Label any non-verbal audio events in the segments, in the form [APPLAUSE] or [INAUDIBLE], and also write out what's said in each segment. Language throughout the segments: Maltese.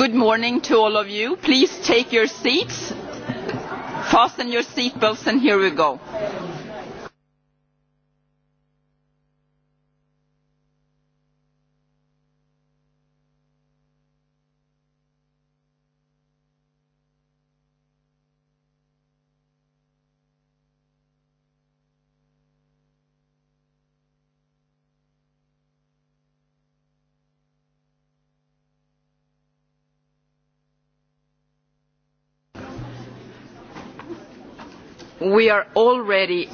Good morning to all of you. Please take your seats. Fasten your seatbelts and here we go. we are already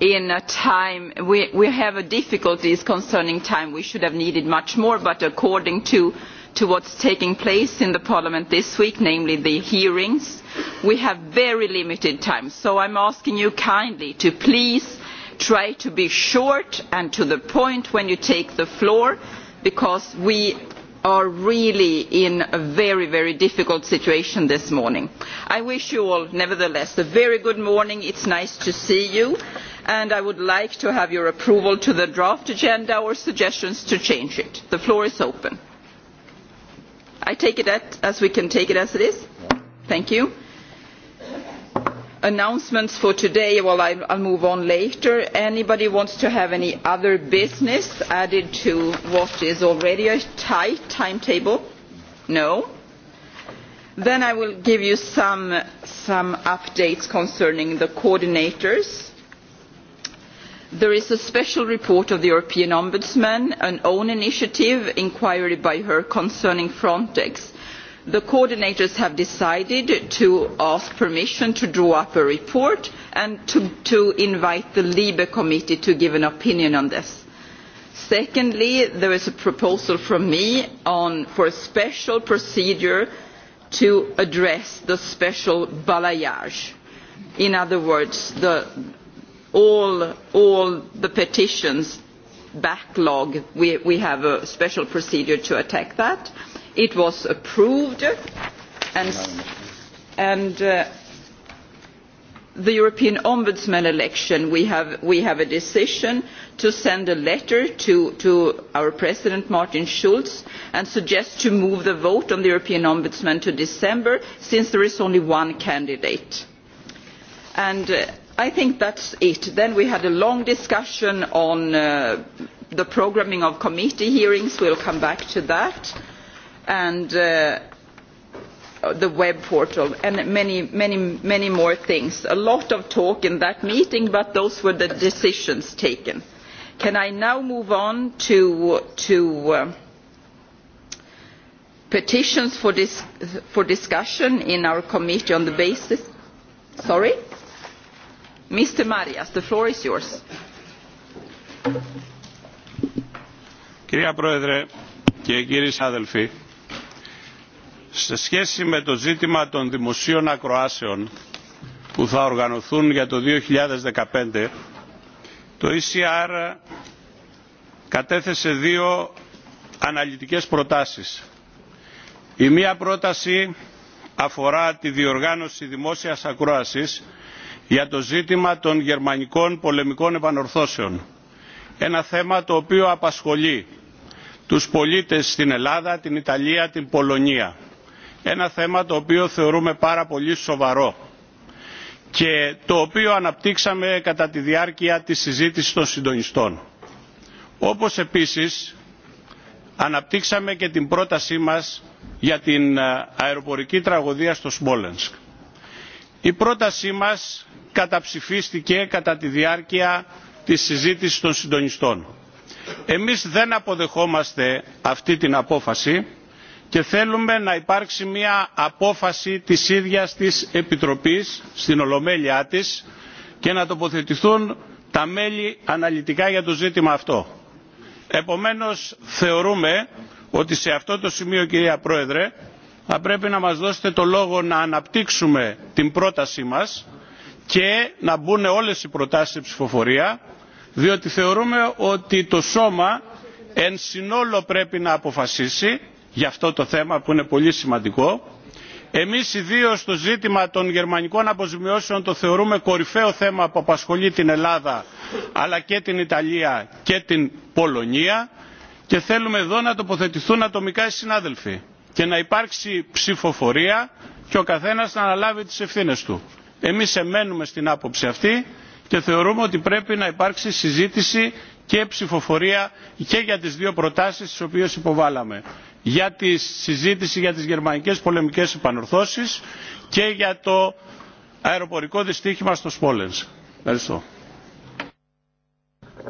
in a time we, we have difficulties concerning time we should have needed much more but according to to what's taking place in the parliament this week namely the hearings we have very limited time so I'm asking you kindly to please try to be short and to the point when you take the floor because we are really in a very, very difficult situation this morning. I wish you all, nevertheless, a very good morning. It's nice to see you, and I would like to have your approval to the draft agenda or suggestions to change it. The floor is open. I take it as we can take it as it is? Thank you announcements for today, well, I'll move on later. Anybody wants to have any other business added to what is already a tight timetable? No? Then I will give you some, some updates concerning the coordinators. There is a special report of the European Ombudsman, an own initiative inquiry by her concerning Frontex the coordinators have decided to ask permission to draw up a report and to, to invite the LIBE committee to give an opinion on this. Secondly, there is a proposal from me on, for a special procedure to address the special balayage. In other words, the, all, all the petitions backlog, we, we have a special procedure to attack that. It was approved and, and uh, the European Ombudsman election, we have, we have a decision to send a letter to, to our President Martin Schulz and suggest to move the vote on the European Ombudsman to December since there is only one candidate. And uh, I think that's it. Then we had a long discussion on uh, the programming of committee hearings. We'll come back to that and uh, the web portal and many, many, many more things. A lot of talk in that meeting, but those were the decisions taken. Can I now move on to, to uh, petitions for, dis for discussion in our committee on the basis? Sorry? Mr. Marias, the floor is yours. Κυρία Πρόεδρε και κύριοι συνάδελφοι, σε σχέση με το ζήτημα των δημοσίων ακροάσεων που θα οργανωθούν για το 2015, το ECR κατέθεσε δύο αναλυτικές προτάσεις. Η μία πρόταση αφορά τη διοργάνωση δημόσιας ακρόασης για το ζήτημα των γερμανικών πολεμικών επανορθώσεων. Ένα θέμα το οποίο απασχολεί τους πολίτες στην Ελλάδα, την Ιταλία, την Πολωνία ένα θέμα το οποίο θεωρούμε πάρα πολύ σοβαρό και το οποίο αναπτύξαμε κατά τη διάρκεια της συζήτησης των συντονιστών. Όπως επίσης αναπτύξαμε και την πρότασή μας για την αεροπορική τραγωδία στο Σμόλενσκ. Η πρότασή μας καταψηφίστηκε κατά τη διάρκεια της συζήτησης των συντονιστών. Εμείς δεν αποδεχόμαστε αυτή την απόφαση και θέλουμε να υπάρξει μια απόφαση της ίδιας της Επιτροπής στην Ολομέλειά της και να τοποθετηθούν τα μέλη αναλυτικά για το ζήτημα αυτό. Επομένως θεωρούμε ότι σε αυτό το σημείο κυρία Πρόεδρε θα πρέπει να μας δώσετε το λόγο να αναπτύξουμε την πρότασή μας και να μπουν όλες οι προτάσεις σε ψηφοφορία διότι θεωρούμε ότι το σώμα εν συνόλο πρέπει να αποφασίσει για αυτό το θέμα που είναι πολύ σημαντικό. Εμείς ιδίω το ζήτημα των γερμανικών αποζημιώσεων το θεωρούμε κορυφαίο θέμα που απασχολεί την Ελλάδα αλλά και την Ιταλία και την Πολωνία και θέλουμε εδώ να τοποθετηθούν ατομικά οι συνάδελφοι και να υπάρξει ψηφοφορία και ο καθένας να αναλάβει τις ευθύνες του. Εμείς εμένουμε στην άποψη αυτή και θεωρούμε ότι πρέπει να υπάρξει συζήτηση και ψηφοφορία και για τις δύο προτάσεις τις οποίες υποβάλαμε για τη συζήτηση για τις γερμανικές πολεμικές επανορθώσεις και για το αεροπορικό δυστύχημα στο Σπόλενς. Ευχαριστώ.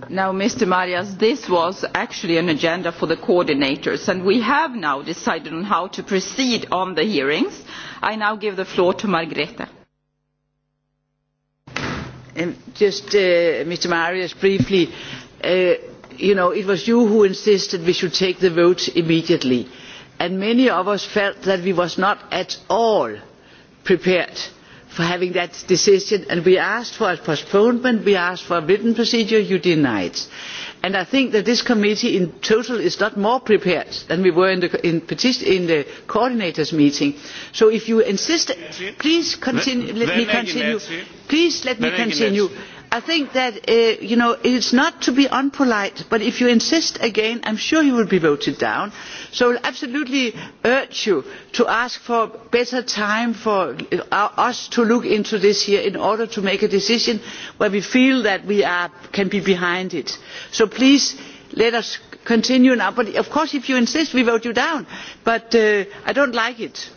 Now, Mr. Marias, this was actually an agenda for the coordinators, and we have now decided on how to proceed on the hearings. I now give the floor to Margrethe. Um, just, uh, Mr. Marias, briefly, uh, you know, it was you who insisted we should take the vote immediately. And many of us felt that we were not at all prepared for having that decision. And we asked for a postponement, we asked for a written procedure, you denied. And I think that this committee in total is not more prepared than we were in the, in, in the coordinators meeting. So if you insist, please continue, let me continue. Please let me continue. I think that, uh, you know, it's not to be unpolite, but if you insist again, I'm sure you will be voted down. So I absolutely urge you to ask for better time for uh, us to look into this here in order to make a decision where we feel that we are, can be behind it. So please let us continue now. But of course, if you insist, we vote you down. But uh, I don't like it.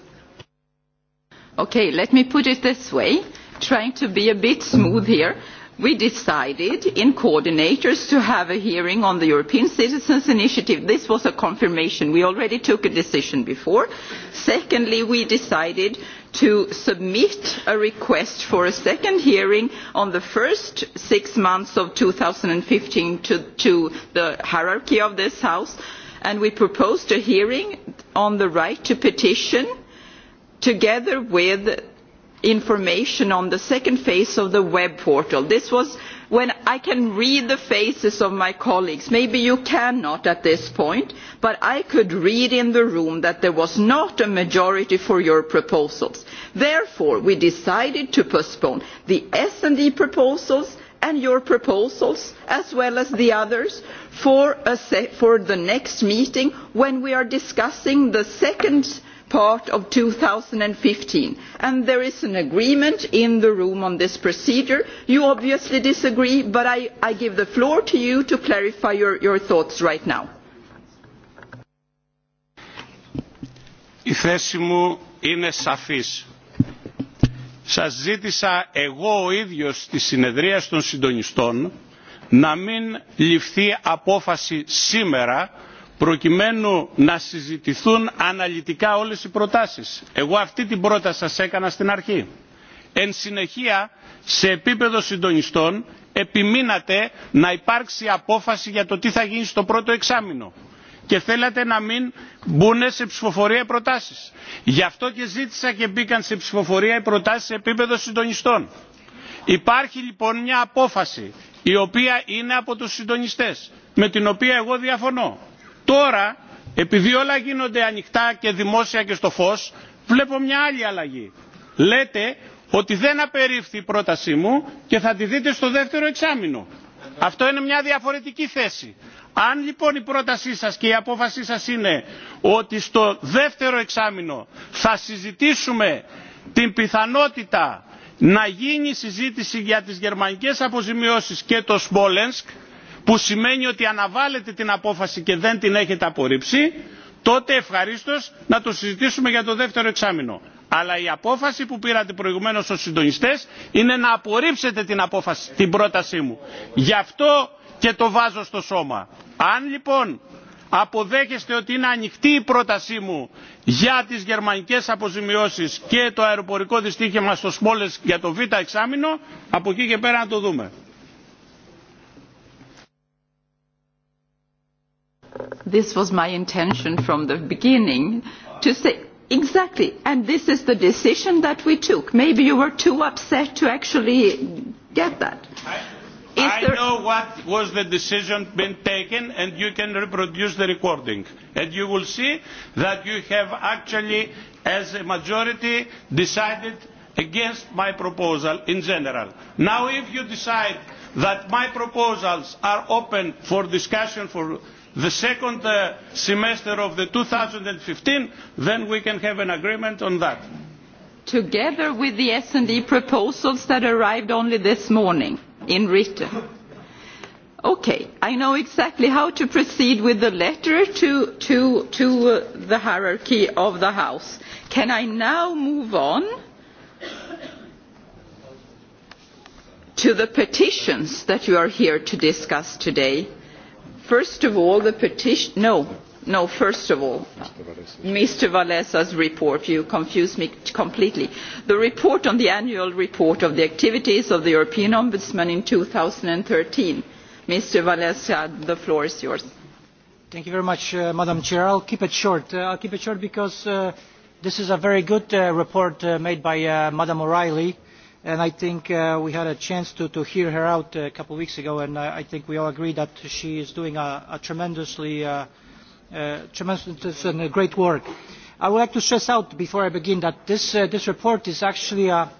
Okay, let me put it this way, trying to be a bit smooth here we decided in coordinators to have a hearing on the European Citizens Initiative. This was a confirmation. We already took a decision before. Secondly, we decided to submit a request for a second hearing on the first six months of 2015 to, to the hierarchy of this House, and we proposed a hearing on the right to petition together with information on the second phase of the web portal. This was when I can read the faces of my colleagues. Maybe you cannot at this point, but I could read in the room that there was not a majority for your proposals. Therefore, we decided to postpone the S&D proposals and your proposals as well as the others for, for the next meeting when we are discussing the second part of two thousand and fifteen and there is an agreement in the room on this procedure. you obviously disagree but i, I give the floor to you to clarify your, your thoughts right now. Η θέση μου είναι σαφής. Σας ζήτησα εγώ ο ίδιος στη συνεδρία των συντονιστών να μην ληφθεί απόφαση σήμερα προκειμένου να συζητηθούν αναλυτικά όλες οι προτάσεις. Εγώ αυτή την πρόταση σας έκανα στην αρχή. Εν συνεχεία, σε επίπεδο συντονιστών, επιμείνατε να υπάρξει απόφαση για το τι θα γίνει στο πρώτο εξάμεινο και θέλατε να μην μπουν σε ψηφοφορία οι προτάσεις. Γι' αυτό και ζήτησα και μπήκαν σε ψηφοφορία οι προτάσεις σε επίπεδο συντονιστών. Υπάρχει λοιπόν μια απόφαση η οποία είναι από τους συντονιστές με την οποία εγώ διαφωνώ Τώρα, επειδή όλα γίνονται ανοιχτά και δημόσια και στο φως, βλέπω μια άλλη αλλαγή. Λέτε ότι δεν απερίφθη η πρότασή μου και θα τη δείτε στο δεύτερο εξάμεινο. Αυτό είναι μια διαφορετική θέση. Αν λοιπόν η πρότασή σας και η απόφασή σας είναι ότι στο δεύτερο εξάμεινο θα συζητήσουμε την πιθανότητα να γίνει συζήτηση για τις γερμανικές αποζημιώσεις και το Σμόλενσκ, που σημαίνει ότι αναβάλλετε την απόφαση και δεν την έχετε απορρίψει, τότε ευχαρίστω να το συζητήσουμε για το δεύτερο εξάμεινο. Αλλά η απόφαση που πήρατε προηγουμένω ω συντονιστέ είναι να απορρίψετε την, απόφαση, την πρότασή μου. Γι' αυτό και το βάζω στο σώμα. Αν λοιπόν αποδέχεστε ότι είναι ανοιχτή η πρότασή μου για τις γερμανικές αποζημιώσεις και το αεροπορικό δυστύχημα στο Σμόλες για το Β' εξάμεινο, από εκεί και πέρα να το δούμε. This was my intention from the beginning to say exactly, and this is the decision that we took. Maybe you were too upset to actually get that. I, I know what was the decision been taken, and you can reproduce the recording, and you will see that you have actually, as a majority, decided against my proposal in general. Now, if you decide that my proposals are open for discussion for the second uh, semester of the 2015, then we can have an agreement on that. Together with the S&D proposals that arrived only this morning in written. Okay, I know exactly how to proceed with the letter to, to, to uh, the hierarchy of the House. Can I now move on to the petitions that you are here to discuss today? First of all, the petition, no, no, first of all, Mr. Valesa's report, you confuse me completely. The report on the annual report of the activities of the European Ombudsman in 2013. Mr. Valesa, the floor is yours. Thank you very much, uh, Madam Chair. I'll keep it short. Uh, I'll keep it short because uh, this is a very good uh, report uh, made by uh, Madam O'Reilly. Uh, and I think uh, we had a chance to, to hear her out a couple of weeks ago, and I, I think we all agree that she is doing a, a tremendously, uh, uh, tremendous and great work. I would like to stress out before I begin that this, uh, this report is actually a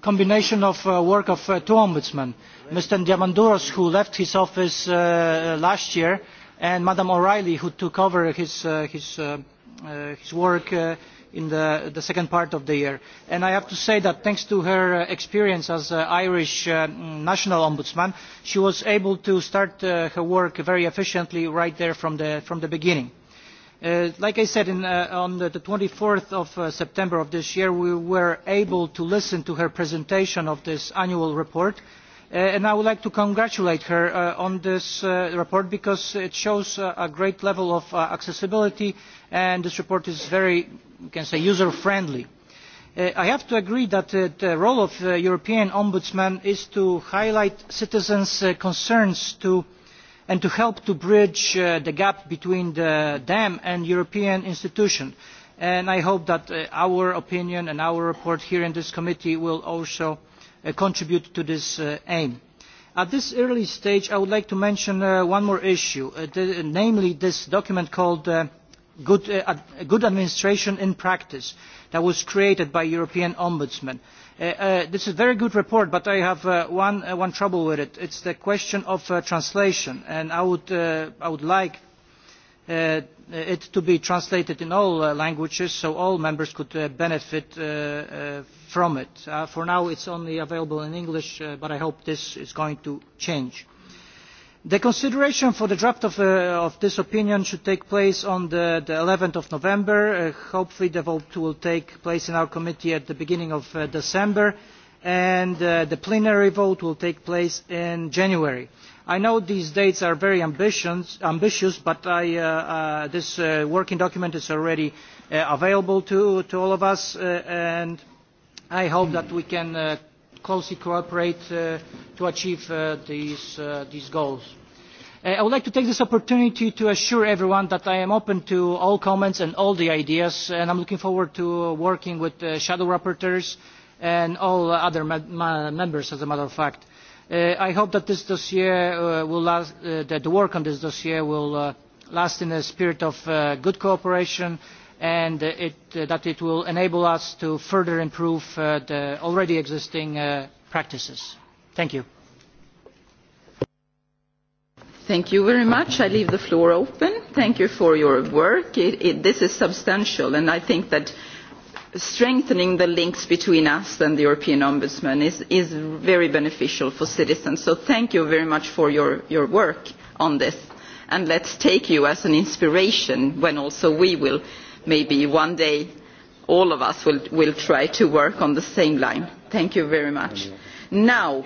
combination of uh, work of uh, two ombudsmen, Mr. Diamandouros, who left his office uh, last year, and Madam O'Reilly, who took over his, uh, his, uh, uh, his work uh, in the, the second part of the year. And I have to say that thanks to her uh, experience as an uh, Irish uh, mm, national ombudsman, she was able to start uh, her work very efficiently right there from the, from the beginning. Uh, like I said, in, uh, on the, the 24th of uh, September of this year, we were able to listen to her presentation of this annual report. Uh, and I would like to congratulate her uh, on this uh, report because it shows uh, a great level of uh, accessibility and this report is very we can say, user-friendly. Uh, I have to agree that uh, the role of uh, European Ombudsman is to highlight citizens' uh, concerns to, and to help to bridge uh, the gap between the, them and European institutions. And I hope that uh, our opinion and our report here in this committee will also uh, contribute to this uh, aim. At this early stage, I would like to mention uh, one more issue, uh, the, namely this document called uh, good, uh, good administration in practice that was created by European Ombudsman. Uh, uh, this is a very good report, but I have uh, one, uh, one trouble with it. It's the question of uh, translation, and I would, uh, I would like uh, it to be translated in all uh, languages so all members could uh, benefit uh, uh, from it. Uh, for now, it's only available in English, uh, but I hope this is going to change. The consideration for the draft of, uh, of this opinion should take place on the, the 11th of November. Uh, hopefully the vote will take place in our committee at the beginning of uh, December and uh, the plenary vote will take place in January. I know these dates are very ambitious, ambitious but I, uh, uh, this uh, working document is already uh, available to, to all of us uh, and I hope that we can uh, closely cooperate uh, to achieve uh, these, uh, these goals. Uh, I would like to take this opportunity to assure everyone that I am open to all comments and all the ideas, and I'm looking forward to working with uh, shadow rapporteurs and all other members, as a matter of fact. Uh, I hope that this dossier uh, will last, uh, that the work on this dossier will uh, last in a spirit of uh, good cooperation and uh, it, uh, that it will enable us to further improve uh, the already existing uh, practices. Thank you. Thank you very much. I leave the floor open. Thank you for your work. It, it, this is substantial, and I think that strengthening the links between us and the European Ombudsman is, is very beneficial for citizens. So thank you very much for your, your work on this. And let's take you as an inspiration when also we will maybe one day all of us will, will try to work on the same line. Thank you very much. Now,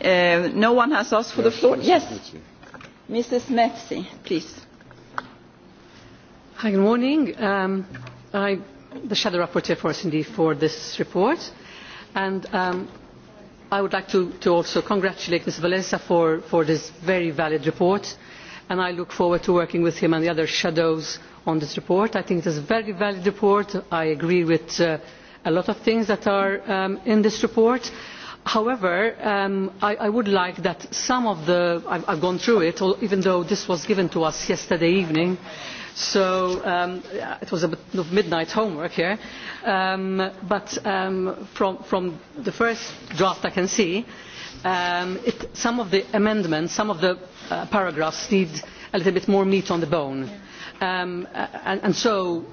uh, no one has asked for the floor. Yes, Mrs. Metzi, please. Hi, good morning. Um, I'm the shadow rapporteur for S&D for this report, and um, I would like to, to also congratulate Ms. Valenza for, for this very valid report and I look forward to working with him and the other shadows on this report. I think it is a very valid report. I agree with uh, a lot of things that are um, in this report. However, um, I, I would like that some of the, I've, I've gone through it, even though this was given to us yesterday evening, so um, it was a bit of midnight homework here, um, but um, from, from the first draft I can see, um, it, some of the amendments, some of the uh, paragraphs need a little bit more meat on the bone. Um, and, and so,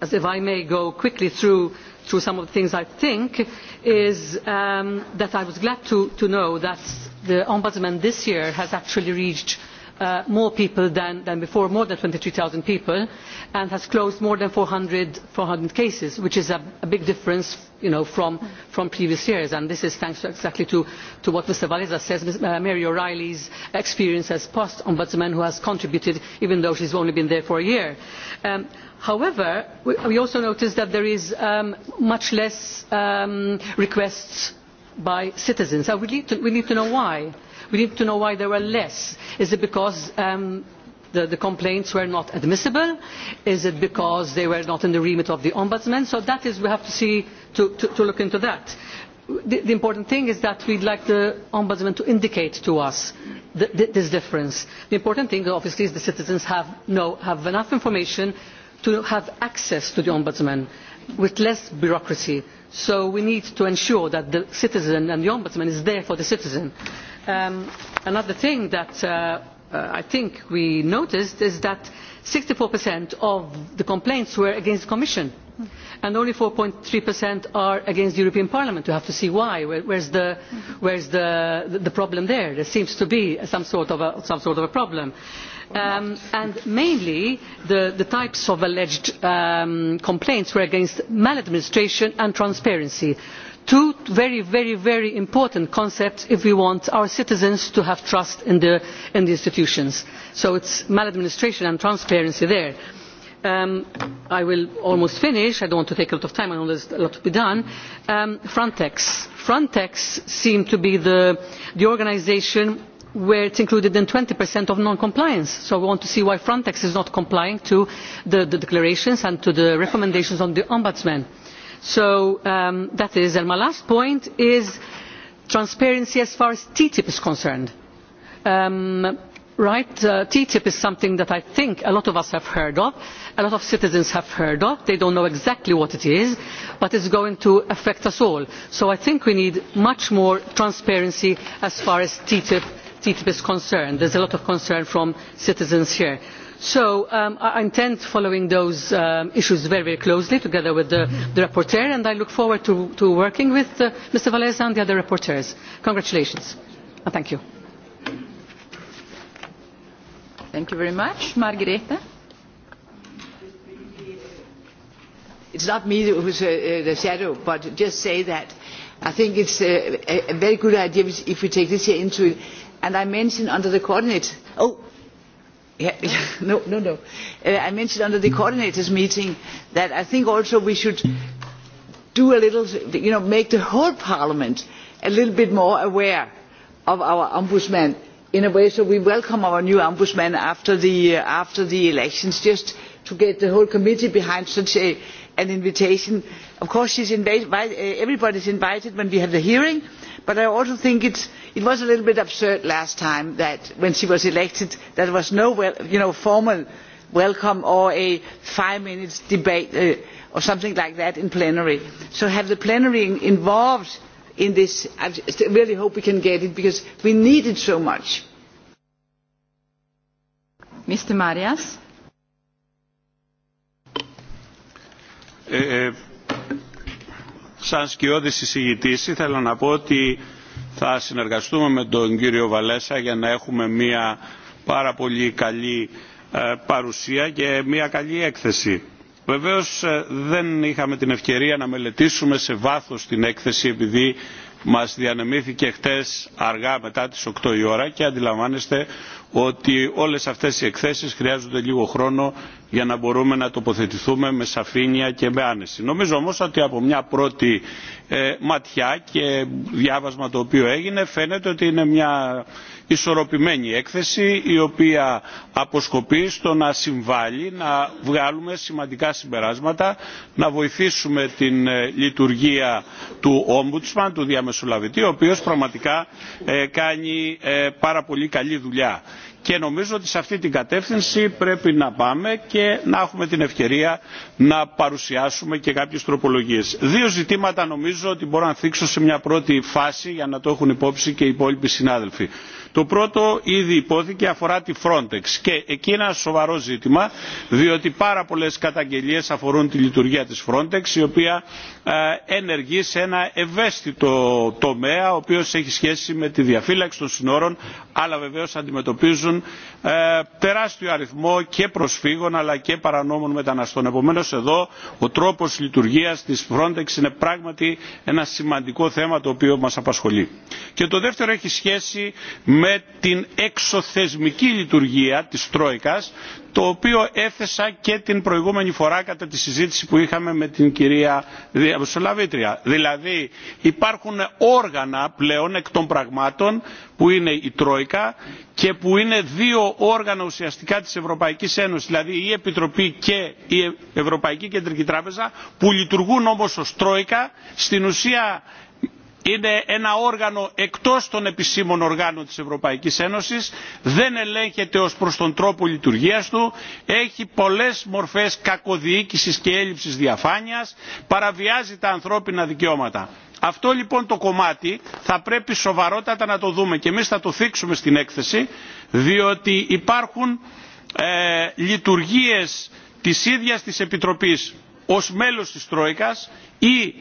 as if I may go quickly through, through some of the things I think, is um, that I was glad to, to know that the Ombudsman this year has actually reached Uh, more people than, than before, more than twenty three zero people, and has closed more than four hundred cases, which is a, big difference from, previous years. And this is thanks exactly to, what Mr. wasa says, Ms. Uh, Mary O'Reilly's experience as post ombudsman who has contributed, even though she has only been there for a year. Um, however, we, also notice that there is um, much less um, requests by citizens. we need to know why. We need to know why there were less. Is it because um, the, the complaints were not admissible? Is it because they were not in the remit of the ombudsman? So that is, we have to see, to, to, to look into that. The, the important thing is that we'd like the ombudsman to indicate to us th th this difference. The important thing, obviously, is the citizens have, no, have enough information to have access to the ombudsman with less bureaucracy. So we need to ensure that the citizen and the ombudsman is there for the citizen. Um, another thing that uh, uh, I think we noticed is that 64% of the complaints were against the Commission hmm. and only 4.3% are against the European Parliament. You have to see why. Where, where's the, hmm. where's the, the problem there? There seems to be some sort of a, some sort of a problem. Um, and mainly the, the types of alleged um, complaints were against maladministration and transparency two very, very, very important concepts if we want our citizens to have trust in the, in the institutions. So it is maladministration and transparency there. Um, I will almost finish. I do not want to take a lot of time. I know there is a lot to be done. Um, Frontex. Frontex seems to be the, the organisation where it is included in 20% of non-compliance. So we want to see why Frontex is not complying to the, the declarations and to the recommendations on the Ombudsman So um, that is, and my last point is transparency as far as TTIP is concerned. Um, right, uh, TTIP is something that I think a lot of us have heard of, a lot of citizens have heard of, they don't know exactly what it is, but it's going to affect us all. So I think we need much more transparency as far as TTIP TTIP is concerned. There is a lot of concern from citizens here. So um, I intend following those um, issues very, very closely together with the, the rapporteur and I look forward to, to working with uh, Mr. Valesa and the other rapporteurs. Congratulations and thank you. Thank you very much. Margareta? It's not me who's uh, uh, the shadow, but just say that I think it's uh a very good idea if we take this year into it. And I mentioned under the coordinate, oh, Yeah, yeah, [LAUGHS] no, no, no. Uh, I mentioned under the coordinators meeting that I think also we should do a little, you know, make the whole parliament a little bit more aware of our ombudsman in a way so we welcome our new ombudsman after the, uh, after the elections just to get the whole committee behind such a, an invitation. Of course, she's invite, uh, everybody's invited when we have the hearing But I also think it's, it was a little bit absurd last time that when she was elected, there was no well, you know, formal welcome or a five minute debate uh, or something like that in plenary. So have the plenary involved in this. I really hope we can get it because we need it so much. Mr. Marias? Eh, eh, σαν σκιώδης εισηγητής ήθελα να πω ότι θα συνεργαστούμε με τον κύριο Βαλέσα για να έχουμε μια πάρα πολύ καλή παρουσία και μια καλή έκθεση. Βεβαίως δεν είχαμε την ευκαιρία να μελετήσουμε σε βάθος την έκθεση επειδή μας διανεμήθηκε χτες αργά μετά τις 8 η ώρα και αντιλαμβάνεστε ότι όλες αυτές οι εκθέσεις χρειάζονται λίγο χρόνο για να μπορούμε να τοποθετηθούμε με σαφήνεια και με άνεση. Νομίζω όμως ότι από μια πρώτη ε, ματιά και διάβασμα το οποίο έγινε φαίνεται ότι είναι μια ισορροπημένη έκθεση η οποία αποσκοπεί στο να συμβάλλει να βγάλουμε σημαντικά συμπεράσματα να βοηθήσουμε την λειτουργία του Ombudsman, του διαμεσολαβητή ο οποίος πραγματικά ε, κάνει ε, πάρα πολύ καλή δουλειά. Και νομίζω ότι σε αυτή την κατεύθυνση πρέπει να πάμε και να έχουμε την ευκαιρία να παρουσιάσουμε και κάποιες τροπολογίες. Δύο ζητήματα νομίζω ότι μπορώ να θίξω σε μια πρώτη φάση για να το έχουν υπόψη και οι υπόλοιποι συνάδελφοι. Το πρώτο ήδη υπόθηκε αφορά τη Frontex και εκεί είναι ένα σοβαρό ζήτημα διότι πάρα πολλές καταγγελίες αφορούν τη λειτουργία της Frontex η οποία ενεργεί σε ένα ευαίσθητο τομέα ο οποίος έχει σχέση με τη διαφύλαξη των συνόρων αλλά βεβαίως αντιμετωπίζουν τεράστιο αριθμό και προσφύγων αλλά και παρανόμων μεταναστών. Επομένως εδώ ο τρόπος λειτουργίας της Frontex είναι πράγματι ένα σημαντικό θέμα το οποίο μας απασχολεί. Και το δεύτερο έχει σχέση με με την εξωθεσμική λειτουργία της Τρόικας, το οποίο έθεσα και την προηγούμενη φορά κατά τη συζήτηση που είχαμε με την κυρία Διαμεσολαβήτρια. Δηλαδή υπάρχουν όργανα πλέον εκ των πραγμάτων που είναι η Τρόικα και που είναι δύο όργανα ουσιαστικά της Ευρωπαϊκής Ένωσης, δηλαδή η Επιτροπή και η Ευρωπαϊκή Κεντρική Τράπεζα, που λειτουργούν όμως ως Τρόικα, στην ουσία είναι ένα όργανο εκτός των επισήμων οργάνων της Ευρωπαϊκής Ένωσης, δεν ελέγχεται ως προς τον τρόπο λειτουργίας του, έχει πολλές μορφές κακοδιοίκησης και έλλειψης διαφάνειας, παραβιάζει τα ανθρώπινα δικαιώματα. Αυτό λοιπόν το κομμάτι θα πρέπει σοβαρότατα να το δούμε και εμείς θα το θίξουμε στην έκθεση, διότι υπάρχουν ε, λειτουργίες της ίδιας της Επιτροπής ως μέλος της Τρόικας ή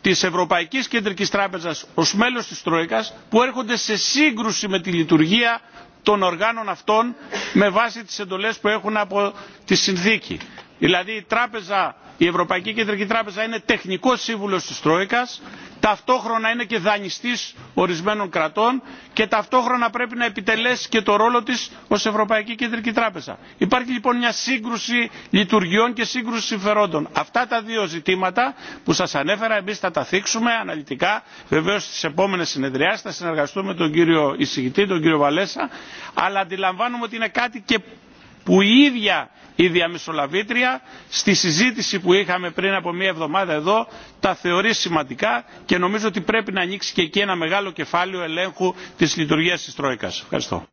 της Ευρωπαϊκής Κεντρικής Τράπεζας ως μέλος της Τρόικας που έρχονται σε σύγκρουση με τη λειτουργία των οργάνων αυτών με βάση τις εντολές που έχουν από τη συνθήκη. Δηλαδή η, τράπεζα, η Ευρωπαϊκή Κεντρική Τράπεζα είναι τεχνικός σύμβουλος της Τρόικας, ταυτόχρονα είναι και δανειστής ορισμένων κρατών και ταυτόχρονα πρέπει να επιτελέσει και το ρόλο της ως Ευρωπαϊκή Κεντρική Τράπεζα. Υπάρχει λοιπόν μια σύγκρουση λειτουργιών και σύγκρουση συμφερόντων. Αυτά τα δύο ζητήματα που σας ανέφερα εμείς θα τα θίξουμε αναλυτικά. Βεβαίως στις επόμενες συνεδριάσεις θα συνεργαστούμε με τον κύριο εισηγητή, τον κύριο Βαλέσα, αλλά αντιλαμβάνουμε ότι είναι κάτι και που η ίδια η διαμεσολαβήτρια στη συζήτηση που είχαμε πριν από μία εβδομάδα εδώ τα θεωρεί σημαντικά και νομίζω ότι πρέπει να ανοίξει και εκεί ένα μεγάλο κεφάλαιο ελέγχου της λειτουργίας της Τρόικας. Ευχαριστώ.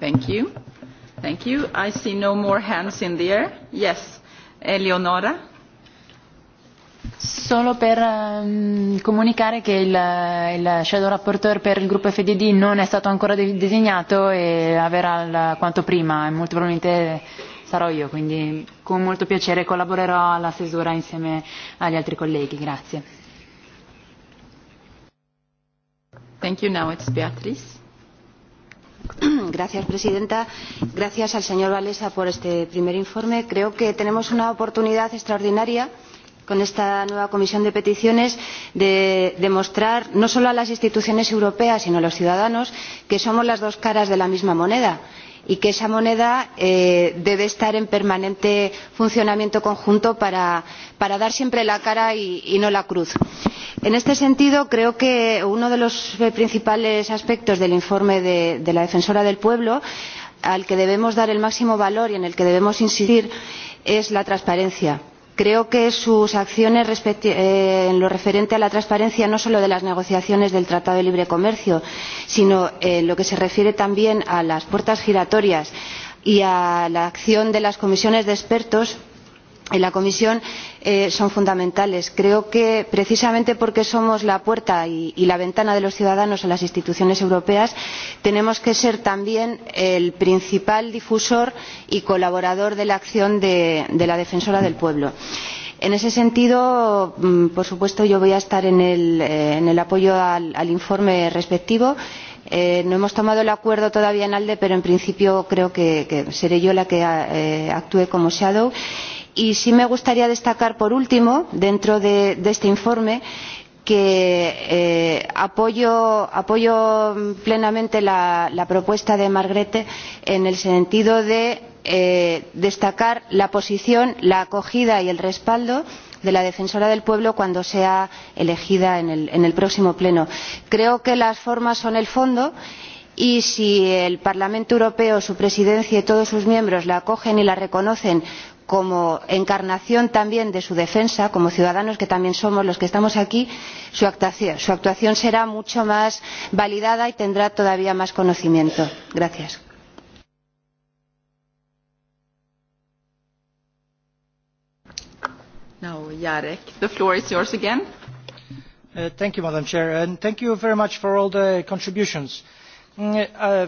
Thank you. Thank you. I see no more hands in the air. Yes. Eleonora. Solo per um, comunicare che il, il shadow rapporteur per il gruppo FDD non è stato ancora de disegnato e avverrà quanto prima, e molto probabilmente sarò io, quindi con molto piacere collaborerò alla stesura insieme agli altri colleghi. Grazie. Thank you, now it's Beatrice. [CLEARS THROAT] Gracias, presidenta. Gracias al señor Valesa por este primer informe. Creo que tenemos una oportunidad extraordinaria con esta nueva comisión de peticiones de demostrar no solo a las instituciones europeas sino a los ciudadanos que somos las dos caras de la misma moneda y que esa moneda eh, debe estar en permanente funcionamiento conjunto para, para dar siempre la cara y, y no la cruz. En este sentido, creo que uno de los eh, principales aspectos del informe de, de la Defensora del Pueblo, al que debemos dar el máximo valor y en el que debemos insistir, es la transparencia Creo que sus acciones eh, en lo referente a la transparencia no solo de las negociaciones del Tratado de Libre Comercio, sino eh, en lo que se refiere también a las puertas giratorias y a la acción de las comisiones de expertos en la comisión eh, son fundamentales. Creo que precisamente porque somos la puerta y, y la ventana de los ciudadanos a las instituciones europeas, tenemos que ser también el principal difusor y colaborador de la acción de, de la defensora del pueblo. En ese sentido, mm, por supuesto, yo voy a estar en el, eh, en el apoyo al, al informe respectivo. Eh, no hemos tomado el acuerdo todavía en ALDE, pero en principio creo que, que seré yo la que eh, actúe como shadow. Y sí me gustaría destacar, por último, dentro de, de este informe, que eh, apoyo, apoyo plenamente la, la propuesta de Margrete en el sentido de eh, destacar la posición, la acogida y el respaldo de la defensora del pueblo cuando sea elegida en el, en el próximo pleno. Creo que las formas son el fondo y si el Parlamento Europeo, su presidencia y todos sus miembros la acogen y la reconocen como encarnación también de su defensa, como ciudadanos que también somos los que estamos aquí, su actuación, su actuación será mucho más validada y tendrá todavía más conocimiento. Gracias. Now, Jarek, the floor is yours again. Uh, thank you, Madam Chair, and thank you very much for all the contributions. Mm, uh,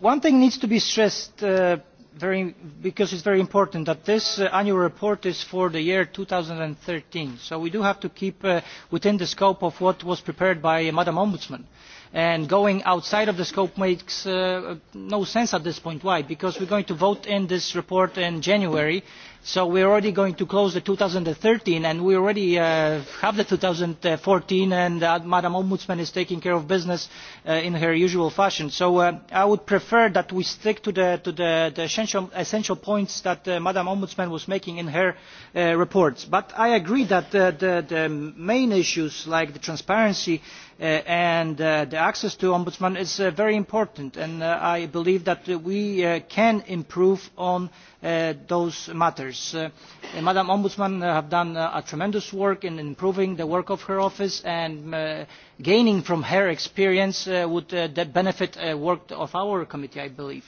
one thing needs to be stressed uh, very, because it's very important that this uh, annual report is for the year 2013. So we do have to keep uh, within the scope of what was prepared by uh, Madam Ombudsman. And going outside of the scope makes uh, no sense at this point. Why? Because we're going to vote in this report in January. So we're already going to close the 2013 and we already uh, have the 2014 and uh, Madam Ombudsman is taking care of business uh, in her usual fashion. So uh, I would prefer that we stick to the, to the, the essential, essential points that uh, Madam Ombudsman was making in her uh, reports. But I agree that uh, the, the main issues like the transparency uh, and uh, the access to Ombudsman is uh, very important and uh, I believe that we uh, can improve on uh, uh, those matters. Uh, uh, Madam Ombudsman uh, have done uh, a tremendous work in improving the work of her office and uh, gaining from her experience uh, would uh, benefit the uh, work of our committee, I believe.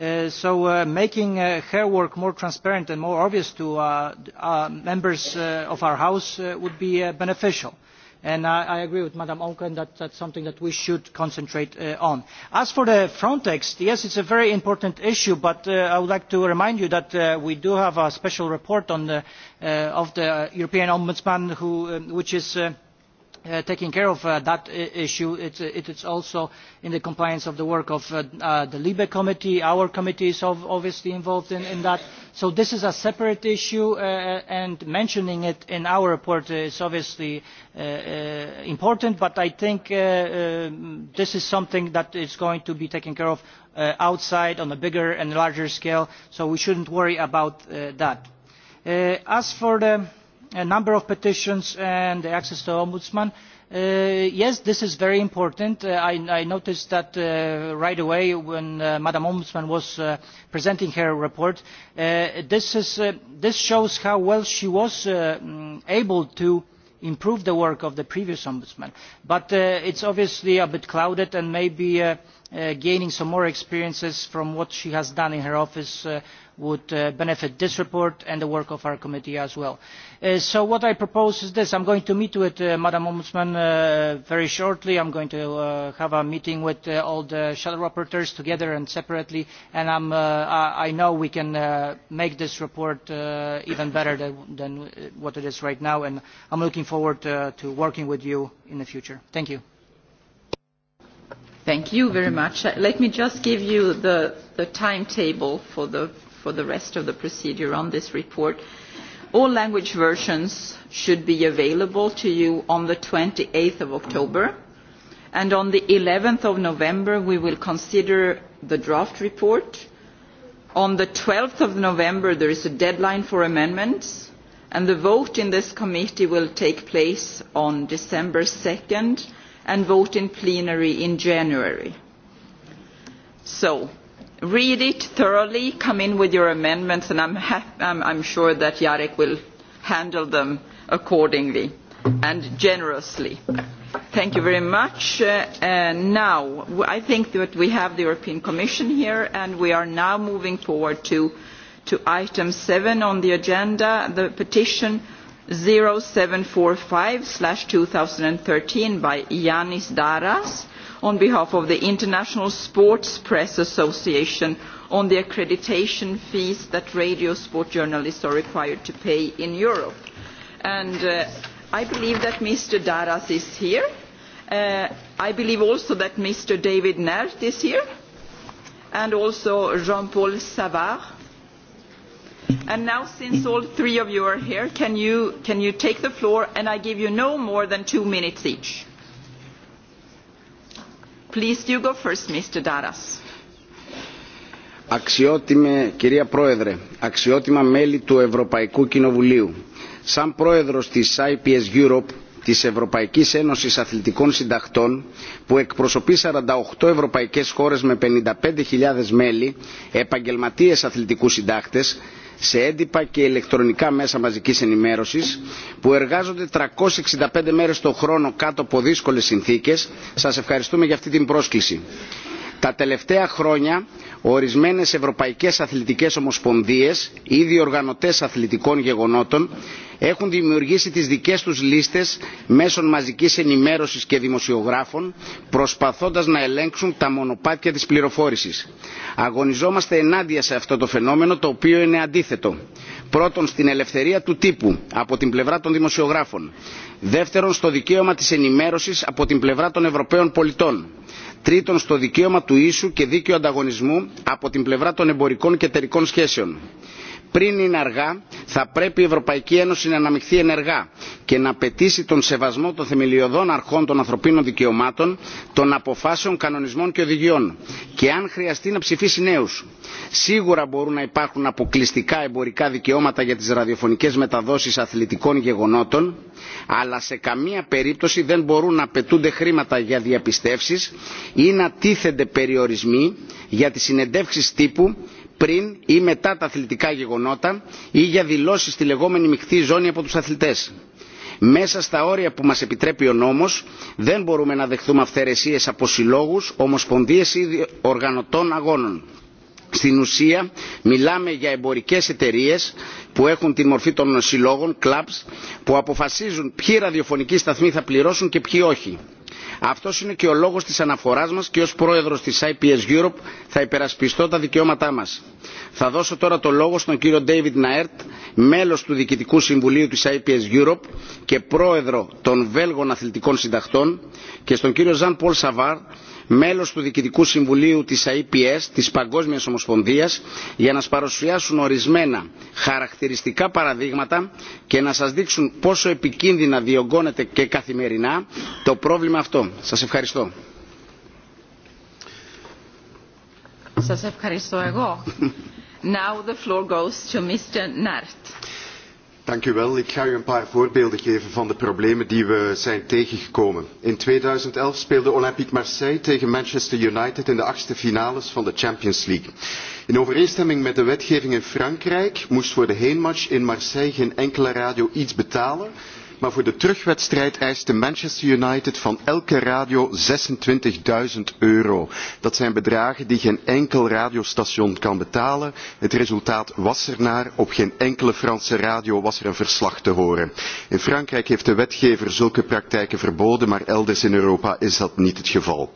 Uh, so uh, making uh, her work more transparent and more obvious to uh, uh, members uh, of our House uh, would be uh, beneficial. Uh, And I, I agree with Madam Onken that that's something that we should concentrate uh, on. As for the Frontex, yes, it's a very important issue, but uh, I would like to remind you that uh, we do have a special report on the, uh, of the European Ombudsman, who, um, which is... Uh, uh, taking care of uh, that issue. Uh, it, it is also in the compliance of the work of uh, uh, the LIBE committee. Our committee is ov obviously involved in, in that. So this is a separate issue uh, uh, and mentioning it in our report is obviously uh, uh, important, but I think uh, uh, this is something that is going to be taken care of uh, outside on a bigger and larger scale, so we shouldn't worry about uh, that. Uh, as for the a number of petitions and the access to ombudsman. Uh, yes, this is very important. Uh, I, I noticed that uh, right away when uh, Madam Ombudsman was uh, presenting her report. Uh, this, is, uh, this shows how well she was uh, mm, able to improve the work of the previous ombudsman. But uh, it's obviously a bit clouded and maybe uh, uh, gaining some more experiences from what she has done in her office uh, would uh, benefit this report and the work of our committee as well. Uh, so what I propose is this. I'm going to meet with uh, Madam Ombudsman uh, very shortly. I'm going to uh, have a meeting with uh, all the shadow rapporteurs together and separately, and I'm, uh, I, I know we can uh, make this report uh, even better than, than what it is right now, and I'm looking forward uh, to working with you in the future. Thank you. Thank you very much. Let me just give you the, the timetable for the, for the rest of the procedure on this report. All language versions should be available to you on the 28th of October. And on the 11th of November, we will consider the draft report. On the 12th of November, there is a deadline for amendments. And the vote in this committee will take place on December 2nd and vote in plenary in January. So, read it thoroughly, come in with your amendments, and I'm, I'm, I'm sure that Jarek will handle them accordingly and generously. Thank you very much. Uh, uh, now, I think that we have the European Commission here, and we are now moving forward to, to item seven on the agenda, the petition 0745/2013 by Yanis Daras on behalf of the International Sports Press Association on the accreditation fees that radio sport journalists are required to pay in Europe. And uh, I believe that Mr. Daras is here. Uh, I believe also that Mr. David Nert is here and also Jean-Paul Savard And now, since all three of you are here, can you, can you take the floor? And I give you no more than two minutes each. Please, you go first, Mr. Daras. Αξιότιμε, κυρία Πρόεδρε, αξιότιμα μέλη του Ευρωπαϊκού Κοινοβουλίου. Σαν πρόεδρος της IPS Europe, της Ευρωπαϊκής Ένωσης Αθλητικών Συνταχτών, που εκπροσωπεί 48 ευρωπαϊκές χώρες με 55.000 μέλη, επαγγελματίες αθλητικούς συντάκτες, σε έντυπα και ηλεκτρονικά μέσα μαζικής ενημέρωσης που εργάζονται 365 μέρες το χρόνο κάτω από δύσκολες συνθήκες. Σας ευχαριστούμε για αυτή την πρόσκληση. Τα τελευταία χρόνια ορισμένες ευρωπαϊκές αθλητικές ομοσπονδίες ή διοργανωτές αθλητικών γεγονότων έχουν δημιουργήσει τις δικές τους λίστες μέσων μαζικής ενημέρωσης και δημοσιογράφων προσπαθώντας να ελέγξουν τα μονοπάτια της πληροφόρησης. Αγωνιζόμαστε ενάντια σε αυτό το φαινόμενο το οποίο είναι αντίθετο. Πρώτον, στην ελευθερία του τύπου από την πλευρά των δημοσιογράφων. Δεύτερον, στο δικαίωμα της ενημέρωσης από την πλευρά των Ευρωπαίων πολιτών. Τρίτον, στο δικαίωμα του ίσου και δίκαιου ανταγωνισμού από την πλευρά των εμπορικών και εταιρικών σχέσεων πριν είναι αργά θα πρέπει η Ευρωπαϊκή Ένωση να αναμειχθεί ενεργά και να απαιτήσει τον σεβασμό των θεμελιωδών αρχών των ανθρωπίνων δικαιωμάτων, των αποφάσεων, κανονισμών και οδηγιών και αν χρειαστεί να ψηφίσει νέους. Σίγουρα μπορούν να υπάρχουν αποκλειστικά εμπορικά δικαιώματα για τις ραδιοφωνικές μεταδόσεις αθλητικών γεγονότων, αλλά σε καμία περίπτωση δεν μπορούν να απαιτούνται χρήματα για διαπιστεύσεις ή να τίθενται περιορισμοί για τις συνεντεύξεις τύπου πριν ή μετά τα αθλητικά γεγονότα ή για δηλώσει στη λεγόμενη μεικτή ζώνη από του αθλητέ. Μέσα στα όρια που μας επιτρέπει ο νόμος δεν μπορούμε να δεχθούμε αυθαιρεσίες από συλλόγους, ομοσπονδίες ή οργανωτών αγώνων. Στην ουσία μιλάμε για εμπορικές εταιρείες που έχουν τη μορφή των συλλόγων, clubs, που αποφασίζουν ποιοι ραδιοφωνικοί σταθμοί θα πληρώσουν και ποιοι όχι. Αυτό είναι και ο λόγο τη αναφορά μα και ω πρόεδρο τη IPS Europe θα υπερασπιστώ τα δικαιώματά μα. Θα δώσω τώρα το λόγο στον κύριο David Ναέρτ, μέλο του Διοικητικού Συμβουλίου τη IPS Europe και πρόεδρο των Βέλγων Αθλητικών συνταχτών και στον κύριο Ζαν Πολ Σαβάρ, μέλος του Διοικητικού Συμβουλίου της IPS, της Παγκόσμιας Ομοσπονδίας, για να σας παρουσιάσουν ορισμένα χαρακτηριστικά παραδείγματα και να σας δείξουν πόσο επικίνδυνα διωγγώνεται και καθημερινά το πρόβλημα αυτό. Σας ευχαριστώ. Σας ευχαριστώ εγώ. [LAUGHS] Now the floor goes to Mr. Nart. Dank u wel. Ik ga u een paar voorbeelden geven van de problemen die we zijn tegengekomen. In 2011 speelde Olympique Marseille tegen Manchester United in de achtste finales van de Champions League. In overeenstemming met de wetgeving in Frankrijk moest voor de heenmatch in Marseille geen enkele radio iets betalen, maar voor de terugwedstrijd eiste Manchester United van elke radio 26.000 euro. Dat zijn bedragen die geen enkel radiostation kan betalen. Het resultaat was ernaar. Op geen enkele Franse radio was er een verslag te horen. In Frankrijk heeft de wetgever zulke praktijken verboden, maar elders in Europa is dat niet het geval.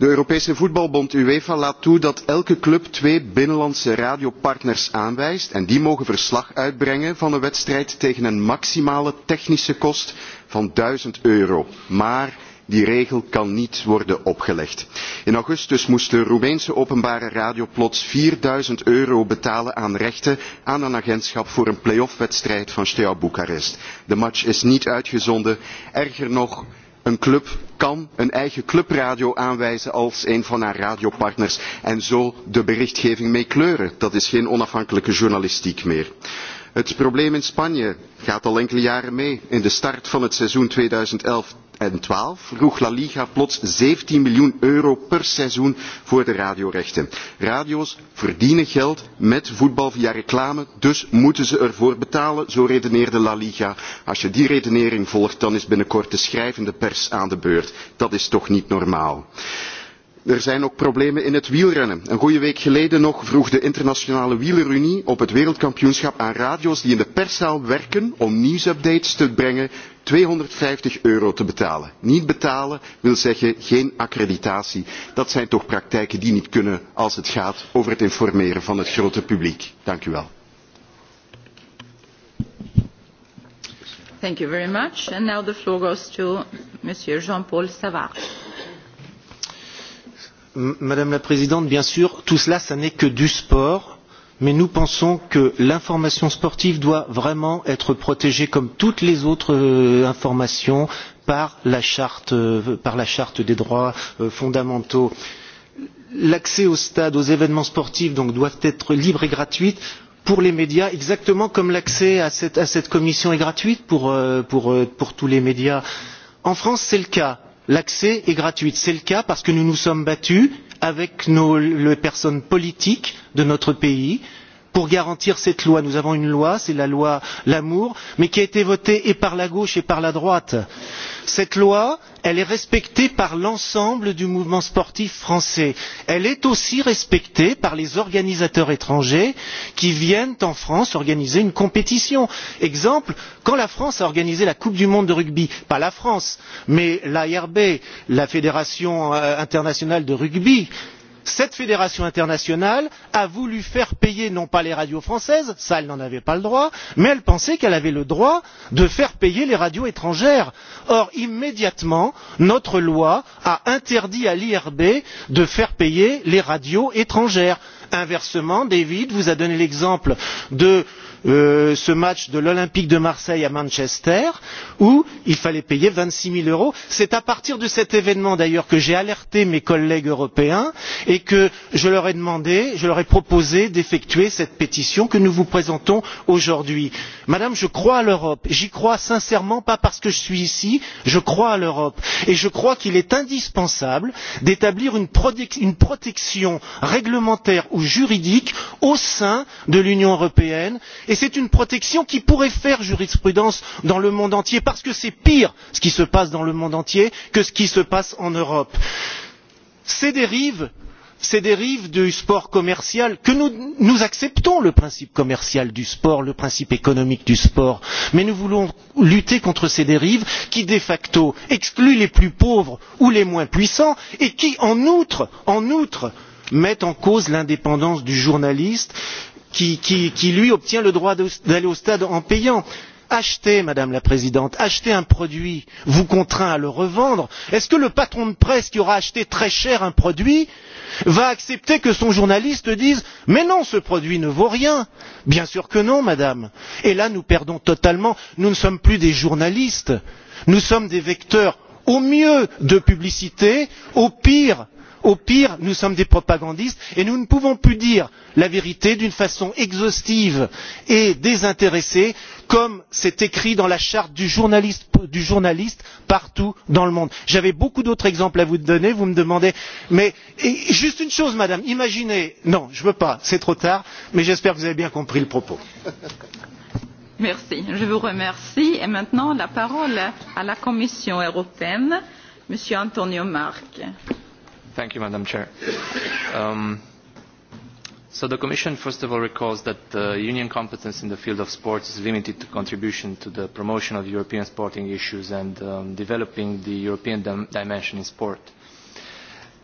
De Europese Voetbalbond UEFA laat toe dat elke club twee binnenlandse radiopartners aanwijst en die mogen verslag uitbrengen van een wedstrijd tegen een maximale technische kost van 1000 euro. Maar Die regel kan niet worden opgelegd. In augustus moest de Roemeense openbare radio plots 4000 euro betalen aan rechten aan een agentschap voor een play wedstrijd van Steaua Boekarest. De match is niet uitgezonden. Erger nog, een club kan een eigen clubradio aanwijzen als een van haar radiopartners en zo de berichtgeving mee kleuren. Dat is geen onafhankelijke journalistiek meer. Het probleem in Spanje gaat al enkele jaren mee. In de start van het seizoen 2011 tweeduizendtwaalf vroeg La Liga plots zeventien miljoen euro per seizoen voor de radiorechten. Radio's verdienen geld met voetbal via reclame, dus moeten ze ervoor betalen, zo redeneerde La Liga. Als je die redenering volgt, dan is binnenkort de schrijvende pers aan de beurt. Dat is toch niet normaal. Er zijn ook problemen in het wielrennen. Een goede week geleden nog vroeg de Internationale Wielerunie op het wereldkampioenschap aan radio's die in de perszaal werken om nieuwsupdates te brengen 250 euro te betalen. Niet betalen wil zeggen geen accreditatie. Dat zijn toch praktijken die niet kunnen als het gaat over het informeren van het grote publiek. Dank u wel. Thank you very much. And now the floor goes to Monsieur Jean-Paul Savard. Madame la Présidente, bien sûr, tout cela, ça n'est que du sport mais nous pensons que l'information sportive doit vraiment être protégée comme toutes les autres euh, informations par la charte, euh, par la charte des droits euh, fondamentaux. L'accès au stade, aux événements sportifs donc, doivent être libres et gratuits pour les médias, exactement comme l'accès à cette, à cette commission est gratuite pour, euh, pour, euh, pour tous les médias. En France, c'est le cas. L'accès est gratuit. C'est le cas parce que nous nous sommes battus avec nos, les personnes politiques de notre pays pour garantir cette loi. Nous avons une loi, c'est la loi Lamour, mais qui a été votée et par la gauche et par la droite. Euh, cette loi est respectée par l'ensemble du mouvement sportif français. Elle est aussi respectée par les organisateurs étrangers qui viennent en France organiser une compétition. Exemple, quand la France a organisé la Coupe du monde de rugby, pas la France, mais l'AIRB, la Fédération euh, internationale de rugby, cette fédération internationale a voulu faire payer non pas les radios françaises ça elle n'en avait pas le droit mais elle pensait qu'elle avait le droit de faire payer les radios étrangères. or immédiatement notre loi a interdit à l'irb de faire payer les radios étrangères. inversement david vous a donné l'exemple de euh, ce match de l'Olympique de Marseille à Manchester où il fallait payer vingt six 000 euros. C'est à partir de cet événement d'ailleurs que j'ai alerté mes collègues européens et que je leur ai demandé, je leur ai proposé d'effectuer cette pétition que nous vous présentons aujourd'hui. Madame, je crois à l'Europe. J'y crois sincèrement, pas parce que je suis ici, je crois à l'Europe. Et je crois qu'il est indispensable d'établir une, une protection réglementaire ou juridique au sein de l'Union européenne et c'est une protection qui pourrait faire jurisprudence dans le monde entier parce que c'est pire ce qui se passe dans le monde entier que ce qui se passe en europe. ces dérives ces dérives du sport commercial que nous, nous acceptons le principe commercial du sport le principe économique du sport mais nous voulons lutter contre ces dérives qui de facto excluent les plus pauvres ou les moins puissants et qui en outre en outre mettent en cause l'indépendance du journaliste qui, qui, qui lui obtient le droit d'aller au stade en payant. Achetez, Madame la Présidente, achetez un produit, vous contraint à le revendre. Est-ce que le patron de presse qui aura acheté très cher un produit va accepter que son journaliste dise Mais non, ce produit ne vaut rien Bien sûr que non, Madame. Et là, nous perdons totalement. Nous ne sommes plus des journalistes, nous sommes des vecteurs, au mieux, de publicité, au pire, au pire nous sommes des propagandistes et nous ne pouvons plus dire la vérité d'une façon exhaustive et désintéressée comme c'est écrit dans la charte du journaliste, du journaliste partout dans le monde. j'avais beaucoup d'autres exemples à vous donner vous me demandez mais et, juste une chose madame imaginez non je ne veux pas c'est trop tard mais j'espère que vous avez bien compris le propos. [LAUGHS] Merci, je vous remercie. Et maintenant, la parole à la Commission européenne, Monsieur Antonio Marc. Thank you, Madam Chair. Um, so the Commission, first of all, recalls that the Union competence in the field of sports is limited to contribution to the promotion of European sporting issues and um, developing the European dim dimension in sport.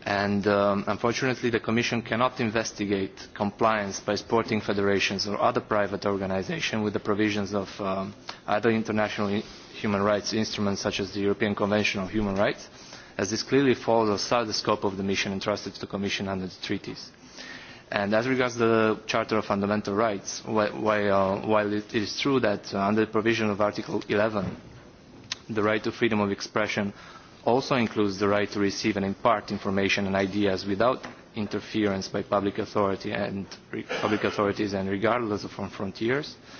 And um, unfortunately, the Commission cannot investigate compliance by sporting federations or other private organizations with the provisions of um, other international human rights instruments such as the European Convention on Human Rights as this clearly falls outside the scope of the mission entrusted to the Commission under the treaties. And as regards the Charter of Fundamental Rights, while, uh, while it is true that uh, under the provision of Article 11, the right to freedom of expression also includes the right to receive and impart information and ideas without interference by public, authority and public authorities and regardless of from frontiers, uh,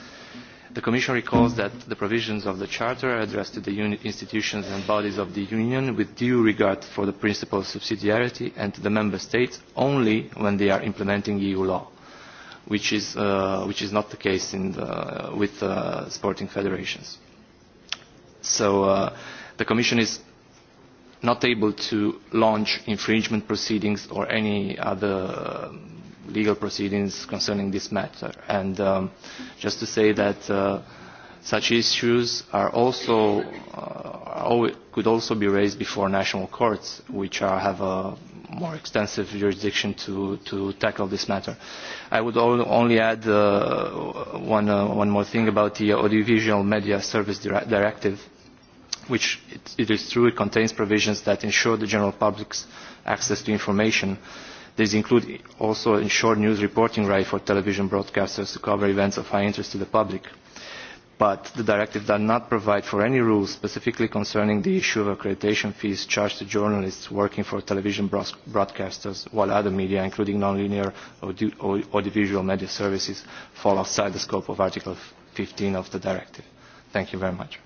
The Commission recalls that the provisions of the Charter are addressed to the unit institutions and bodies of the Union with due regard for the principle of subsidiarity and to the Member States only when they are implementing EU law, which is, uh, which is not the case in the, with uh, sporting federations. So uh, the Commission is not able to launch infringement proceedings or any other legal proceedings concerning this matter. And um, just to say that uh, such issues are also, uh, could also be raised before national courts, which are, have a more extensive jurisdiction to, to tackle this matter. I would only add uh, one, uh, one more thing about the Audiovisual Media Service Directive, which it, it is true it contains provisions that ensure the general public's access to information. Uh, These include also ensured news reporting right for television broadcasters to cover events of high interest to the public. But the directive does not provide for any rules specifically concerning the issue of accreditation fees charged to journalists working for television broadcasters, while other media, including nonlinear audio audiovisual media services, fall outside the scope of Article 15 of the directive. Thank you very much.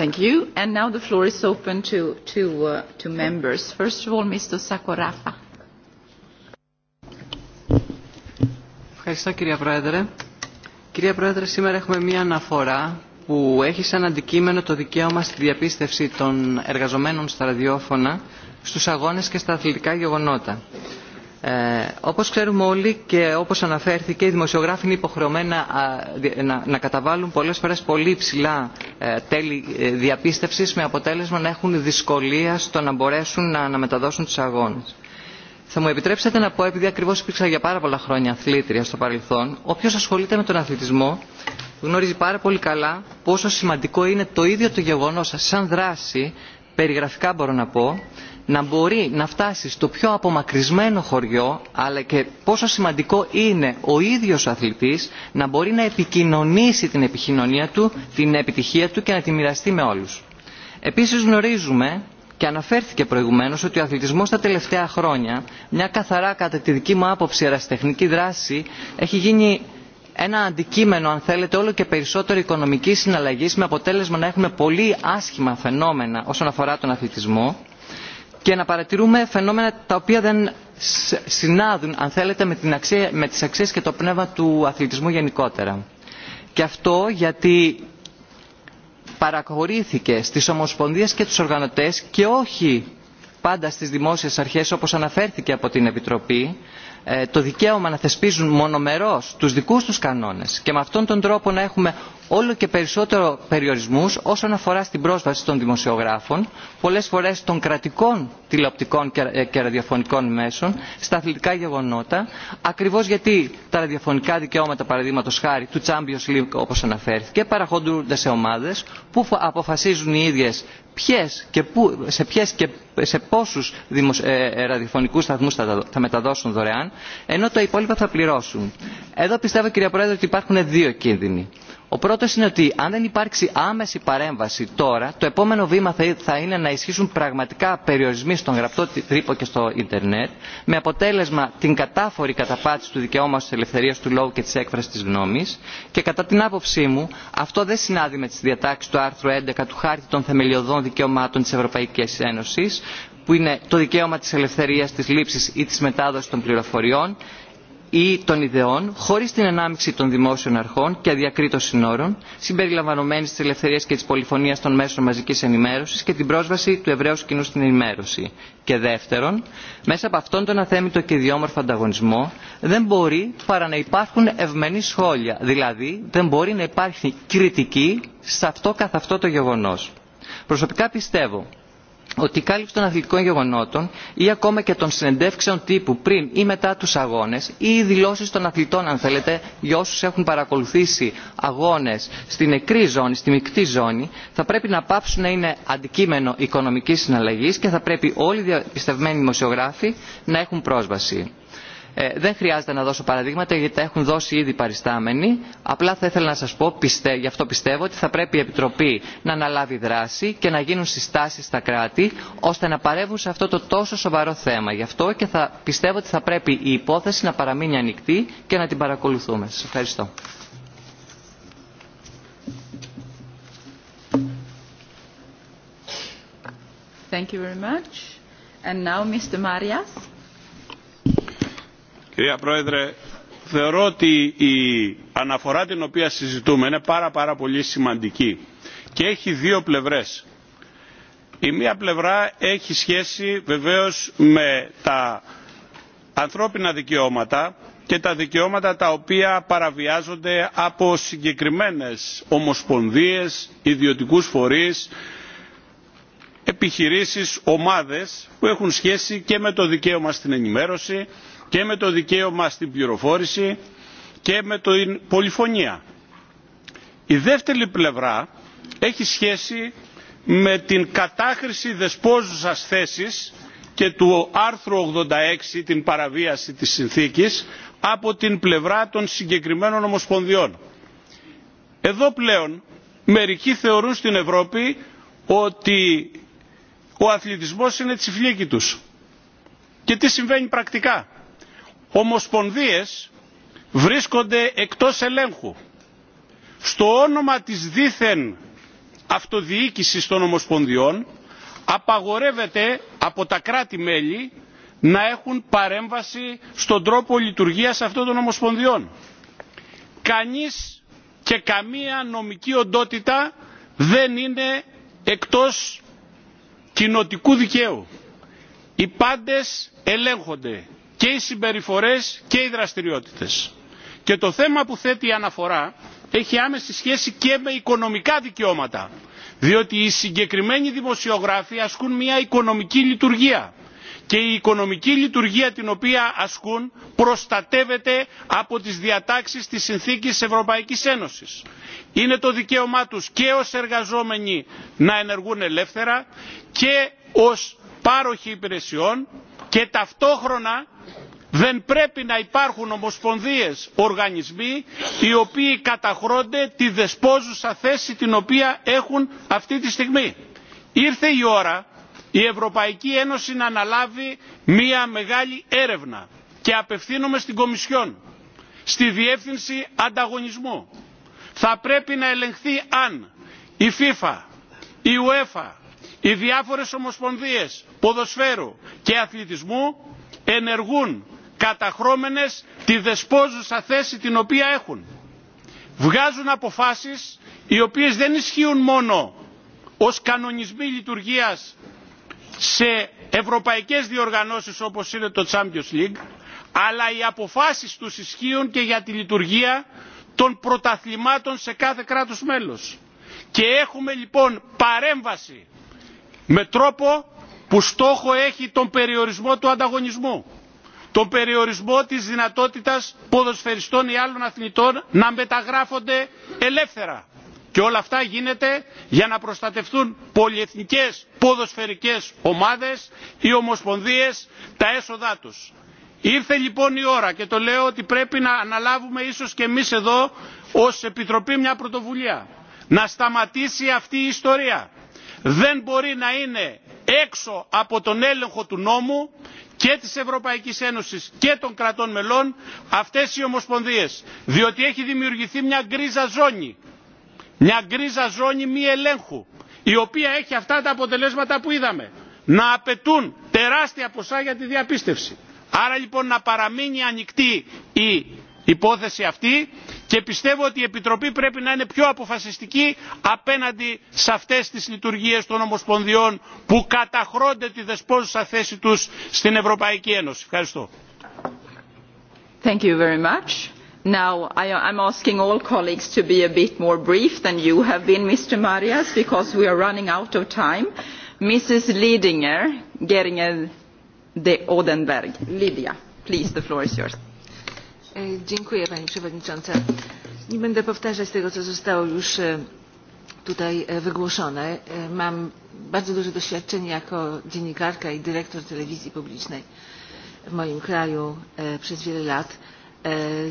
Thank you. And now the floor is open to, to, uh, to members. First of all, Mr. Sakorafa. Ευχαριστώ κυρία Πρόεδρε. Κυρία Πρόεδρε, σήμερα έχουμε μία αναφορά που έχει σαν αντικείμενο το δικαίωμα στη διαπίστευση των εργαζομένων στα ραδιόφωνα στους αγώνες και στα αθλητικά γεγονότα. Ε, όπως ξέρουμε όλοι και όπως αναφέρθηκε, οι δημοσιογράφοι είναι υποχρεωμένα να, να καταβάλουν πολλές φορές πολύ ψηλά ε, τέλη διαπίστευσης με αποτέλεσμα να έχουν δυσκολία στο να μπορέσουν να, να μεταδώσουν τους αγώνες. Θα μου επιτρέψετε να πω, επειδή ακριβώς υπήρξα για πάρα πολλά χρόνια αθλήτρια στο παρελθόν, όποιος ασχολείται με τον αθλητισμό γνωρίζει πάρα πολύ καλά πόσο σημαντικό είναι το ίδιο το γεγονός σαν δράση, περιγραφικά μπορώ να πω, να μπορεί να φτάσει στο πιο απομακρυσμένο χωριό, αλλά και πόσο σημαντικό είναι ο ίδιος ο αθλητής να μπορεί να επικοινωνήσει την επικοινωνία του, την επιτυχία του και να τη μοιραστεί με όλους. Επίσης γνωρίζουμε και αναφέρθηκε προηγουμένως ότι ο αθλητισμός τα τελευταία χρόνια, μια καθαρά κατά τη δική μου άποψη αραστεχνική δράση, έχει γίνει ένα αντικείμενο, αν θέλετε, όλο και περισσότερο οικονομική συναλλαγή με αποτέλεσμα να έχουμε πολύ άσχημα φαινόμενα όσον αφορά τον αθλητισμό και να παρατηρούμε φαινόμενα τα οποία δεν συνάδουν, αν θέλετε, με, την αξία, με τις αξίες και το πνεύμα του αθλητισμού γενικότερα. Και αυτό γιατί παρακορήθηκε στις ομοσπονδίες και τους οργανωτές και όχι πάντα στις δημόσιες αρχές όπως αναφέρθηκε από την Επιτροπή το δικαίωμα να θεσπίζουν μονομερός τους δικούς τους κανόνες και με αυτόν τον τρόπο να έχουμε όλο και περισσότερο περιορισμούς όσον αφορά στην πρόσβαση των δημοσιογράφων, πολλές φορές των κρατικών τηλεοπτικών και ραδιοφωνικών μέσων, στα αθλητικά γεγονότα, ακριβώς γιατί τα ραδιοφωνικά δικαιώματα, παραδείγματος χάρη, του Champions League όπως αναφέρθηκε, παραχωρούνται σε ομάδες που αποφασίζουν οι ίδιες ποιες και που, σε ποιες και σε πόσους δημοσ... ε, ραδιοφωνικούς σταθμούς θα, θα μεταδώσουν δωρεάν, ενώ τα υπόλοιπα θα πληρώσουν. Εδώ πιστεύω, κυρία Πρόεδρε, ότι υπάρχουν δύο κίνδυνοι. Ο πρώτο είναι ότι αν δεν υπάρξει άμεση παρέμβαση τώρα, το επόμενο βήμα θα είναι να ισχύσουν πραγματικά περιορισμοί στον γραπτό τρύπο και στο Ιντερνετ, με αποτέλεσμα την κατάφορη καταπάτηση του δικαιώματο τη ελευθερία του λόγου και τη έκφραση τη γνώμη. Και κατά την άποψή μου, αυτό δεν συνάδει με τι διατάξει του άρθρου 11 του Χάρτη των Θεμελιωδών Δικαιωμάτων τη Ευρωπαϊκή Ένωση, που είναι το δικαίωμα τη ελευθερία τη λήψη ή τη μετάδοση των πληροφοριών, ή των ιδεών χωρί την ανάμειξη των δημόσιων αρχών και αδιακρίτως συνόρων, συμπεριλαμβανομένη τη ελευθερία και τη πολυφωνία των μέσων μαζική ενημέρωση και την πρόσβαση του Εβραίου κοινού στην ενημέρωση. Και δεύτερον, μέσα από αυτόν τον αθέμητο και ιδιόμορφο ανταγωνισμό δεν μπορεί παρά να υπάρχουν ευμενή σχόλια, δηλαδή δεν μπορεί να υπάρχει κριτική σε αυτό καθ' αυτό το γεγονό. Προσωπικά πιστεύω ότι η κάλυψη των αθλητικών γεγονότων ή ακόμα και των συνεντεύξεων τύπου πριν ή μετά τους αγώνες ή οι δηλώσεις των αθλητών αν θέλετε για όσους έχουν παρακολουθήσει αγώνες στη νεκρή ζώνη, στη μεικτή ζώνη θα πρέπει να πάψουν να είναι αντικείμενο οικονομικής συναλλαγής και θα πρέπει όλοι οι διαπιστευμένοι δημοσιογράφοι να έχουν πρόσβαση δεν χρειάζεται να δώσω παραδείγματα γιατί τα έχουν δώσει ήδη παριστάμενοι. Απλά θα ήθελα να σας πω, πιστε, γι' αυτό πιστεύω, ότι θα πρέπει η Επιτροπή να αναλάβει δράση και να γίνουν συστάσεις στα κράτη ώστε να παρεύουν σε αυτό το τόσο σοβαρό θέμα. Γι' αυτό και θα, πιστεύω ότι θα πρέπει η υπόθεση να παραμείνει ανοιχτή και να την παρακολουθούμε. Σας ευχαριστώ. Thank you very much. And now Mr. Marias. Κυρία Πρόεδρε, θεωρώ ότι η αναφορά την οποία συζητούμε είναι πάρα πάρα πολύ σημαντική και έχει δύο πλευρές. Η μία πλευρά έχει σχέση βεβαίως με τα ανθρώπινα δικαιώματα και τα δικαιώματα τα οποία παραβιάζονται από συγκεκριμένες ομοσπονδίες, ιδιωτικούς φορείς, επιχειρήσεις, ομάδες που έχουν σχέση και με το δικαίωμα στην ενημέρωση, και με το δικαίωμα στην πληροφόρηση και με την πολυφωνία. Η δεύτερη πλευρά έχει σχέση με την κατάχρηση δεσπόζουσας θέσης και του άρθρου 86 την παραβίαση της συνθήκης από την πλευρά των συγκεκριμένων ομοσπονδιών. Εδώ πλέον μερικοί θεωρούν στην Ευρώπη ότι ο αθλητισμός είναι τσιφλίκι τους. Και τι συμβαίνει πρακτικά ομοσπονδίες βρίσκονται εκτός ελέγχου. Στο όνομα της δίθεν αυτοδιοίκησης των ομοσπονδιών απαγορεύεται από τα κράτη-μέλη να έχουν παρέμβαση στον τρόπο λειτουργίας αυτών των ομοσπονδιών. Κανείς και καμία νομική οντότητα δεν είναι εκτός κοινοτικού δικαίου. Οι πάντες ελέγχονται και οι συμπεριφορές και οι δραστηριότητες. Και το θέμα που θέτει η αναφορά έχει άμεση σχέση και με οικονομικά δικαιώματα, διότι οι συγκεκριμένοι δημοσιογράφοι ασκούν μια οικονομική λειτουργία και η οικονομική λειτουργία την οποία ασκούν προστατεύεται από τις διατάξεις της συνθήκης Ευρωπαϊκής Ένωσης. Είναι το δικαίωμά τους και ως εργαζόμενοι να ενεργούν ελεύθερα και ως πάροχοι υπηρεσιών και ταυτόχρονα δεν πρέπει να υπάρχουν ομοσπονδίες, οργανισμοί οι οποίοι καταχρώνται τη δεσπόζουσα θέση την οποία έχουν αυτή τη στιγμή. Ήρθε η ώρα η Ευρωπαϊκή Ένωση να αναλάβει μία μεγάλη έρευνα και απευθύνομαι στην Κομισιόν, στη Διεύθυνση Ανταγωνισμού. Θα πρέπει να ελεγχθεί αν η FIFA, η UEFA, Οι διάφορες ομοσπονδίες ποδοσφαίρου και αθλητισμού ενεργούν καταχρώμενες τη δεσπόζουσα θέση την οποία έχουν. Βγάζουν αποφάσεις οι οποίες δεν ισχύουν μόνο ως κανονισμοί λειτουργίας σε ευρωπαϊκές διοργανώσεις όπως είναι το Champions League, αλλά οι αποφάσεις τους ισχύουν και για τη λειτουργία των πρωταθλημάτων σε κάθε κράτος μέλος. Και έχουμε λοιπόν παρέμβαση με τρόπο που στόχο έχει τον περιορισμό του ανταγωνισμού, τον περιορισμό της δυνατότητας ποδοσφαιριστών ή άλλων αθλητών να μεταγράφονται ελεύθερα. Και όλα αυτά γίνεται για να προστατευτούν πολυεθνικές ποδοσφαιρικές ομάδες ή ομοσπονδίες τα έσοδά τους. Ήρθε λοιπόν η ώρα και το λέω ότι πρέπει να αναλάβουμε ίσως και εμείς εδώ ως Επιτροπή μια πρωτοβουλία. Να σταματήσει αυτή η ιστορία δεν μπορεί να είναι έξω από τον έλεγχο του νόμου και της Ευρωπαϊκής Ένωσης και των κρατών μελών αυτές οι ομοσπονδίες. Διότι έχει δημιουργηθεί μια γκρίζα ζώνη, μια γκρίζα ζώνη μη ελέγχου, η οποία έχει αυτά τα αποτελέσματα που είδαμε, να απαιτούν τεράστια ποσά για τη διαπίστευση. Άρα λοιπόν να παραμείνει ανοιχτή η υπόθεση αυτή και πιστεύω ότι η Επιτροπή πρέπει να είναι πιο αποφασιστική απέναντι σε αυτές τις λειτουργίες των Ομοσπονδιών που καταχρώνται τη δεσπόζουσα θέση τους στην Ευρωπαϊκή Ένωση. Ευχαριστώ. Thank you very much. Now, I, I'm asking all colleagues to be a bit more brief than you have been, Mr. Marias, because we are running out of time. Mrs. Lidinger, Geringer de Odenberg, Lydia, please, the floor is yours. E, dziękuję Pani Przewodnicząca. Nie będę powtarzać tego, co zostało już e, tutaj e, wygłoszone. Mam bardzo duże doświadczenie jako dziennikarka i dyrektor telewizji publicznej w moim kraju przez wiele lat.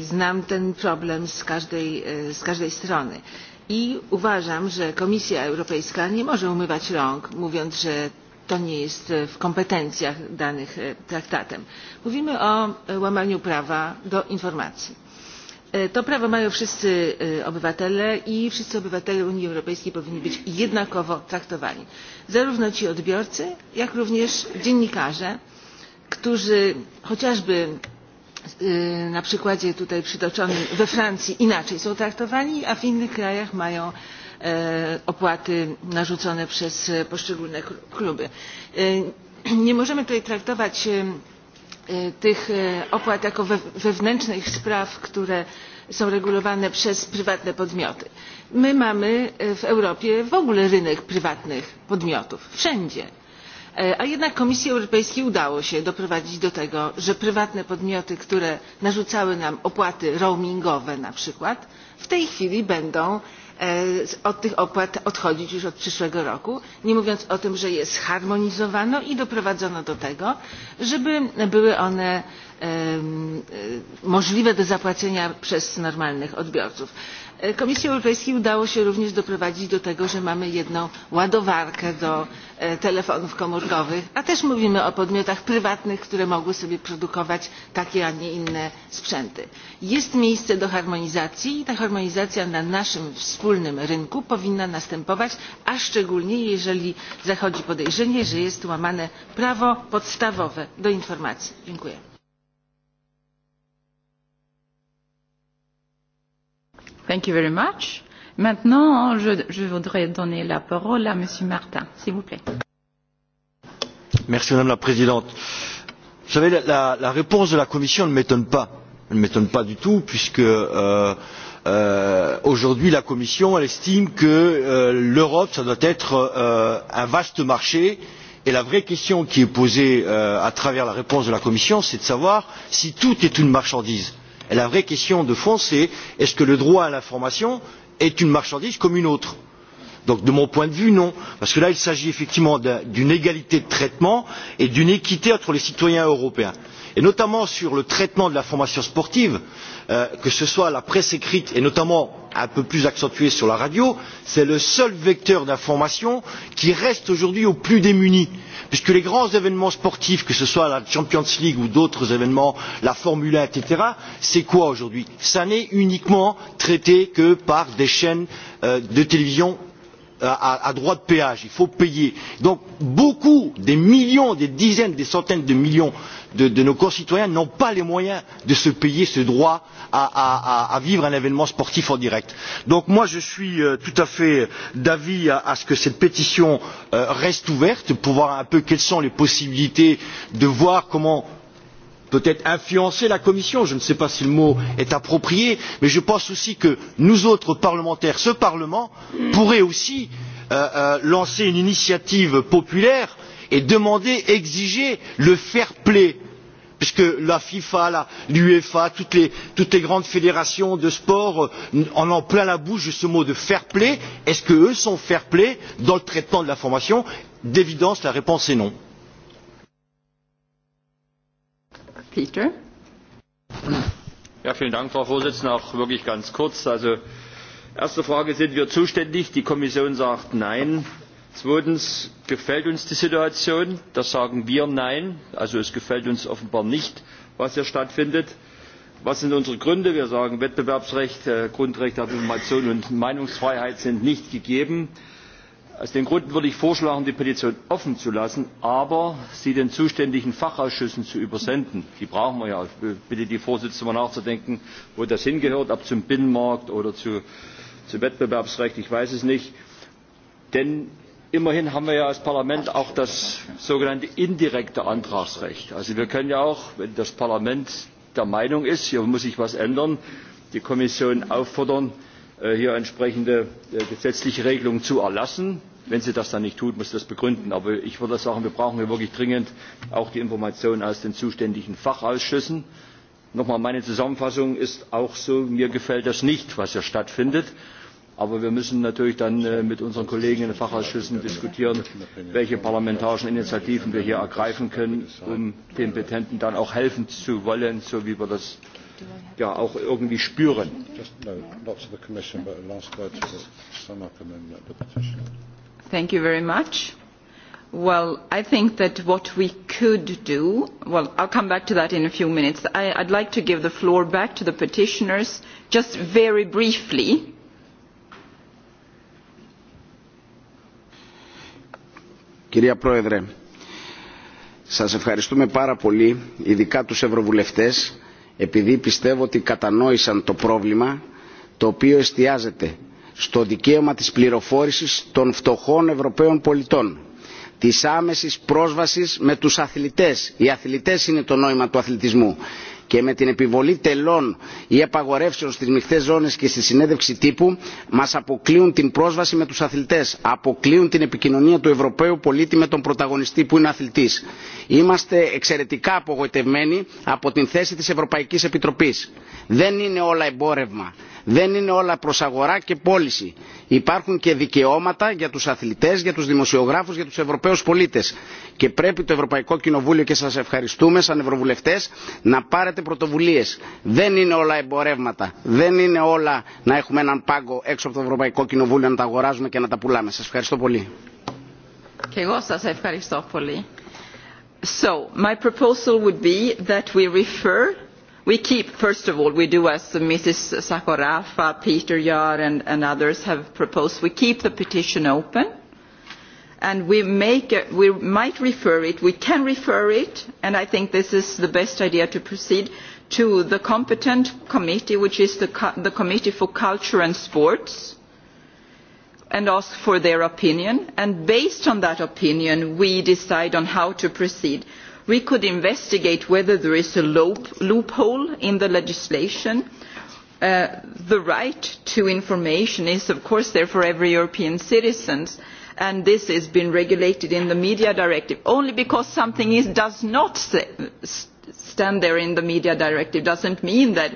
Znam ten problem z każdej, z każdej strony. I uważam, że Komisja Europejska nie może umywać rąk, mówiąc, że to nie jest e, w kompetencjach danych e, traktatem. Mówimy o e, łamaniu prawa do informacji. To prawo mają wszyscy obywatele i wszyscy obywatele Unii Europejskiej powinni być jednakowo traktowani. Zarówno ci odbiorcy, jak również dziennikarze, którzy chociażby na przykładzie tutaj przytoczonym we Francji inaczej są traktowani, a w innych krajach mają E, opłaty narzucone przez poszczególne kluby. E, nie możemy tutaj traktować e, tych opłat jako wewnętrznych spraw, które są regulowane przez prywatne podmioty. My mamy w Europie w ogóle rynek prywatnych podmiotów, wszędzie. A jednak Komisji Europejskiej udało się doprowadzić do tego, że prywatne podmioty, które narzucały nam opłaty roamingowe na przykład, w tej chwili będą E, od tych opłat odchodzić już od przyszłego roku, nie mówiąc o tym, że je zharmonizowano i doprowadzono do tego, żeby były one e, możliwe do zapłacenia przez normalnych odbiorców. E, Komisji Europejskiej udało się również doprowadzić do tego, że mamy jedną ładowarkę do e, telefonów komórkowych, a też mówimy o podmiotach prywatnych, które mogły sobie produkować takie, a nie inne sprzęty. Jest miejsce do harmonizacji i ta harmonizacja na naszym wspólnym rynku powinna następować, a szczególnie jeżeli zachodzi podejrzenie, że jest łamane prawo podstawowe do informacji. Dziękuję. Thank you very much. Maintenant, je, je voudrais donner la parole à Monsieur Martin, s'il vous plaît. Merci Madame la Présidente. Vous savez, la, la, réponse de la Commission ne m'étonne pas. Elle ne m'étonne pas du tout, puisque euh, euh, aujourd'hui la Commission elle estime que euh, l'Europe, ça doit être euh, un vaste marché. Et la vraie question qui est posée euh, à travers la réponse de la Commission, c'est de savoir si tout est une marchandise. Euh, Et la vraie question de fond, c'est est-ce que le droit à l'information est une marchandise comme une autre Donc de mon point de vue, non. Parce que là, il s'agit effectivement d'une égalité de traitement et d'une équité entre les citoyens européens. Et notamment sur le traitement de la formation sportive, Euh, que ce soit la presse écrite et notamment un peu plus accentuée sur la radio, c'est le seul vecteur d'information qui reste aujourd'hui aux plus démunis. Puisque les grands événements sportifs, que ce soit la Champions League ou d'autres événements, la Formule 1, etc., c'est quoi aujourd'hui Ça n'est uniquement traité que par des chaînes euh, de télévision à, à droit de péage, il faut payer. Donc beaucoup, des millions, des dizaines, des centaines de millions de, de nos concitoyens n'ont pas les moyens de se payer ce droit à, à, à vivre un événement sportif en direct. Donc moi je suis euh, tout à fait d'avis à, à ce que cette pétition euh, reste ouverte pour voir un peu quelles sont les possibilités de voir comment peut-être influencer la Commission, je ne sais pas si le mot est approprié, mais je pense aussi que nous autres parlementaires, ce Parlement, pourrait aussi euh, euh, lancer une initiative populaire et demander, exiger le fair play puisque la FIFA, l'UEFA, toutes les, toutes les grandes fédérations de sport euh, en ont plein la bouche de ce mot de fair play. Est-ce qu'eux sont fair play dans le traitement de la formation D'évidence, la réponse est non. Peter. Ja, vielen Dank, Frau Vorsitzende. Auch wirklich ganz kurz. Also, erste Frage, sind wir zuständig? Die Kommission sagt nein. Zweitens, gefällt uns die Situation? Das sagen wir nein. Also, es gefällt uns offenbar nicht, was hier stattfindet. Was sind unsere Gründe? Wir sagen, Wettbewerbsrecht, äh, Grundrecht auf Information und Meinungsfreiheit sind nicht gegeben. Äh, Aus den Gründen würde ich vorschlagen, die Petition offen zu lassen, aber sie den zuständigen Fachausschüssen zu übersenden. Die brauchen wir ja. Ich bitte die Vorsitzende mal nachzudenken, wo das hingehört, ob zum Binnenmarkt oder zu, Wettbewerbsrecht, ich weiß es nicht. Denn immerhin haben wir ja als Parlament auch das sogenannte indirekte Antragsrecht. Also wir können ja auch, wenn das Parlament der Meinung ist, hier muss sich was ändern, die Kommission auffordern, Äh, hier entsprechende äh, gesetzliche Regelungen zu erlassen. Wenn sie das dann nicht tut, muss sie das begründen. Aber ich würde sagen, wir brauchen hier wirklich dringend auch die Informationen aus den zuständigen Fachausschüssen. Nochmal, meine Zusammenfassung ist auch so, mir gefällt das nicht, was hier stattfindet. Aber wir müssen natürlich dann äh, mit unseren Kollegen in den Fachausschüssen diskutieren, welche parlamentarischen Initiativen wir hier ergreifen können, um den Petenten dann auch helfen zu wollen, so wie wir das ja auch irgendwie spüren. Thank you very much. Well, I think that what we could do, well, I'll come back to that in a few minutes. I, I'd like to give the floor back to the petitioners just very briefly. Κυρία Πρόεδρε, σας ευχαριστούμε πάρα πολύ, ειδικά τους Ευρωβουλευτές, επειδή πιστεύω ότι κατανόησαν το πρόβλημα το οποίο εστιάζεται στο δικαίωμα της πληροφόρησης των φτωχών Ευρωπαίων πολιτών, της άμεσης πρόσβασης με τους αθλητές. Οι αθλητές είναι το νόημα του αθλητισμού και με την επιβολή τελών ή απαγορεύσεων στις μειχτές ζώνες και στη συνέντευξη τύπου μας αποκλείουν την πρόσβαση με τους αθλητές, αποκλείουν την επικοινωνία του Ευρωπαίου πολίτη με τον πρωταγωνιστή που είναι αθλητής. Είμαστε εξαιρετικά απογοητευμένοι από την θέση της Ευρωπαϊκής Επιτροπής. Δεν είναι όλα εμπόρευμα. Δεν είναι όλα προς αγορά και πώληση. Υπάρχουν και δικαιώματα για τους αθλητές, για τους δημοσιογράφους, για τους Ευρωπαίους πολίτες. Και πρέπει το Ευρωπαϊκό Κοινοβούλιο και σας ευχαριστούμε σαν Ευρωβουλευτές να πάρετε πρωτοβουλίες. Δεν είναι όλα εμπορεύματα. Δεν είναι όλα να έχουμε έναν πάγκο έξω από το Ευρωπαϊκό Κοινοβούλιο να τα αγοράζουμε και να τα πουλάμε. Σας ευχαριστώ πολύ. Και εγώ σας ευχαριστώ πολύ. So, my proposal would be that we refer we keep, first of all, we do as Mrs. Sakorafa, Peter Yar and, and others have proposed, we keep the petition open and we, make a, we might refer it, we can refer it, and I think this is the best idea to proceed, to the competent committee, which is the, the Committee for Culture and Sports, and ask for their opinion, and based on that opinion, we decide on how to proceed we could investigate whether there is a loophole in the legislation. Uh, the right to information is of course there for every European citizen and this has been regulated in the media directive only because something is, does not stand there in the media directive does not mean that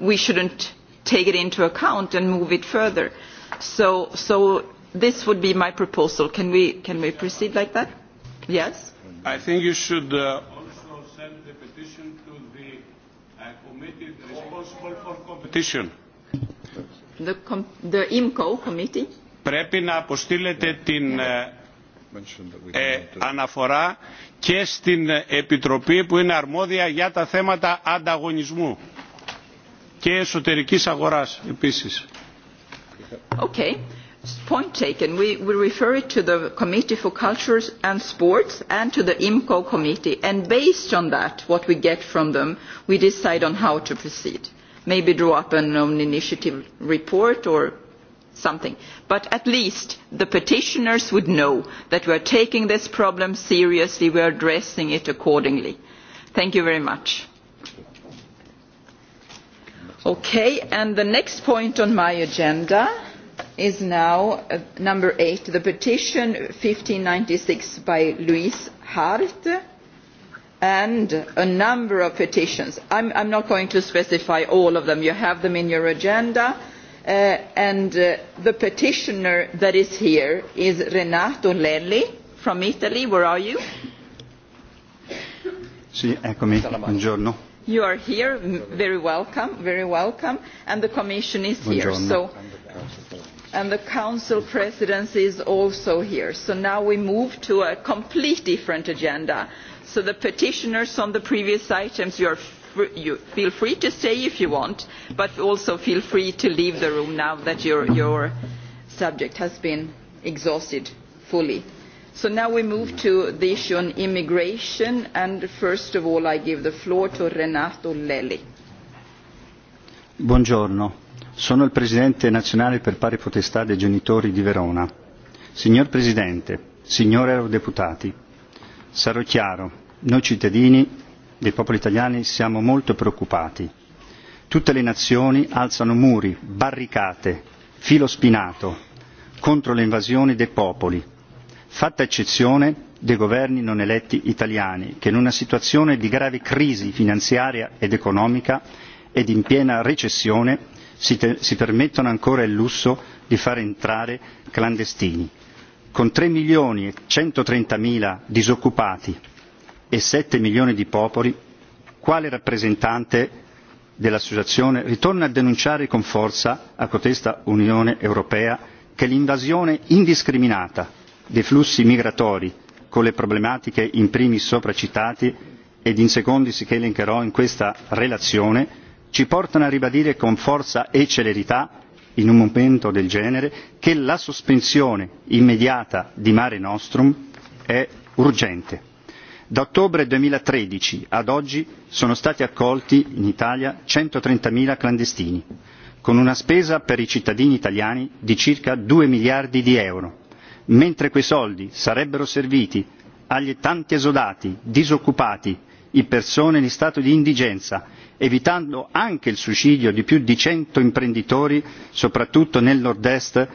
we should not take it into account and move it further so, so this would be my proposal can we, can we proceed like that yes I think you should uh, also send the petition to the uh, committee responsible for competition. The, com the IMCO committee. Πρέπει να αποστείλετε την ε, αναφορά και στην Επιτροπή που είναι αρμόδια για τα θέματα ανταγωνισμού και εσωτερικής αγοράς επίσης. Okay point taken. We, we refer it to the Committee for Culture and Sports and to the IMCO committee. And based on that, what we get from them, we decide on how to proceed. Maybe draw up an own initiative report or something. But at least the petitioners would know that we are taking this problem seriously, we are addressing it accordingly. Thank you very much. Okay, and the next point on my agenda is now uh, number eight, the petition 1596 by Luis Hart and a number of petitions. I'm, I'm not going to specify all of them. You have them in your agenda. Uh, and uh, the petitioner that is here is Renato Lelli from Italy. Where are you? Sì, eccomi. Buongiorno. You are here. Very welcome. Very welcome. And the commission is Buongiorno. here. So and the Council presidency is also here. So now we move to a completely different agenda. So the petitioners on the previous items, you, are fr you feel free to stay if you want, but also feel free to leave the room now that your, your subject has been exhausted fully. So now we move to the issue on immigration, and first of all I give the floor to Renato Lelli. Buongiorno. Sono il Presidente nazionale per pari potestà dei genitori di Verona. Signor Presidente, signori eurodeputati, sarò chiaro, noi cittadini dei popoli italiani siamo molto preoccupati. Tutte le nazioni alzano muri, barricate, filo spinato contro le invasioni dei popoli, fatta eccezione dei governi non eletti italiani, che in una situazione di grave crisi finanziaria ed economica ed in piena recessione si, te, si permettono ancora il lusso di far entrare clandestini. Con 3 milioni e 130 mila disoccupati e 7 milioni di popoli, quale rappresentante dell'associazione ritorna a denunciare con forza a cotesta Unione Europea che l'invasione indiscriminata dei flussi migratori con le problematiche in primi sopracitati ed in si che elencherò in questa relazione ci portano a ribadire con forza e celerità in un momento del genere che la sospensione immediata di Mare Nostrum è urgente. Da ottobre duemilatredici ad oggi sono stati accolti in Italia 130.000 clandestini, con una spesa per i cittadini italiani di circa due miliardi di euro, mentre quei soldi sarebbero serviti agli tanti esodati, disoccupati, in persone in stato di indigenza evitando anche il suicidio di più di cento imprenditori, soprattutto nel nord-est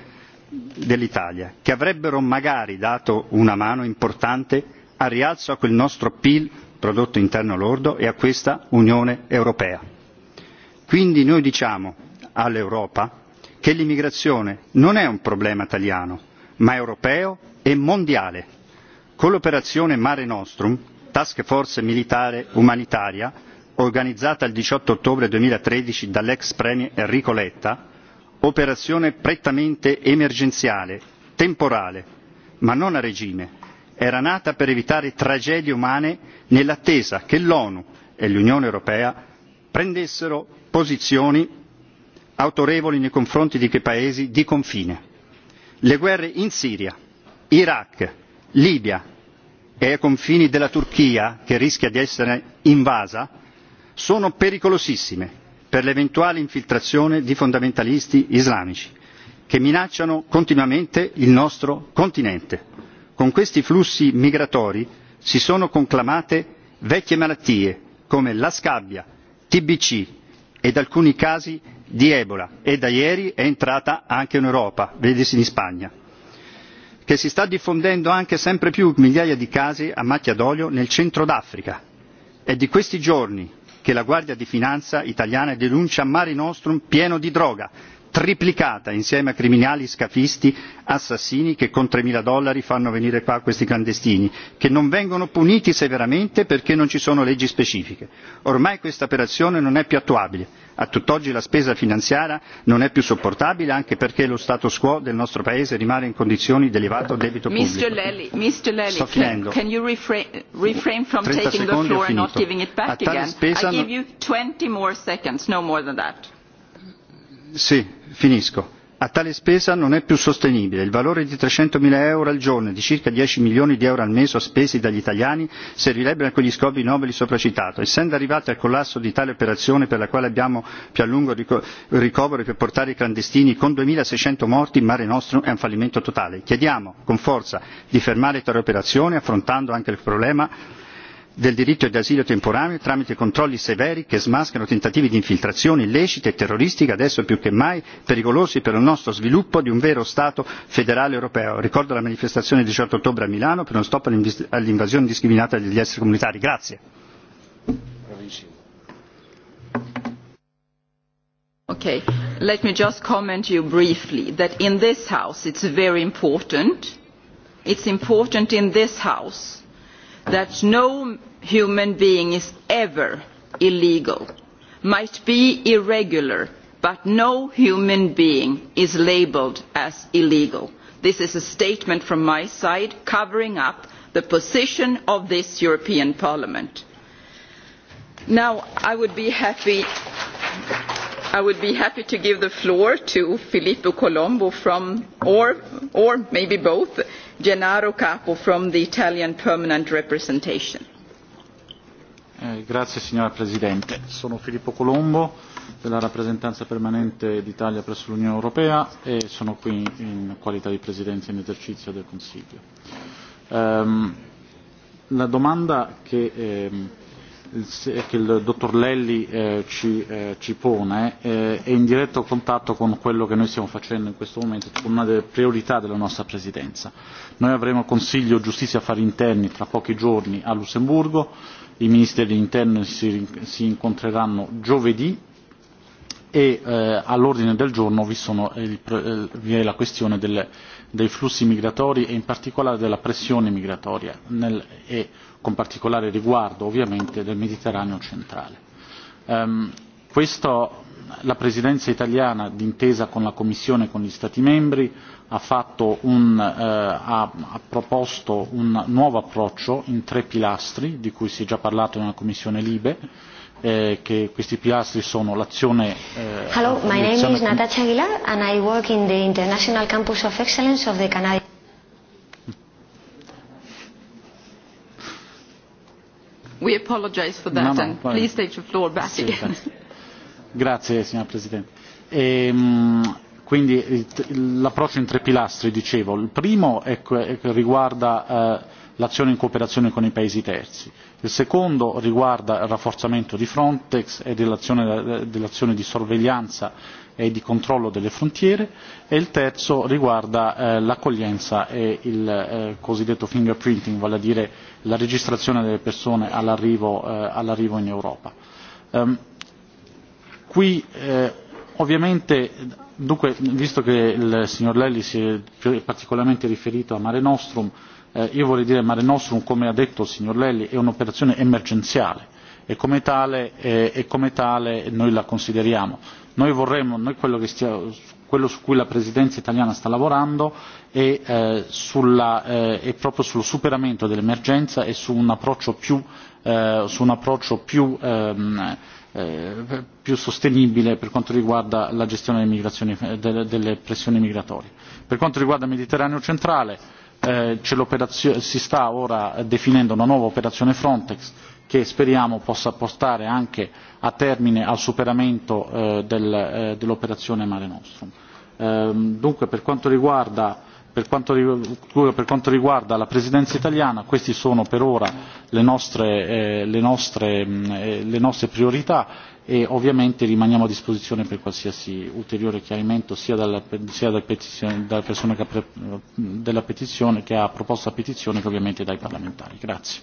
dell'Italia, che avrebbero magari dato una mano importante al rialzo a quel nostro PIL, prodotto interno lordo, e a questa Unione Europea. Quindi noi diciamo all'Europa che l'immigrazione non è un problema italiano, ma europeo e mondiale. Con l'operazione Mare Nostrum, task force militare umanitaria, organizzata il diciotto ottobre duemilatredici dall'ex premier Enrico Letta, operazione prettamente emergenziale, temporale, ma non a regime, era nata per evitare tragedie umane nell'attesa che l'ONU e l'Unione Europea prendessero posizioni autorevoli nei confronti di quei paesi di confine. Le guerre in Siria, Iraq, Libia e ai confini della Turchia, che rischia di essere invasa, sono pericolosissime per l'eventuale infiltrazione di fondamentalisti islamici che minacciano continuamente il nostro continente. Con questi flussi migratori si sono conclamate vecchie malattie come la scabbia, TBC ed alcuni casi di Ebola e da ieri è entrata anche in Europa, vedesi in Spagna, che si sta diffondendo anche sempre più migliaia di casi a macchia d'olio nel centro d'Africa. È e di questi giorni che la Guardia di Finanza italiana denuncia Mare Nostrum pieno di droga triplicata insieme a criminali scafisti assassini che con tre mila dollari fanno venire qua questi clandestini che non vengono puniti severamente perché non ci sono leggi specifiche. ormai questa operazione non è più attuabile a tutt'oggi la spesa finanziaria non è più sopportabile anche perché lo status quo del nostro paese rimane in condizioni di elevato debito pubblico. Mr. Lally, Mr. Sto finendo. Can, can you refrain, refrain from the floor I give you 20 more seconds, no more than that. Sì, Finisco. A tale spesa non è più sostenibile il valore di 300.000 euro al giorno e di circa 10 milioni di euro al mese spesi dagli italiani servirebbero a quegli scopi nobili sopracitato. Essendo arrivati al collasso di tale operazione per la quale abbiamo più a lungo ricovero e per portare i clandestini con 2.600 morti il Mare Nostrum è un fallimento totale. Chiediamo con forza di fermare tale operazione affrontando anche il problema del diritto d'asilo temporaneo tramite controlli severi che smascherano tentativi di infiltrazione illecita e terroristica adesso più che mai pericolosi per il nostro sviluppo di un vero Stato federale europeo. Ricordo la manifestazione del 18 ottobre a Milano per uno stop all'invasione discriminata degli esseri comunitari. Grazie. Okay. Let me just comment you briefly that in this house it's very important. It's important in this house that no human being is ever illegal, might be irregular, but no human being is labelled as illegal. This is a statement from my side covering up the position of this European Parliament. Now, I would be happy, I would be happy to give the floor to Filippo Colombo from, or, or maybe both, Gennaro Capo from the Italian Permanent Representation. Eh, grazie signora Presidente, sono Filippo Colombo della rappresentanza permanente d'Italia presso l'Unione Europea e sono qui in qualità di Presidenza in esercizio del Consiglio. Um, la domanda che eh, che il dottor Lelli eh, ci, eh, ci pone eh, è in diretto contatto con quello che noi stiamo facendo in questo momento, con una delle priorità della nostra Presidenza. Noi avremo il Consiglio Giustizia e Affari Interni tra pochi giorni a Lussemburgo, i Ministri dell'Interno si, si incontreranno giovedì e eh, all'ordine del giorno vi, sono il, eh, vi è la questione delle, dei flussi migratori e in particolare della pressione migratoria nel, e con particolare riguardo ovviamente del Mediterraneo centrale. Um, questo la Presidenza italiana, d'intesa con la Commissione e con gli Stati membri, ha, fatto un, eh, ha, ha proposto un nuovo approccio in tre pilastri, di cui si è già parlato nella Commissione Libe, Eh, che questi pilastri sono l'azione eh, Hello, my name is Natasha Aguilar and I work in the International Campus of Excellence of the Canadian We apologize for that no, no, and no, please no. take the floor back sì, again. Grazie signor Presidente. Ehm, quindi l'approccio in tre pilastri, dicevo. Il primo è, è, riguarda eh, l'azione in cooperazione con i paesi terzi Il secondo riguarda il rafforzamento di Frontex e dell'azione, dell'azione di sorveglianza e di controllo delle frontiere e il terzo riguarda eh, l'accoglienza e il eh, cosiddetto fingerprinting, vale a dire la registrazione delle persone all'arrivo, eh, all'arrivo in Europa. Um, qui eh, ovviamente dunque visto che il signor Lelli si è particolarmente riferito a Mare Nostrum eh, io vorrei dire Mare Nostrum, come ha detto il signor Lelli, è un'operazione emergenziale e come tale, eh, e come tale noi la consideriamo. Noi vorremmo, noi quello, che stia, quello su cui la Presidenza italiana sta lavorando è, eh, sulla, eh, è proprio sullo superamento dell'emergenza e su un approccio più, eh, su un approccio più ehm, Eh, più sostenibile per quanto riguarda la gestione delle, eh, delle, delle pressioni migratorie. Per quanto riguarda il Mediterraneo centrale, eh, si sta ora definendo una nuova operazione Frontex che speriamo possa portare anche a termine al superamento eh, del, eh, dell'operazione Mare Nostrum. Ehm, dunque per quanto, riguarda, per, quanto, per quanto riguarda la presidenza italiana queste sono per ora le nostre, eh, le nostre, mh, mm, eh, le nostre priorità e ovviamente rimaniamo a disposizione per qualsiasi ulteriore chiarimento sia, dalla, sia dal petizione, dalla persona che ha, della petizione che ha proposto la petizione che ovviamente dai parlamentari. Grazie.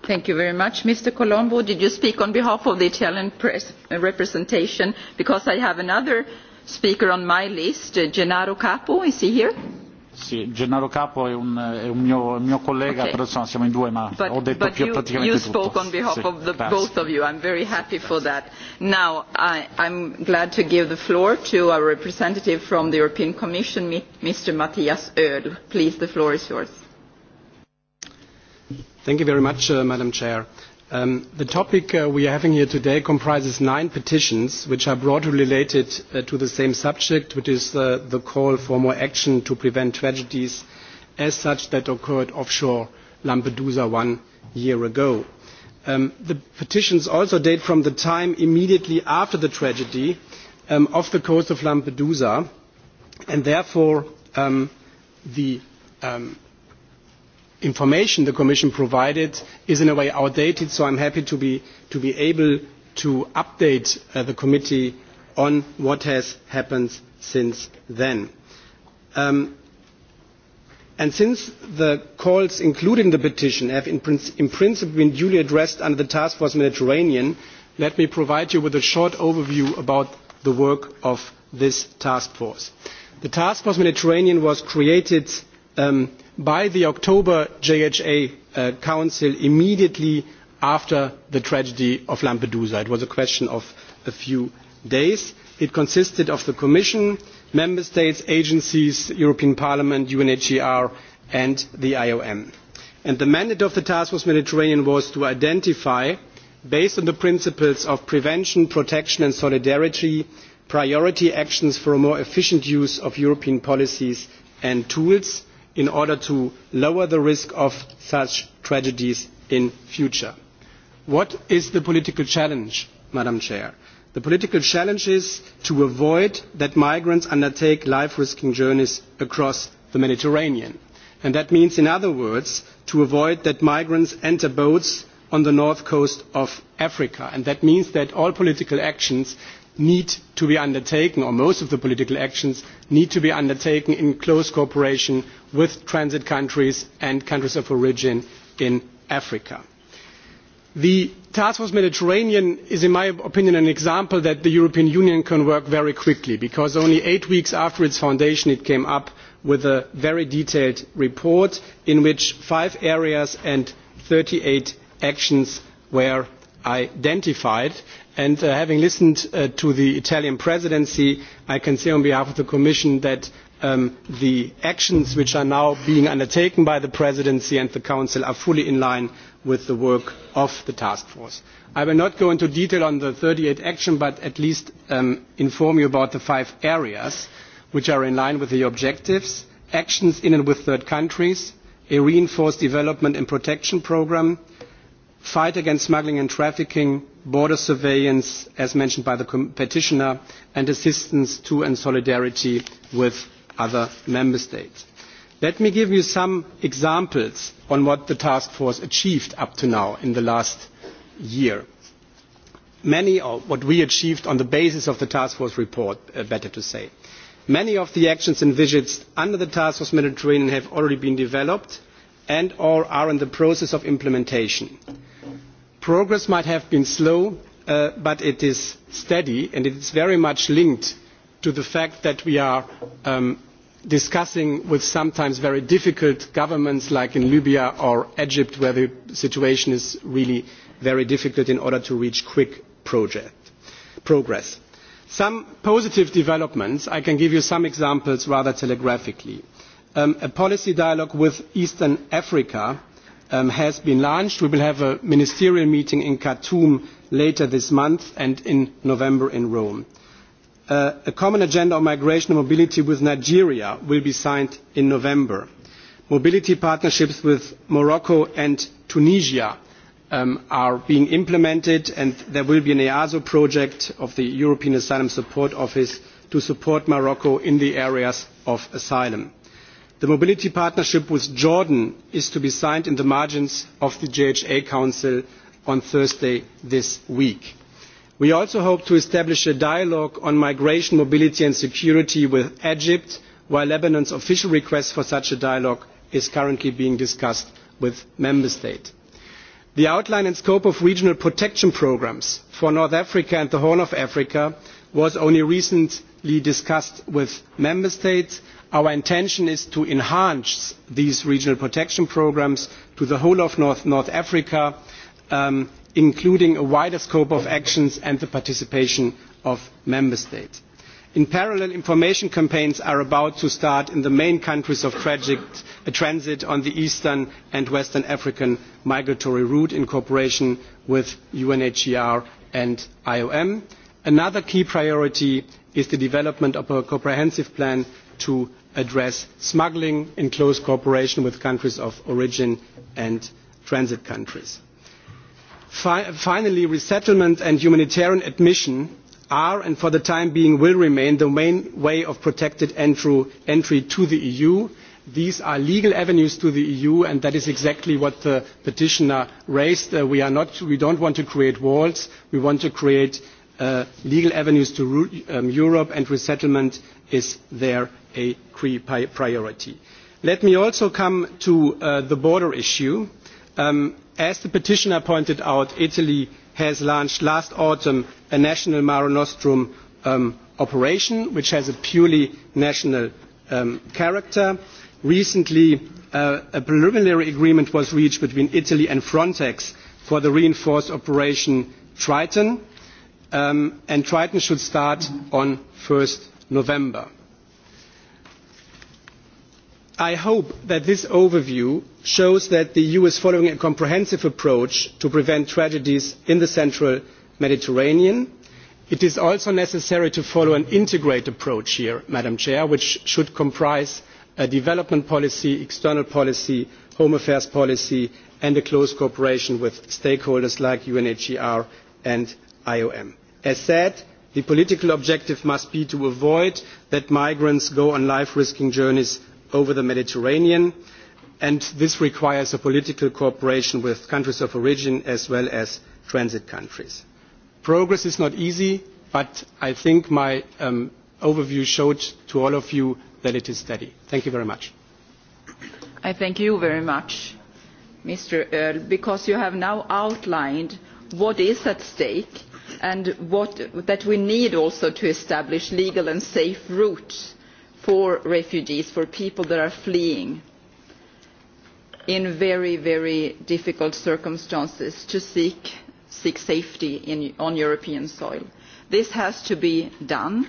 Thank you very much. Mr. Colombo, did you speak on behalf of the Italian press uh, representation? Because I have another speaker on my list, uh, Gennaro Capo. Is he here? Sì, Gennaro Capo è un, è un mio, mio collega, okay. però insomma siamo in due, ma but, ho detto più you, praticamente you tutto. You spoke on behalf sì, of the, grazie. both of you, I'm very happy for that. Now, I, I'm glad to give the floor to our representative from the European Commission, Mr. Matthias Ödl. Please, the floor is yours. Thank you very much, uh, Madam Chair. Um, the topic uh, we are having here today comprises nine petitions which are broadly related uh, to the same subject, which is uh, the call for more action to prevent tragedies as such that occurred offshore Lampedusa one year ago. Um, the petitions also date from the time immediately after the tragedy um, off the coast of Lampedusa, and therefore um, the um, information the Commission provided is in a way outdated, so I'm happy to be, to be able to update uh, the committee on what has happened since then. Um, and since the calls included in the petition have in, in principle been duly addressed under the Task Force Mediterranean, let me provide you with a short overview about the work of this task force. The Task Force Mediterranean was created um, by the October JHA uh, Council immediately after the tragedy of Lampedusa. It was a question of a few days. It consisted of the Commission, Member States, agencies, European Parliament, UNHCR and the IOM. And the mandate of the Task Force Mediterranean was to identify, based on the principles of prevention, protection and solidarity, priority actions for a more efficient use of European policies and tools in order to lower the risk of such tragedies in future. What is the political challenge, Madam Chair? The political challenge is to avoid that migrants undertake life-risking journeys across the Mediterranean. And that means, in other words, to avoid that migrants enter boats on the north coast of Africa. And that means that all political actions need to be undertaken, or most of the political actions need to be undertaken in close cooperation with transit countries and countries of origin in Africa. The Task Force Mediterranean is, in my opinion, an example that the European Union can work very quickly because only eight weeks after its foundation it came up with a very detailed report in which five areas and thirty eight actions were identified And uh, having listened uh, to the Italian presidency, I can say on behalf of the Commission that um, the actions which are now being undertaken by the presidency and the council are fully in line with the work of the task force. I will not go into detail on the 38 action, but at least um, inform you about the five areas which are in line with the objectives, actions in and with third countries, a reinforced development and protection program, fight against smuggling and trafficking, border surveillance, as mentioned by the petitioner, and assistance to and solidarity with other member states. Let me give you some examples on what the task force achieved up to now in the last year. Many of what we achieved on the basis of the task force report, uh, better to say. Many of the actions envisaged under the task force Mediterranean have already been developed and or are in the process of implementation. Progress might have been slow, uh, but it is steady, and it is very much linked to the fact that we are um, discussing with sometimes very difficult governments like in Libya or Egypt, where the situation is really very difficult in order to reach quick project, progress. Some positive developments, I can give you some examples rather telegraphically. Um, a policy dialogue with Eastern Africa um, has been launched. We will have a ministerial meeting in Khartoum later this month and in November in Rome. Uh, a common agenda on migration and mobility with Nigeria will be signed in November. Mobility partnerships with Morocco and Tunisia um, are being implemented and there will be an EASO project of the European Asylum Support Office to support Morocco in the areas of asylum. The mobility partnership with Jordan is to be signed in the margins of the JHA Council on Thursday this week. We also hope to establish a dialogue on migration, mobility and security with Egypt, while Lebanon's official request for such a dialogue is currently being discussed with Member States. The outline and scope of regional protection programmes for North Africa and the Horn of Africa was only recently discussed with Member States Our intention is to enhance these regional protection programmes to the whole of North, North Africa, um, including a wider scope of actions and the participation of member states. In parallel, information campaigns are about to start in the main countries of tragic, uh, transit on the eastern and western African migratory route in cooperation with UNHCR and IOM. Another key priority is the development of a comprehensive plan to address smuggling in close cooperation with countries of origin and transit countries. Fi finally, resettlement and humanitarian admission are and for the time being will remain the main way of protected entry to the EU. These are legal avenues to the EU and that is exactly what the petitioner raised. Uh, we, are not, we don't want to create walls, we want to create Uh, legal avenues to um, Europe and resettlement is there a priority. Let me also come to uh, the border issue. Um, as the petitioner pointed out, Italy has launched last autumn a national Mare Nostrum um, operation, which has a purely national um, character. Recently, uh, a preliminary agreement was reached between Italy and Frontex for the reinforced operation Triton um, and Triton should start on 1st November. I hope that this overview shows that the EU is following a comprehensive approach to prevent tragedies in the central Mediterranean. It is also necessary to follow an integrated approach here, Madam Chair, which should comprise a development policy, external policy, home affairs policy, and a close cooperation with stakeholders like UNHCR e and IOM. As said, the political objective must be to avoid that migrants go on life-risking journeys over the Mediterranean, and this requires a political cooperation with countries of origin as well as transit countries. Progress is not easy, but I think my um, overview showed to all of you that it is steady. Thank you very much. I thank you very much, Mr. Earl, because you have now outlined what is at stake and that we need also to establish legal and safe routes for refugees, for people that are fleeing in very, very difficult circumstances to seek, seek safety in, on European soil. This has to be done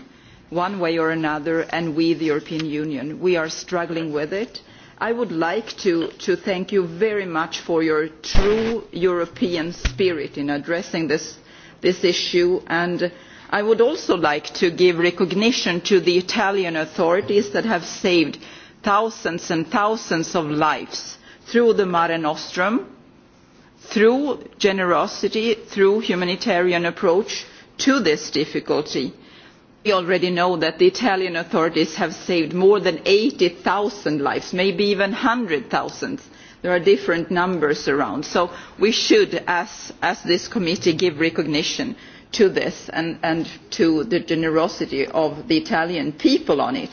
one way or another, and we, the European Union, we are struggling with it. I would like to, to thank you very much for your true European spirit in addressing this this issue and I would also like to give recognition to the Italian authorities that have saved thousands and thousands of lives through the Mare Nostrum, through generosity, through humanitarian approach to this difficulty. We already know that the Italian authorities have saved more than 80,000 lives, maybe even 100,000 there are different numbers around. So we should, as, as this committee, give recognition to this and, and to the generosity of the Italian people on it.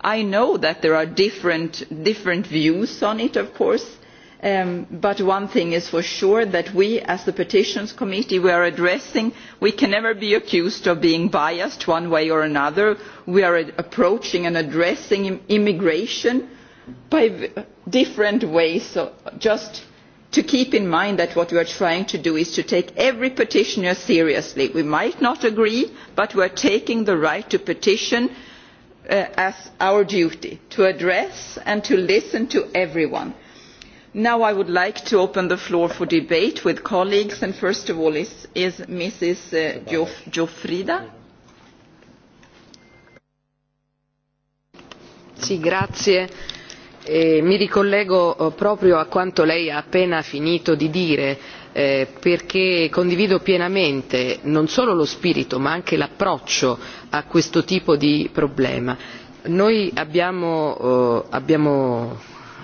I know that there are different, different views on it, of course, um, but one thing is for sure that we, as the Petitions Committee, we are addressing, we can never be accused of being biased one way or another. We are approaching and addressing immigration by different ways, so just to keep in mind that what we are trying to do is to take every petitioner seriously. We might not agree, but we are taking the right to petition uh, as our duty, to address and to listen to everyone. Now I would like to open the floor for debate with colleagues, and first of all is, is Mrs. Uh, Jof Jofrida. Sì, grazie eh, mi ricollego eh, proprio a quanto lei ha appena finito di dire eh, perché condivido pienamente non solo lo spirito ma anche l'approccio a questo tipo di problema. Noi abbiamo, eh, abbiamo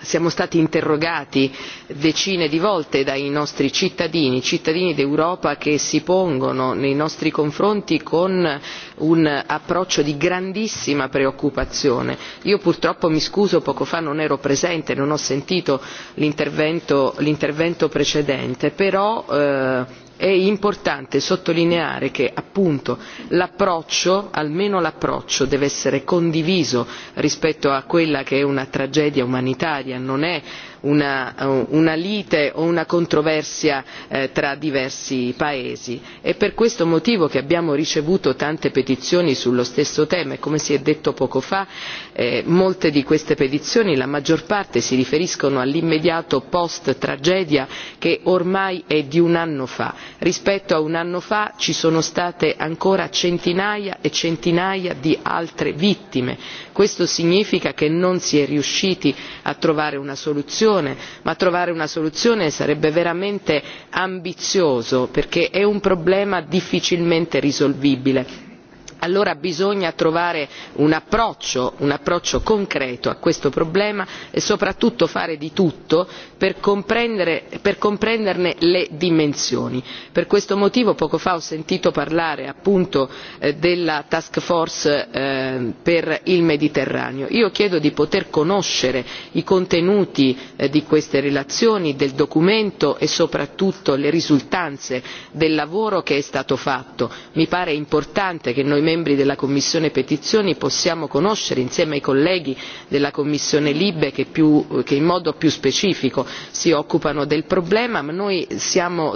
siamo stati interrogati decine di volte dai nostri cittadini, cittadini d'Europa che si pongono nei nostri confronti con un approccio di grandissima preoccupazione. Io purtroppo mi scuso, poco fa non ero presente, non ho sentito l'intervento, precedente, però eh, è importante sottolineare che appunto l'approccio almeno l'approccio deve essere condiviso rispetto a quella che è una tragedia umanitaria non è una, lite o una controversia eh, tra diversi paesi. È per questo motivo che abbiamo ricevuto tante petizioni sullo stesso tema e come si è detto poco fa eh, molte di queste petizioni, la maggior parte, si riferiscono all'immediato post tragedia che ormai è di un anno fa. Rispetto a un anno fa ci sono state ancora centinaia e centinaia di altre vittime questo significa che non si è riusciti a trovare una soluzione ma trovare una soluzione sarebbe veramente ambizioso perché è un problema difficilmente risolvibile allora bisogna trovare un approccio, un approccio concreto a questo problema e soprattutto fare di tutto per, comprenderne le dimensioni. per questo motivo poco fa ho sentito parlare appunto eh, della task force eh, per il mediterraneo. io chiedo di poter conoscere i contenuti eh, di queste relazioni del documento e soprattutto le risultanze del lavoro che è stato fatto. mi pare importante che membri della Commissione petizioni possiamo conoscere insieme ai colleghi della Commissione Libe che, in modo più specifico si occupano del problema, ma noi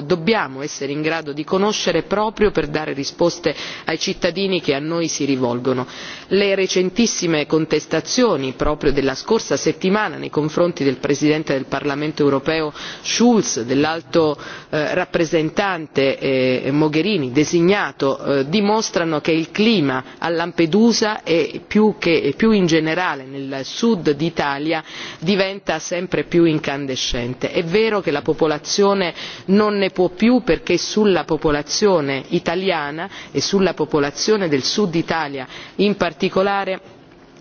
dobbiamo essere in grado di conoscere proprio per dare risposte ai cittadini che a noi si rivolgono. Le recentissime contestazioni proprio della scorsa settimana nei confronti del Presidente del Parlamento europeo Schulz, dell'alto eh, rappresentante eh, Mogherini designato eh, dimostrano che il clima a Lampedusa e più, che, e più in generale nel sud d'Italia diventa sempre più incandescente. È vero che la popolazione non ne può più perché sulla popolazione italiana e sulla popolazione del sud Italia in particolare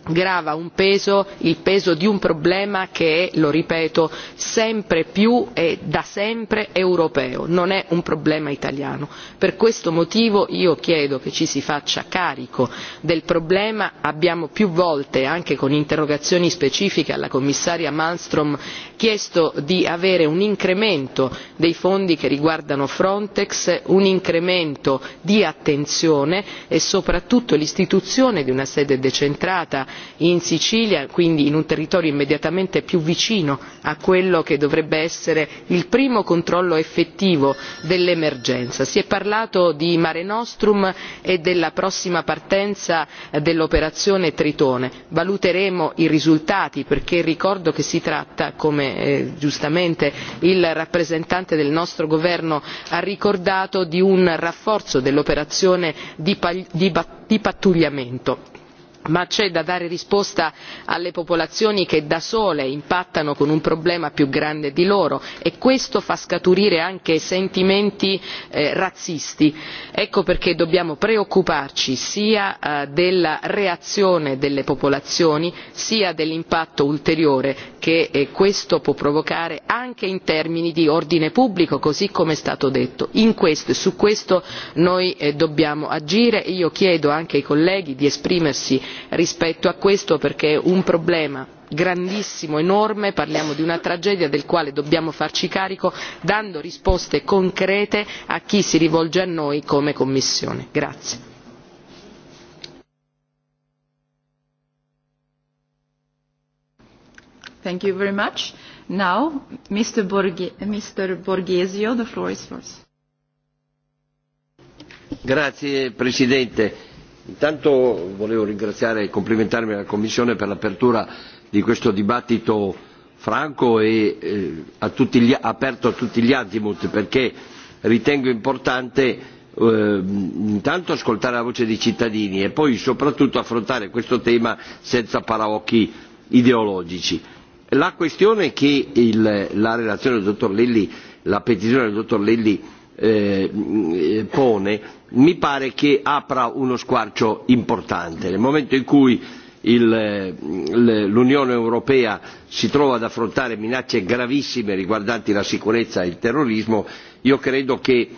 grava un peso, il peso di un problema che è, lo ripeto, sempre più e da sempre europeo, non è un problema italiano. Per questo motivo io chiedo che ci si faccia carico del problema, abbiamo più volte, anche con interrogazioni specifiche alla commissaria malmstrm chiesto di avere un incremento dei fondi che riguardano Frontex, un incremento di attenzione e soprattutto l'istituzione di una sede decentrata in Sicilia, quindi in un territorio immediatamente più vicino a quello che dovrebbe essere il primo controllo effettivo dell'emergenza. Si è parlato di Mare Nostrum e della prossima partenza dell'operazione Tritone. Valuteremo i risultati perché ricordo che si tratta, come eh, giustamente il rappresentante del nostro governo ha ricordato, di un rafforzo dell'operazione di pattugliamento ma c'è da dare risposta alle popolazioni che da sole impattano con un problema più grande di loro e questo fa scaturire anche sentimenti eh, razzisti. Ecco perché dobbiamo preoccuparci sia eh, della reazione delle popolazioni sia dell'impatto ulteriore che eh, questo può provocare anche in termini di ordine pubblico così come è stato detto. In questo e su questo noi dobbiamo agire e io chiedo anche ai colleghi di esprimersi rispetto a questo perché è un problema grandissimo enorme parliamo di una tragedia del quale dobbiamo farci carico dando risposte concrete a chi si rivolge a noi come commissione. Intanto volevo ringraziare e complimentarmi alla Commissione per l'apertura di questo dibattito franco e eh, a tutti gli, aperto a tutti gli azimut perché ritengo importante eh, intanto ascoltare la voce dei cittadini e poi soprattutto affrontare questo tema senza paraocchi ideologici. La questione che il, la relazione del dottor Lilli, la petizione del dottor Lilli eh, eh pone mi pare che apra uno squarcio importante. Nel momento in cui l'Unione Europea si trova ad affrontare minacce gravissime riguardanti la sicurezza e il terrorismo, io credo che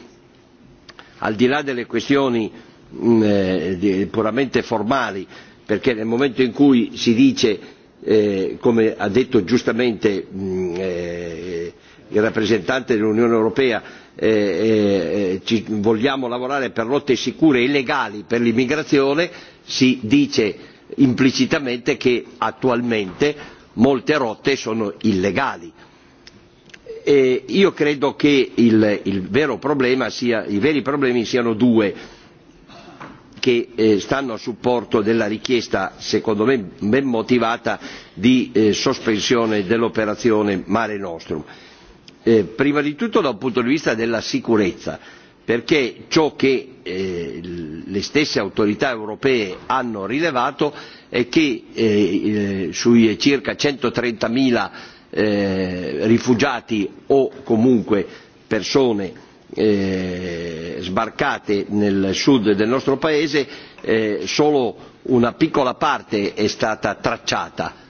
al di là delle questioni mh, eh, puramente formali, perché nel momento in cui si dice, eh, come ha detto giustamente mh, eh, il rappresentante dell'Unione Europea, eh, eh, vogliamo lavorare per rotte sicure e legali per l'immigrazione, si dice implicitamente che attualmente molte rotte sono illegali. E io credo che il, il vero problema sia, i veri problemi siano due che eh, stanno a supporto della richiesta, secondo me ben motivata, di eh, sospensione dell'operazione Mare Nostrum eh, prima di tutto da un punto di vista della sicurezza, perché ciò che eh, le stesse autorità europee hanno rilevato è che eh, sui circa 130.000 eh, rifugiati o comunque persone eh, sbarcate nel sud del nostro paese eh, solo una piccola parte è stata tracciata.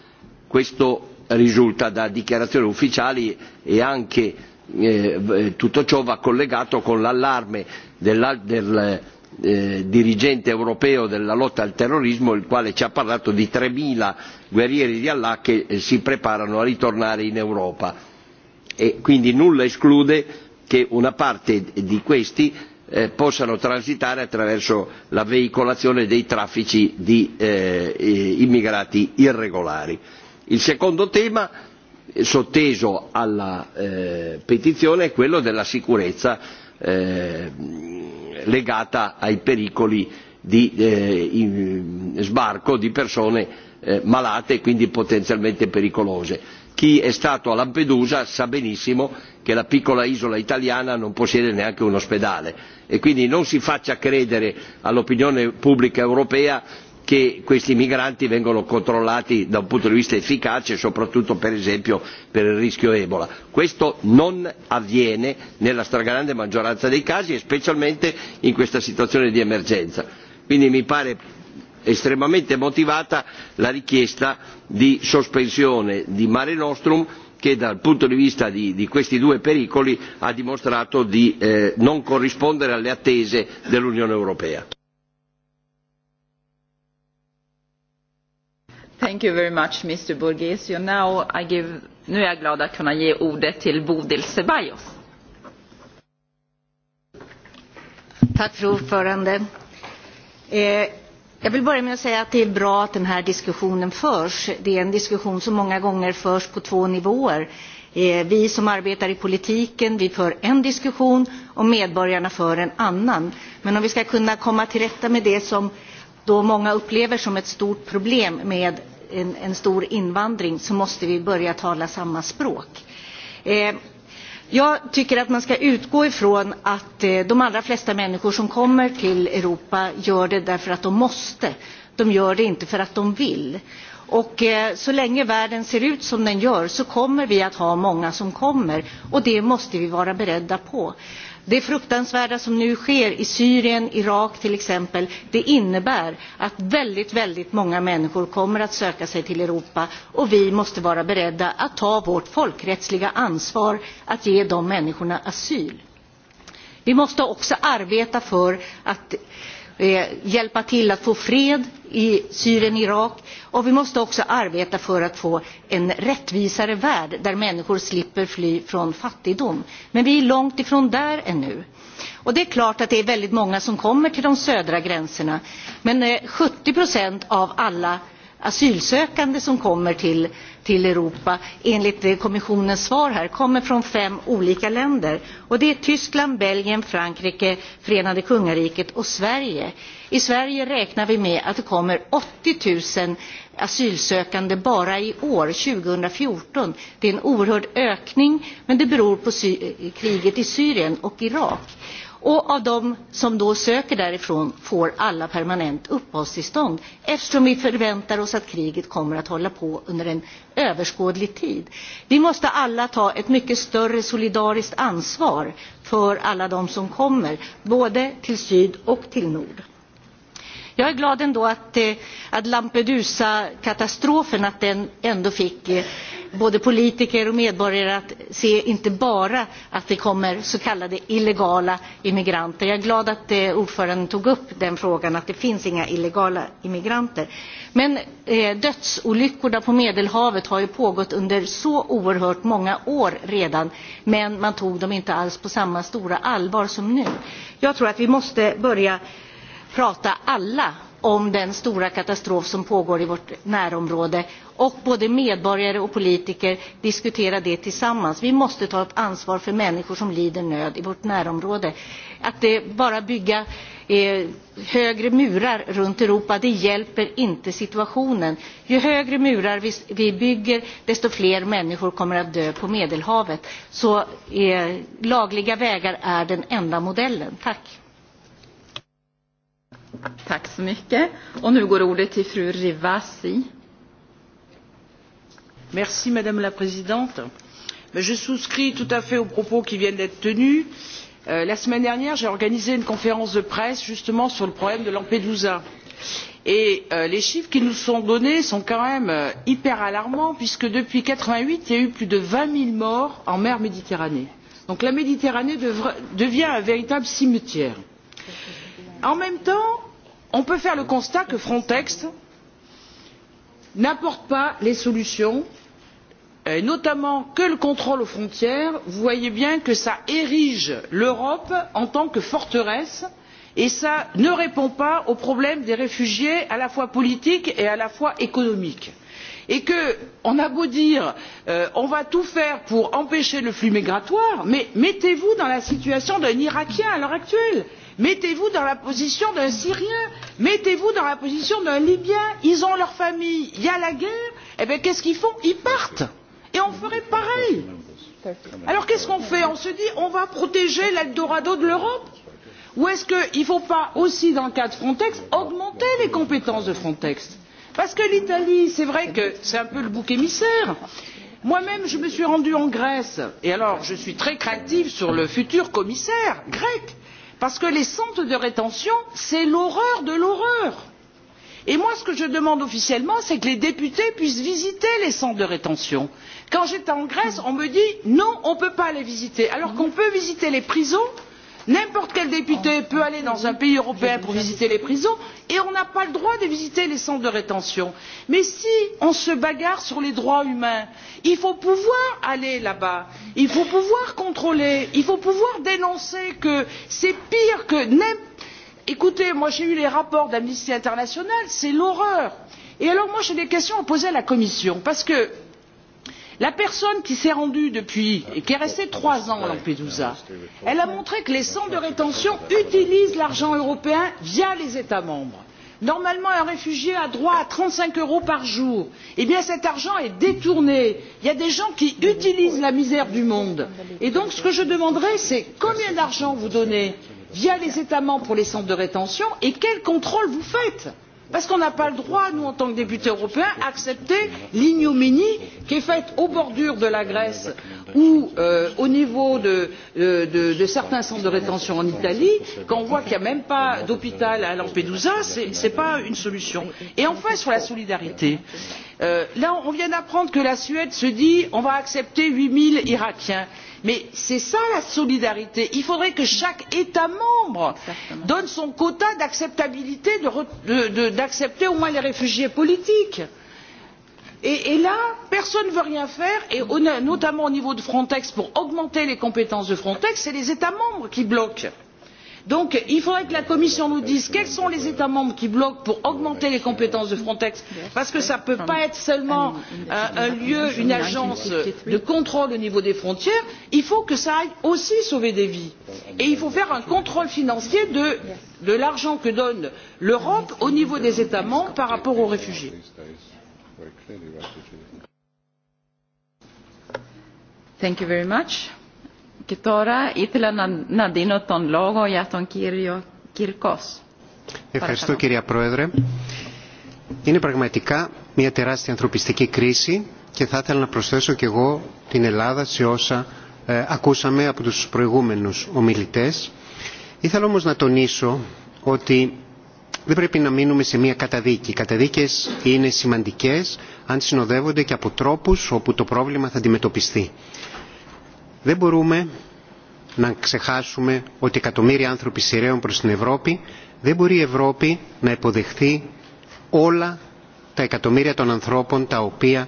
Questo risulta da dichiarazioni ufficiali e anche eh, eh tutto ciò va collegato con l'allarme del, eh, dirigente europeo della lotta al terrorismo il quale ci ha parlato di 3.000 guerrieri di Allah che eh, si preparano a ritornare in Europa e quindi nulla esclude che una parte di questi eh, possano transitare attraverso la veicolazione dei traffici di eh, eh immigrati irregolari Il secondo tema sotteso alla eh, petizione è quello della sicurezza eh, legata ai pericoli di eh, in, sbarco di persone eh, malate e quindi potenzialmente pericolose. Chi è stato a Lampedusa sa benissimo che la piccola isola italiana non possiede neanche un ospedale e quindi non si faccia credere all'opinione pubblica europea che questi migranti vengono controllati da un punto di vista efficace, soprattutto per esempio per il rischio Ebola. Questo non avviene nella stragrande maggioranza dei casi e specialmente in questa situazione di emergenza. Quindi mi pare estremamente motivata la richiesta di sospensione di Mare Nostrum che dal punto di vista di, di questi due pericoli ha dimostrato di eh, non corrispondere alle attese dell'Unione Europea. Thank you very much, Mr. You Now I give, nu är jag glad att kunna ge ordet till Bodil Sebajos. Tack, för ordförande. Eh, jag vill börja med att säga att det är bra att den här diskussionen förs. Det är en diskussion som många gånger förs på två nivåer. Eh, vi som arbetar i politiken, vi för en diskussion och medborgarna för en annan. Men om vi ska kunna komma till rätta med det som då många upplever som ett stort problem med en, en stor invandring så måste vi börja tala samma språk. Eh, jag tycker att man ska utgå ifrån att eh, de allra flesta människor som kommer till Europa gör det därför att de måste. De gör det inte för att de vill. Och eh, så länge världen ser ut som den gör så kommer vi att ha många som kommer och det måste vi vara beredda på. Det fruktansvärda som nu sker i Syrien, Irak till exempel, det innebär att väldigt, väldigt många människor kommer att söka sig till Europa och vi måste vara beredda att ta vårt folkrättsliga ansvar att ge de människorna asyl. Vi måste också arbeta för att Eh, hjälpa till att få fred i Syrien och Irak och vi måste också arbeta för att få en rättvisare värld där människor slipper fly från fattigdom. Men vi är långt ifrån där ännu. Och det är klart att det är väldigt många som kommer till de södra gränserna men 70 eh, procent av alla asylsökande som kommer till, till Europa enligt eh, kommissionens svar här kommer från fem olika länder. Och det är Tyskland, Belgien, Frankrike, Förenade kungariket och Sverige. I Sverige räknar vi med att det kommer 80 000 asylsökande bara i år, 2014. Det är en oerhörd ökning, men det beror på kriget i Syrien och Irak. Och av de som då söker därifrån får alla permanent uppehållstillstånd eftersom vi förväntar oss att kriget kommer att hålla på under en överskådlig tid. Vi måste alla ta ett mycket större solidariskt ansvar för alla de som kommer, både till syd och till nord. Jag är glad ändå att, eh, att Lampedusa-katastrofen att den ändå fick eh, både politiker och medborgare att se inte bara att det kommer så kallade illegala immigranter. Jag är glad att eh, ordföranden tog upp den frågan, att det finns inga illegala immigranter. Men eh, dödsolyckorna på Medelhavet har ju pågått under så oerhört många år redan, men man tog dem inte alls på samma stora allvar som nu. Jag tror att vi måste börja prata alla om den stora katastrof som pågår i vårt närområde och både medborgare och politiker diskutera det tillsammans. Vi måste ta ett ansvar för människor som lider nöd i vårt närområde. Att bara bygga eh, högre murar runt Europa, det hjälper inte situationen. Ju högre murar vi, vi bygger, desto fler människor kommer att dö på Medelhavet. Så eh, lagliga vägar är den enda modellen. Tack! Tack så mycket. Och nu går ordet till fru Rivasi. Merci Madame la Présidente. Je souscris tout à fait aux propos qui viennent d'être tenus. Euh, la semaine dernière, j'ai organisé une conférence de presse justement sur le problème de Lampedusa. Et euh, les chiffres qui nous sont donnés sont quand même euh, hyper alarmants puisque depuis 1988, il y a eu plus de 20 000 morts en mer Méditerranée. Donc la Méditerranée devra, devient un véritable cimetière. En même temps, on peut faire le constat que Frontex n'apporte pas les solutions, et euh, notamment que le contrôle aux frontières, vous voyez bien que cela érige l'Europe en tant que forteresse et cela ne répond pas au problème des réfugiés à la fois politique et à la fois économique et qu'on a beau dire euh, on va tout faire pour empêcher le flux migratoire mais mettez vous dans la situation d'un irakien à l'heure actuelle Mettez-vous dans la position d'un Syrien, mettez-vous dans la position d'un Libyen, ils ont leur famille, il y a la guerre, et eh bien qu'est-ce qu'ils font Ils partent. Et on ferait pareil. Alors qu'est-ce qu'on fait On se dit on va protéger l'Eldorado de l'Europe Ou est-ce qu'il ne faut pas aussi, dans le cas de Frontex, augmenter les compétences de Frontex Parce que l'Italie, c'est vrai que c'est un peu le bouc émissaire. Moi-même, je me suis rendue en Grèce, et alors je suis très craintive sur le futur commissaire grec Parce que les centres de rétention, c'est l'horreur de l'horreur. Et moi, ce que je demande officiellement, c'est que les députés puissent visiter les centres de rétention. Quand j'étais en Grèce, on me dit non, on ne peut pas les visiter, alors qu'on mhm. peut visiter les prisons N'importe quel député peut aller dans un pays européen pour visiter les prisons et on n'a pas le droit de visiter les centres de rétention. Mais si on se bagarre sur les droits humains, il faut pouvoir aller là-bas, il faut pouvoir contrôler, il faut pouvoir dénoncer que c'est pire que n'importe. Écoutez, moi j'ai eu les rapports d'Amnesty International, c'est l'horreur. Et alors moi j'ai des questions à poser à la Commission parce que La personne qui s'est rendue depuis et qui est restée trois ans à Lampedusa, elle a montré que les centres de rétention utilisent l'argent européen via les États membres. Normalement, un réfugié a droit à trente cinq euros par jour. Eh bien, cet argent est détourné. Il y a des gens qui utilisent la misère du monde. Et donc, ce que je demanderai, c'est combien d'argent vous donnez via les États membres pour les centres de rétention et quel contrôle vous faites? Parce qu'on n'a pas le droit, nous, en tant que députés européens, d'accepter l'ignominie qui est faite aux bordures de la Grèce ou euh, au niveau de, de, de, certains centres de rétention en Italie, quand on voit qu'il n'y a même pas d'hôpital à Lampedusa, ce n'est pas une solution. Et enfin, sur la solidarité. Euh, là, on vient d'apprendre que la Suède se dit on va accepter huit Irakiens. Mais c'est ça la solidarité. Il faudrait que chaque État membre Exactement. donne son quota d'acceptabilité, d'accepter au moins les réfugiés politiques. Et, et là, personne ne veut rien faire, et notamment au niveau de Frontex, pour augmenter les compétences de Frontex, c'est les États membres qui bloquent donc il faudrait que la commission nous dise quels sont les états membres qui bloquent pour augmenter les compétences de frontex parce que cela ne peut pas être seulement un, un lieu une agence de contrôle au niveau des frontières il faut que cela aille aussi sauver des vies et il faut faire un contrôle financier de, de l'argent que donne l'europe au niveau des états membres par rapport aux réfugiés. Thank you very much. Και τώρα ήθελα να, να δίνω τον λόγο για τον κύριο Ευχαριστώ κυρία Πρόεδρε. Είναι πραγματικά μια τεράστια ανθρωπιστική κρίση και θα ήθελα να προσθέσω και εγώ την Ελλάδα σε όσα ε, ακούσαμε από τους προηγούμενους ομιλητές. Ήθελα όμως να τονίσω ότι δεν πρέπει να μείνουμε σε μια καταδίκη. Οι καταδίκες είναι σημαντικές αν συνοδεύονται και από τρόπους όπου το πρόβλημα θα αντιμετωπιστεί. Δεν μπορούμε να ξεχάσουμε ότι εκατομμύρια άνθρωποι σειραίων προς την Ευρώπη δεν μπορεί η Ευρώπη να υποδεχθεί όλα τα εκατομμύρια των ανθρώπων τα οποία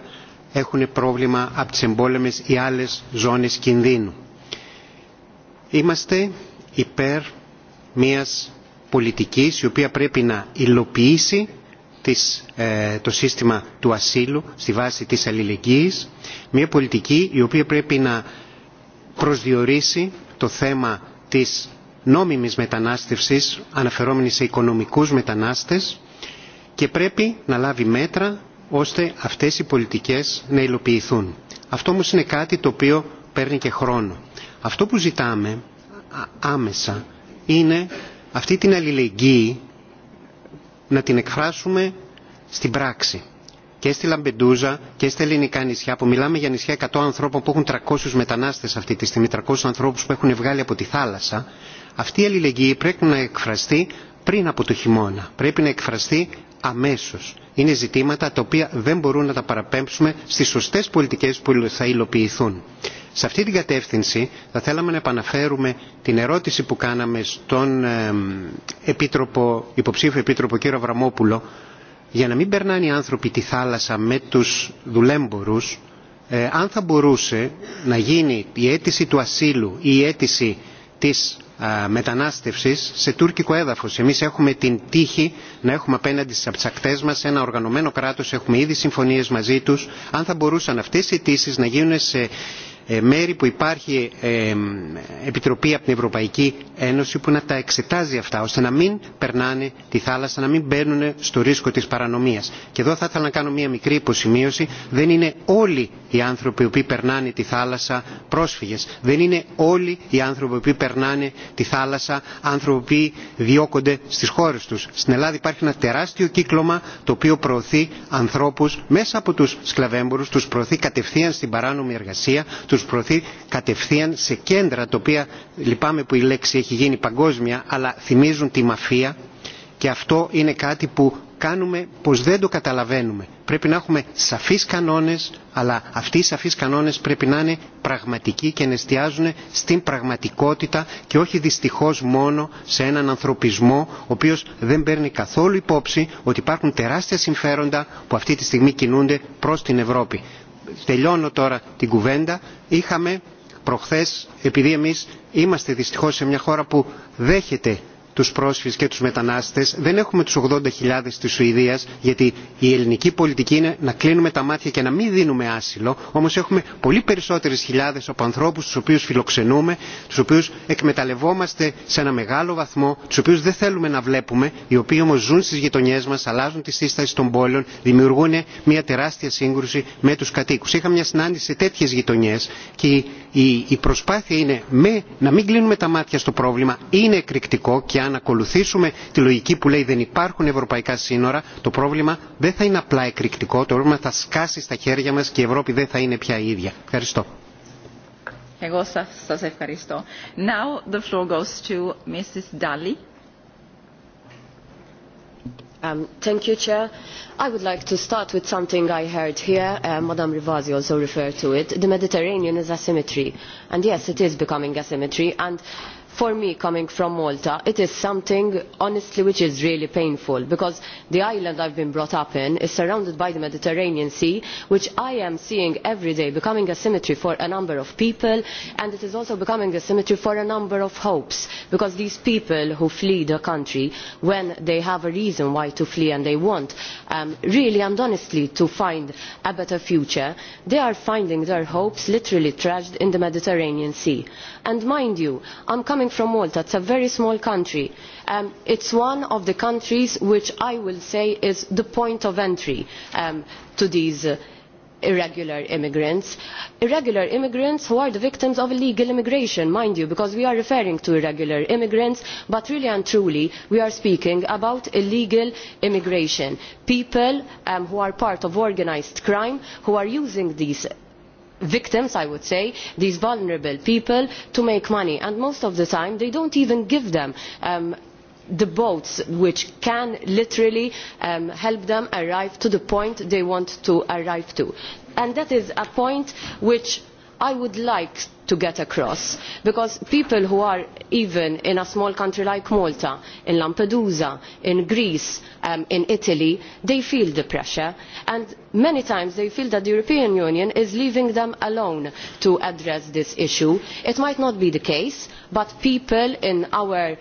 έχουν πρόβλημα από τις εμπόλεμες ή άλλες ζώνες κινδύνου. Είμαστε υπέρ μιας πολιτικής η οποία πρέπει να υλοποιήσει της, ε, το σύστημα του ασύλου στη βάση της αλληλεγγύης, μια πολιτική η οποία πρέπει να προσδιορίσει το θέμα της νόμιμης μετανάστευσης αναφερόμενη σε οικονομικούς μετανάστες και πρέπει να λάβει μέτρα ώστε αυτές οι πολιτικές να υλοποιηθούν. Αυτό όμως είναι κάτι το οποίο παίρνει και χρόνο. Αυτό που ζητάμε άμεσα είναι αυτή την αλληλεγγύη να την εκφράσουμε στην πράξη και στη Λαμπεντούζα και στα ελληνικά νησιά που μιλάμε για νησιά 100 ανθρώπων που έχουν 300 μετανάστες αυτή τη στιγμή, 300 ανθρώπους που έχουν βγάλει από τη θάλασσα, αυτή η αλληλεγγύη πρέπει να εκφραστεί πριν από το χειμώνα. Πρέπει να εκφραστεί αμέσως. Είναι ζητήματα τα οποία δεν μπορούν να τα παραπέμψουμε στις σωστές πολιτικές που θα υλοποιηθούν. Σε αυτή την κατεύθυνση θα θέλαμε να επαναφέρουμε την ερώτηση που κάναμε στον ε, επίτροπο, υποψήφιο επίτροπο κύριο Αβραμόπουλο για να μην περνάνε οι άνθρωποι τη θάλασσα με τους δουλέμπορους, ε, αν θα μπορούσε να γίνει η αίτηση του ασύλου ή η αίτηση της α, μετανάστευσης σε τουρκικό έδαφος. Εμείς έχουμε την τύχη να έχουμε απέναντι στις αψακτές μας ένα οργανωμένο κράτος, έχουμε ήδη συμφωνίες μαζί τους. Αν θα μπορούσαν αυτές οι αιτήσει να γίνουν σε μέρη που υπάρχει επιτροπή από την Ευρωπαϊκή Ένωση που να τα εξετάζει αυτά ώστε να μην περνάνε τη θάλασσα, να μην μπαίνουν στο ρίσκο της παρανομίας. Και εδώ θα ήθελα να κάνω μια μικρή υποσημείωση. Δεν είναι όλοι οι άνθρωποι που περνάνε τη θάλασσα πρόσφυγες. Δεν είναι όλοι οι άνθρωποι που περνάνε τη θάλασσα άνθρωποι που διώκονται στις χώρες τους. Στην Ελλάδα υπάρχει ένα τεράστιο κύκλωμα το οποίο προωθεί ανθρώπους μέσα από τους σκλαβέμπορους, τους προωθεί κατευθείαν στην παράνομη εργασία, τους οποίος προωθεί κατευθείαν σε κέντρα τα οποία λυπάμαι που η λέξη έχει γίνει παγκόσμια αλλά θυμίζουν τη μαφία και αυτό είναι κάτι που κάνουμε πως δεν το καταλαβαίνουμε. Πρέπει να έχουμε σαφείς κανόνες, αλλά αυτοί οι σαφείς κανόνες πρέπει να είναι πραγματικοί και να εστιάζουν στην πραγματικότητα και όχι δυστυχώς μόνο σε έναν ανθρωπισμό ο οποίος δεν παίρνει καθόλου υπόψη ότι υπάρχουν τεράστια συμφέροντα που αυτή τη στιγμή κινούνται προς την Ευρώπη τελειώνω τώρα την κουβέντα, είχαμε προχθές, επειδή εμείς είμαστε δυστυχώς σε μια χώρα που δέχεται τους πρόσφυγες και τους μετανάστες. Δεν έχουμε τους 80.000 της Σουηδίας, γιατί η ελληνική πολιτική είναι να κλείνουμε τα μάτια και να μην δίνουμε άσυλο, όμως έχουμε πολύ περισσότερες χιλιάδες από ανθρώπους τους οποίους φιλοξενούμε, τους οποίους εκμεταλλευόμαστε σε ένα μεγάλο βαθμό, τους οποίους δεν θέλουμε να βλέπουμε, οι οποίοι όμως ζουν στις γειτονιές μας, αλλάζουν τη σύσταση των πόλεων, δημιουργούν μια τεράστια σύγκρουση με τους κατοίκους. Είχα μια συνάντηση σε τέτοιες γειτονιές και η, η, η προσπάθεια είναι με, να μην κλείνουμε τα μάτια στο πρόβλημα, είναι εκρηκτικό και Και αν ακολουθήσουμε τη λογική που λέει δεν υπάρχουν ευρωπαϊκά σύνορα, το πρόβλημα δεν θα είναι απλά εκρηκτικό, το πρόβλημα θα σκάσει στα χέρια μας και η Ευρώπη δεν θα είναι πια η ίδια. Ευχαριστώ. Εγώ σας, σας ευχαριστώ. Now the floor goes to Mrs. Dali. Um, thank you, Chair. I would like to start with something I heard here. Uh, Madame Rivasi also referred to it. The Mediterranean is a symmetry. And yes, it is becoming a symmetry. And for me coming from Malta, it is something honestly which is really painful because the island I have been brought up in is surrounded by the Mediterranean Sea, which I am seeing every day becoming a cemetery for a number of people and it is also becoming a cemetery for a number of hopes because these people who flee the country when they have a reason why to flee and they want um, really and honestly to find a better future, they are finding their hopes literally trashed in the Mediterranean Sea. And mind you, I am coming coming from Malta, it's a very small country. Um, it's one of the countries which I will say is the point of entry um, to these uh, irregular immigrants. Irregular immigrants who are the victims of illegal immigration, mind you, because we are referring to irregular immigrants, but really and truly we are speaking about illegal immigration. People um, who are part of organised crime, who are using these victims, I would say, these vulnerable people to make money. And most of the time, they don't even give them um, the boats which can literally um, help them arrive to the point they want to arrive to. And that is a point which I would like to get across because people who are even in a small country like Malta, in Lampedusa, in Greece, um, in Italy, they feel the pressure and many times they feel that the European Union is leaving them alone to address this issue. It might not be the case, but people in our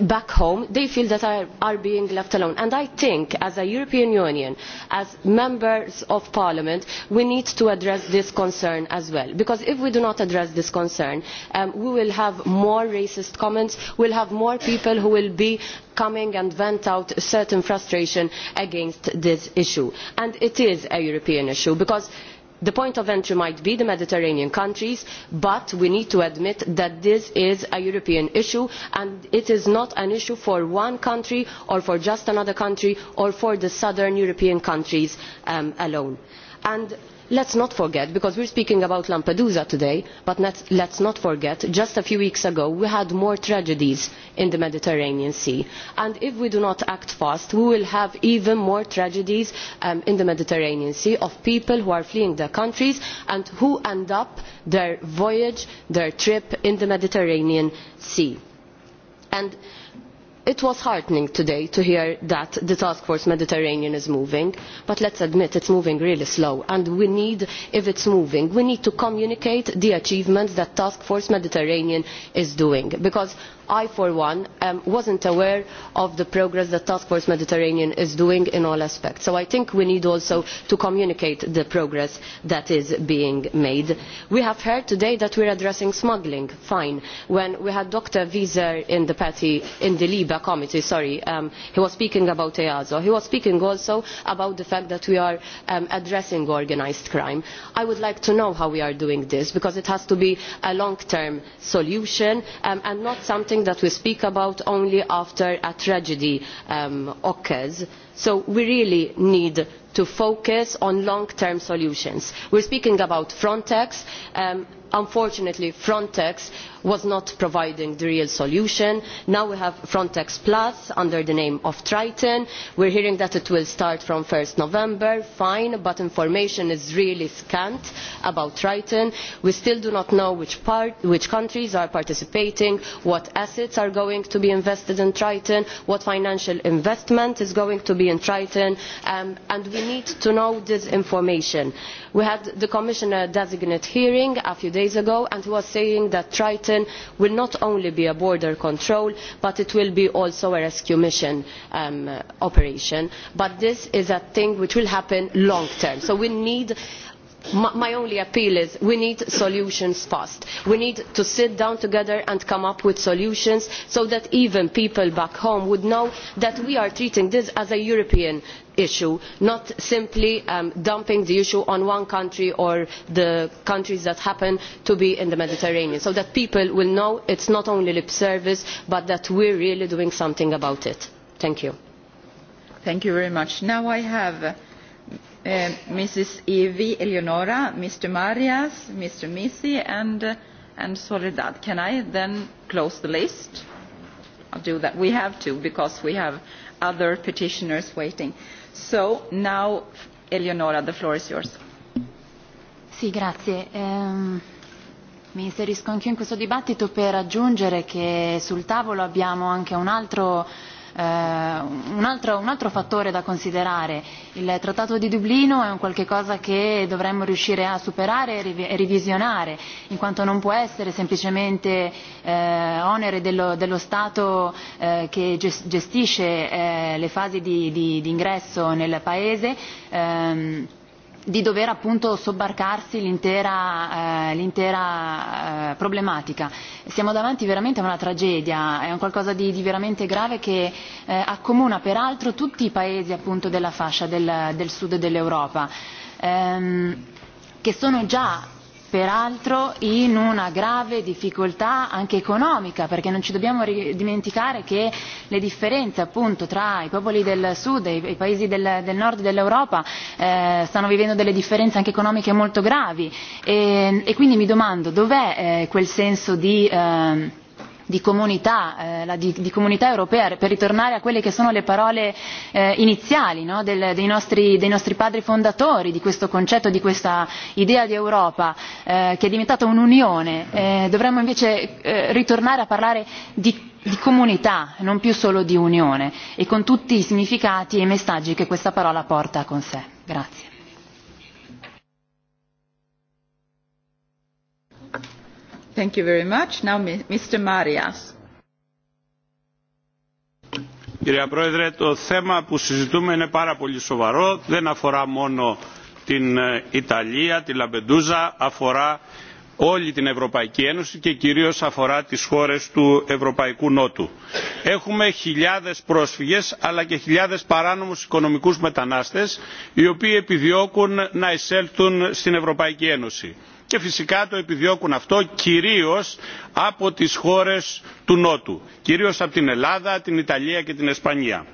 back home they feel that are, are being left alone and i think as a european union as members of parliament we need to address this concern as well because if we do not address this concern um, we will have more racist comments we will have more people who will be coming and vent out certain frustration against this issue and it is a european issue because The point of entry might be the Mediterranean countries, but we need to admit that this is a European issue and it is not an issue for one country or for just another country or for the southern European countries um, alone. And let us not forget because we are speaking about lampedusa today but let us not forget that just a few weeks ago we had more tragedies in the mediterranean sea and if we do not act fast we will have even more tragedies um, in the mediterranean sea of people who are fleeing their countries and who end up their voyage their trip in the mediterranean sea. And it was heartening today to hear that the task force mediterranean is moving but let us admit it is moving really slow and we need if it is moving we need to communicate the achievements that task force mediterranean is doing because I, for one, um, was not aware of the progress that Task Force Mediterranean is doing in all aspects. So I think we need also to communicate the progress that is being made. We have heard today that we are addressing smuggling. Fine. When we had Dr. Wieser in the PATI, in the LIBA committee, um, he was speaking about EASO. He was speaking also about the fact that we are um, addressing organised crime. I would like to know how we are doing this because it has to be a long-term solution and not something something that we speak about only after a tragedy um, occurs. So we really need to focus on long term solutions. we are speaking about frontex. Um, unfortunately frontex was not providing the real solution. now we have frontex plus under the name of triton. we are hearing that it will start from one november fine but information is really scant about triton. we still do not know which, part, which countries are participating what assets are going to be invested in triton what financial investment is going to be in triton um, and we need to know this information. We had the Commissioner designate hearing a few days ago and he was saying that Triton will not only be a border control but it will be also a rescue mission um, operation. But this is a thing which will happen long term. So we need my only appeal is we need solutions fast. We need to sit down together and come up with solutions so that even people back home would know that we are treating this as a European issue, not simply um, dumping the issue on one country or the countries that happen to be in the Mediterranean, so that people will know it's not only lip service, but that we're really doing something about it. Thank you. Thank you very much. Now I have Uh, Mrs. Evi Eleonora, Mr. Marias, Mr. Misi, and, uh, and Soledad. Can I then close the list? I'll do that. We have to because we have other petitioners waiting. So now, Eleonora, the floor is yours. Sì, grazie. Um... Mi inserisco anche in questo dibattito per aggiungere che sul tavolo abbiamo anche un altro Uh, un, altro, un altro fattore da considerare, il Trattato di Dublino è un qualche cosa che dovremmo riuscire a superare e, riv e revisionare, in quanto non può essere semplicemente uh, onere dello, dello Stato uh, che gestisce uh, le fasi di, di, di ingresso nel Paese. Ehm, di dover appunto sobbarcarsi l'intera, eh, l'intera eh, problematica. Siamo davanti veramente a una tragedia, è un qualcosa di, di veramente grave che eh, accomuna peraltro tutti i paesi appunto della fascia del, del sud dell'Europa, ehm, che sono già peraltro in una grave difficoltà anche economica, perché non ci dobbiamo dimenticare che le differenze appunto tra i popoli del sud e i paesi del, del nord dell'Europa eh, stanno vivendo delle differenze anche economiche molto gravi e, e quindi mi domando dov'è eh, quel senso di eh, di comunità, eh, la, di, di comunità europea, per ritornare a quelle che sono le parole eh, iniziali no? Del, dei, nostri, dei nostri padri fondatori di questo concetto, di questa idea di Europa eh, che è diventata un'unione. Eh, dovremmo invece eh, ritornare a parlare di di comunità, non più solo di unione, e con tutti i significati e i messaggi che questa parola porta con sé. Grazie. Thank you very much. Now, Mr. Marias. Κυρία Πρόεδρε, το θέμα που συζητούμε είναι πάρα πολύ σοβαρό. Δεν αφορά μόνο την Ιταλία, τη Λαμπεντούζα, αφορά όλη την Ευρωπαϊκή Ένωση και κυρίως αφορά τις χώρες του Ευρωπαϊκού Νότου. Έχουμε χιλιάδες πρόσφυγες αλλά και χιλιάδες παράνομους οικονομικούς μετανάστες οι οποίοι επιδιώκουν να εισέλθουν στην Ευρωπαϊκή Ένωση και φυσικά το επιδιώκουν αυτό κυρίως από τις χώρες του Νότου, κυρίως από την Ελλάδα, την Ιταλία και την Εσπανία.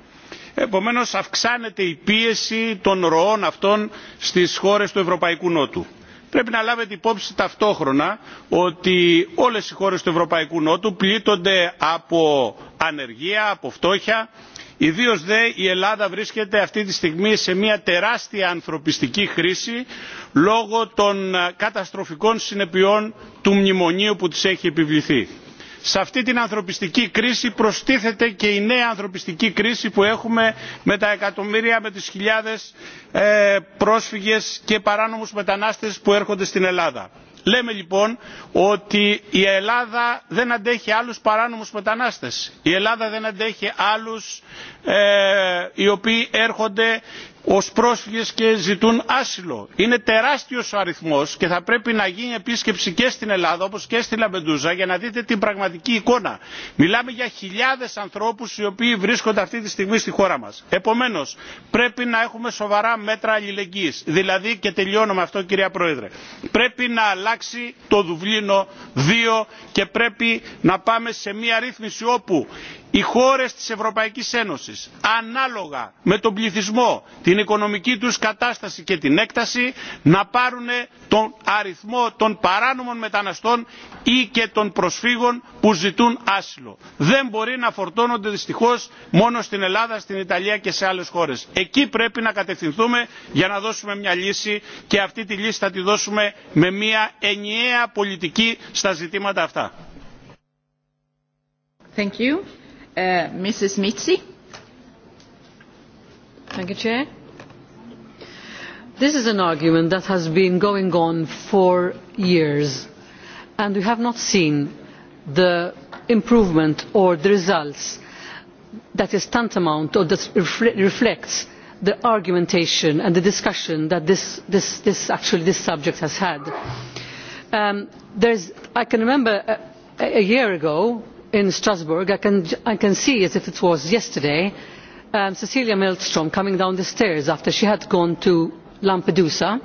Επομένως αυξάνεται η πίεση των ροών αυτών στις χώρες του Ευρωπαϊκού Νότου. Πρέπει να λάβετε υπόψη ταυτόχρονα ότι όλες οι χώρες του Ευρωπαϊκού Νότου πλήττονται από ανεργία, από φτώχεια, Ιδίω δε η Ελλάδα βρίσκεται αυτή τη στιγμή σε μια τεράστια ανθρωπιστική χρήση λόγω των καταστροφικών συνεπειών του μνημονίου που της έχει επιβληθεί. Σε αυτή την ανθρωπιστική κρίση προστίθεται και η νέα ανθρωπιστική κρίση που έχουμε με τα εκατομμύρια, με τις χιλιάδες ε, πρόσφυγες και παράνομους μετανάστες που έρχονται στην Ελλάδα Λέμε λοιπόν ότι η Ελλάδα δεν αντέχει άλλους παράνομους μετανάστες. Η Ελλάδα δεν αντέχει άλλους ε, οι οποίοι έρχονται ως πρόσφυγες και ζητούν άσυλο. Είναι τεράστιος ο αριθμός και θα πρέπει να γίνει επίσκεψη και στην Ελλάδα όπως και στη Λαμπεντούζα για να δείτε την πραγματική εικόνα. Μιλάμε για χιλιάδες ανθρώπους οι οποίοι βρίσκονται αυτή τη στιγμή στη χώρα μας. Επομένως, πρέπει να έχουμε σοβαρά μέτρα αλληλεγγύης. Δηλαδή, και τελειώνω με αυτό κυρία Πρόεδρε, πρέπει να αλλάξει το Δουβλίνο 2 και πρέπει να πάμε σε μια ρύθμιση όπου οι χώρες της Ευρωπαϊκής Ένωσης ανάλογα με τον πληθυσμό, την οικονομική τους κατάσταση και την έκταση να πάρουν τον αριθμό των παράνομων μεταναστών ή και των προσφύγων που ζητούν άσυλο. Δεν μπορεί να φορτώνονται δυστυχώς μόνο στην Ελλάδα, στην Ιταλία και σε άλλες χώρες. Εκεί πρέπει να κατευθυνθούμε για να δώσουμε μια λύση και αυτή τη λύση θα τη δώσουμε με μια ενιαία πολιτική στα ζητήματα αυτά. Thank you. Eh, Mrs. Mitzi. Thank you, Chair. This is an argument that has been going on for years, and we have not seen the improvement or the results that is tantamount or that reflects the argumentation and the discussion that this, this, this, actually, this subject has had. Um, I can remember a, a year ago in Strasbourg, I can, I can see as if it was yesterday, um, Cecilia Milstrom coming down the stairs after she had gone to Lampedusa.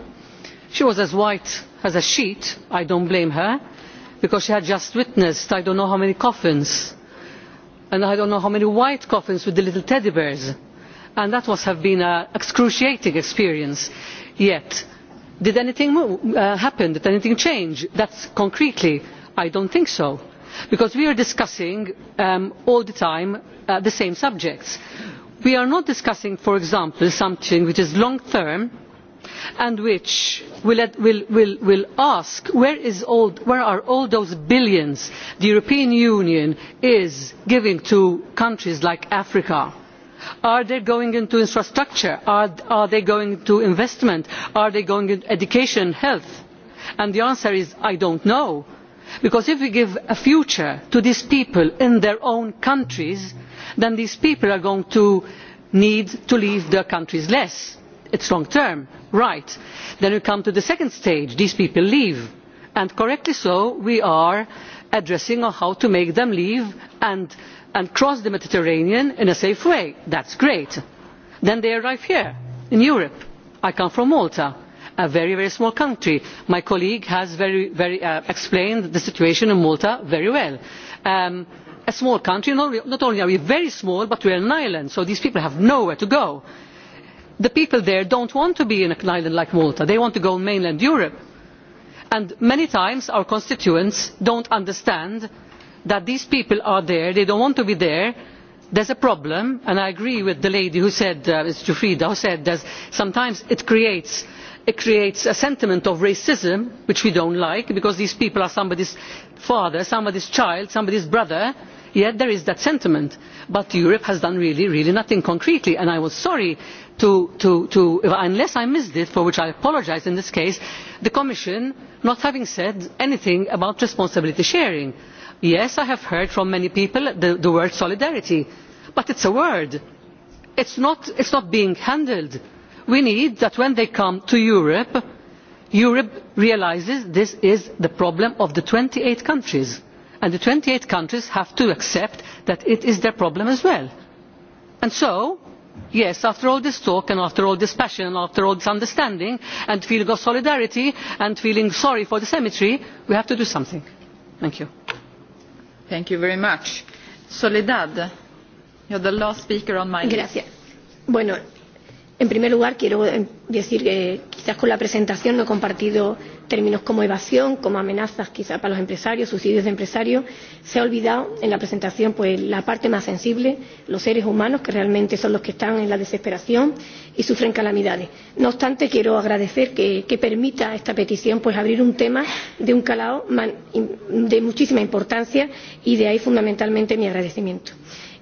She was as white as a sheet, I don't blame her, because she had just witnessed I don't know how many coffins, and I don't know how many white coffins with the little teddy bears. And that must have been an excruciating experience. Yet, did anything uh, happen? Did anything change? That's concretely, I don't think so because we are discussing um, all the time uh, the same subjects. We are not discussing, for example, something which is long term and which will, will, will, will ask where, all, where, are all those billions the European Union is giving to countries like Africa? Are they going into infrastructure? Are, are they going into investment? Are they going into education, health? And the answer is, I don't know because if we give a future to these people in their own countries then these people are going to need to leave their countries less it is long term right then we come to the second stage these people leave and correctly so we are addressing how to make them leave and, and cross the mediterranean in a safe way that is great then they arrive here in europe i come from malta a very, very small country. My colleague has very, very, uh, explained the situation in Malta very well. Um, a small country, not, not only are we very small, but we are an island, so these people have nowhere to go. The people there don't want to be in an island like Malta. They want to go in mainland Europe. And many times our constituents don't understand that these people are there, they don't want to be there, There is a problem and i agree with the lady who said uh, ms jufrida who said that sometimes it creates it creates a sentiment of racism which we do not like because these people are somebody's father somebody's child somebody's brother yet there is that sentiment but europe has done really really nothing concretely and i was sorry to, to, to unless i missed it for which i apologise in this case the commission not having said anything about responsibility sharing yes i have heard from many people the, the word solidarity but it is a word it is not being handled we need that when they come to Europe, Europe realises this is the problem of the twenty eight countries. And the twenty eight countries have to accept that it is their problem as well. And so, yes, after all this talk and after all this passion and after all this understanding and feeling of solidarity and feeling sorry for the cemetery, we have to do something. Thank you. Thank you very much. Soledad, you're the last speaker on my Gracias. list. Bueno, En primer lugar, quiero eh, decir que quizás con la presentación no he compartido términos como evasión, como amenazas quizás para los empresarios, subsidios de empresarios. Se ha olvidado en la presentación pues, la parte más sensible, los seres humanos, que realmente son los que están en la desesperación y sufren calamidades. No obstante, quiero agradecer que, que permita esta petición pues, abrir un tema de un calado man, de muchísima importancia y de ahí fundamentalmente mi agradecimiento.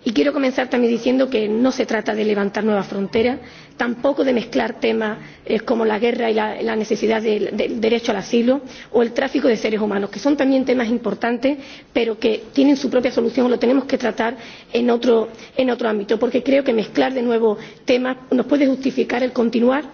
Y quiero comenzar también diciendo que no se trata de levantar nuevas fronteras, tampoco de mezclar temas eh, como la guerra y la, la necesidad del derecho al asilo o el tráfico de seres humanos, que son también temas importantes, pero que tienen su propia solución o lo tenemos que tratar en otro, en otro ámbito, porque creo que mezclar de nuevo temas nos puede justificar el continuar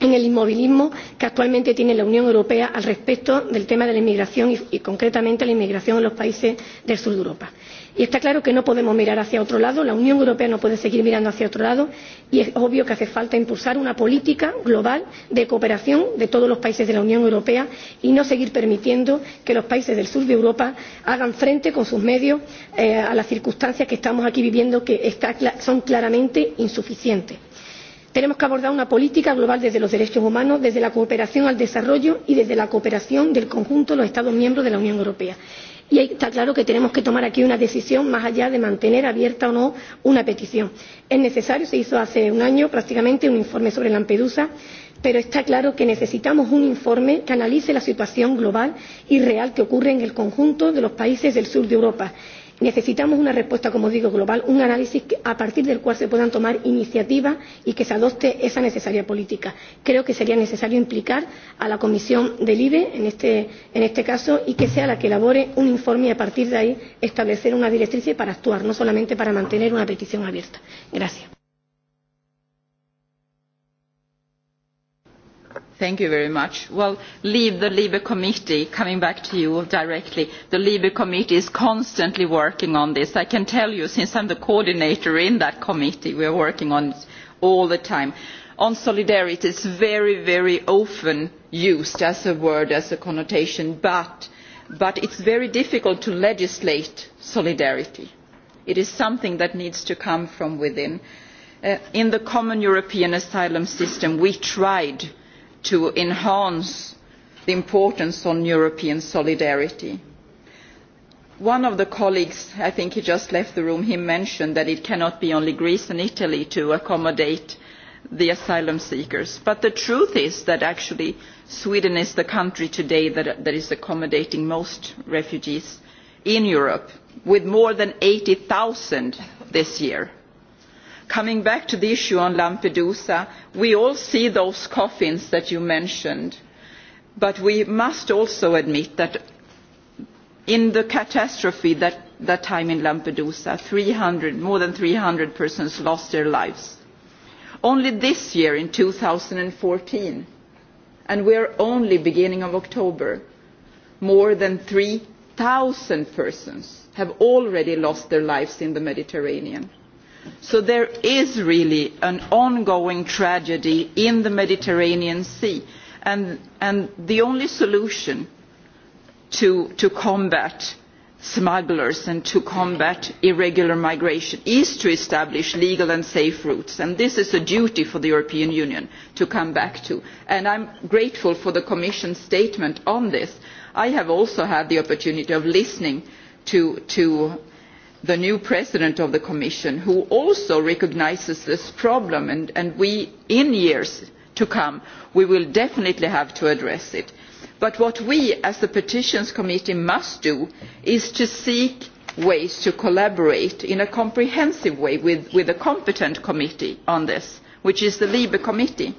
en el inmovilismo que actualmente tiene la Unión Europea al respecto del tema de la inmigración y, y concretamente la inmigración en los países del sur de Europa. Y está claro que no podemos mirar hacia otro lado, la Unión Europea no puede seguir mirando hacia otro lado y es obvio que hace falta impulsar una política global de cooperación de todos los países de la Unión Europea y no seguir permitiendo que los países del sur de Europa hagan frente con sus medios eh, a las circunstancias que estamos aquí viviendo que está, son claramente insuficientes. Tenemos que abordar una política global desde los derechos humanos, desde la cooperación al desarrollo y desde la cooperación del conjunto de los Estados miembros de la Unión Europea. Y está claro que tenemos que tomar aquí una decisión más allá de mantener abierta o no una petición. Es necesario, se hizo hace un año prácticamente un informe sobre Lampedusa, pero está claro que necesitamos un informe que analice la situación global y real que ocurre en el conjunto de los países del sur de Europa Necesitamos una respuesta, como digo, global, un análisis a partir del cual se puedan tomar iniciativas y que se adopte esa necesaria política. Creo que sería necesario implicar a la Comisión del IBE en este, en este caso y que sea la que elabore un informe y a partir de ahí establecer una directriz para actuar, no solamente para mantener una petición abierta. Gracias. Thank you very much. Well, leave the LIBE Committee, coming back to you directly. The LIBE Committee is constantly working on this. I can tell you, since I'm the coordinator in that committee, we are working on it all the time. On solidarity, it's very, very often used as a word, as a connotation, but, but it's very difficult to legislate solidarity. It is something that needs to come from within. Uh, in the common European asylum system, we tried – to enhance the importance on European solidarity. One of the colleagues, I think he just left the room, he mentioned that it cannot be only Greece and Italy to accommodate the asylum seekers. But the truth is that actually Sweden is the country today that, that is accommodating most refugees in Europe, with more than 80,000 this year coming back to the issue on Lampedusa, we all see those coffins that you mentioned. But we must also admit that in the catastrophe that, that time in Lampedusa, 300, more than 300 persons lost their lives. Only this year, in 2014, and we're only beginning of October, more than 3,000 persons have already lost their lives in the Mediterranean. So there is really an ongoing tragedy in the Mediterranean Sea. And, and the only solution to, to combat smugglers and to combat irregular migration is to establish legal and safe routes and this is a duty for the european union to come back to and i am grateful for the commission's statement on this. i have also had the opportunity of listening to, to the new president of the commission who also recognises this problem and, and we in years to come we will definitely have to address it but what we as the petitions committee must do is to seek ways to collaborate in a comprehensive way with, with the competent committee on this which is the libe committee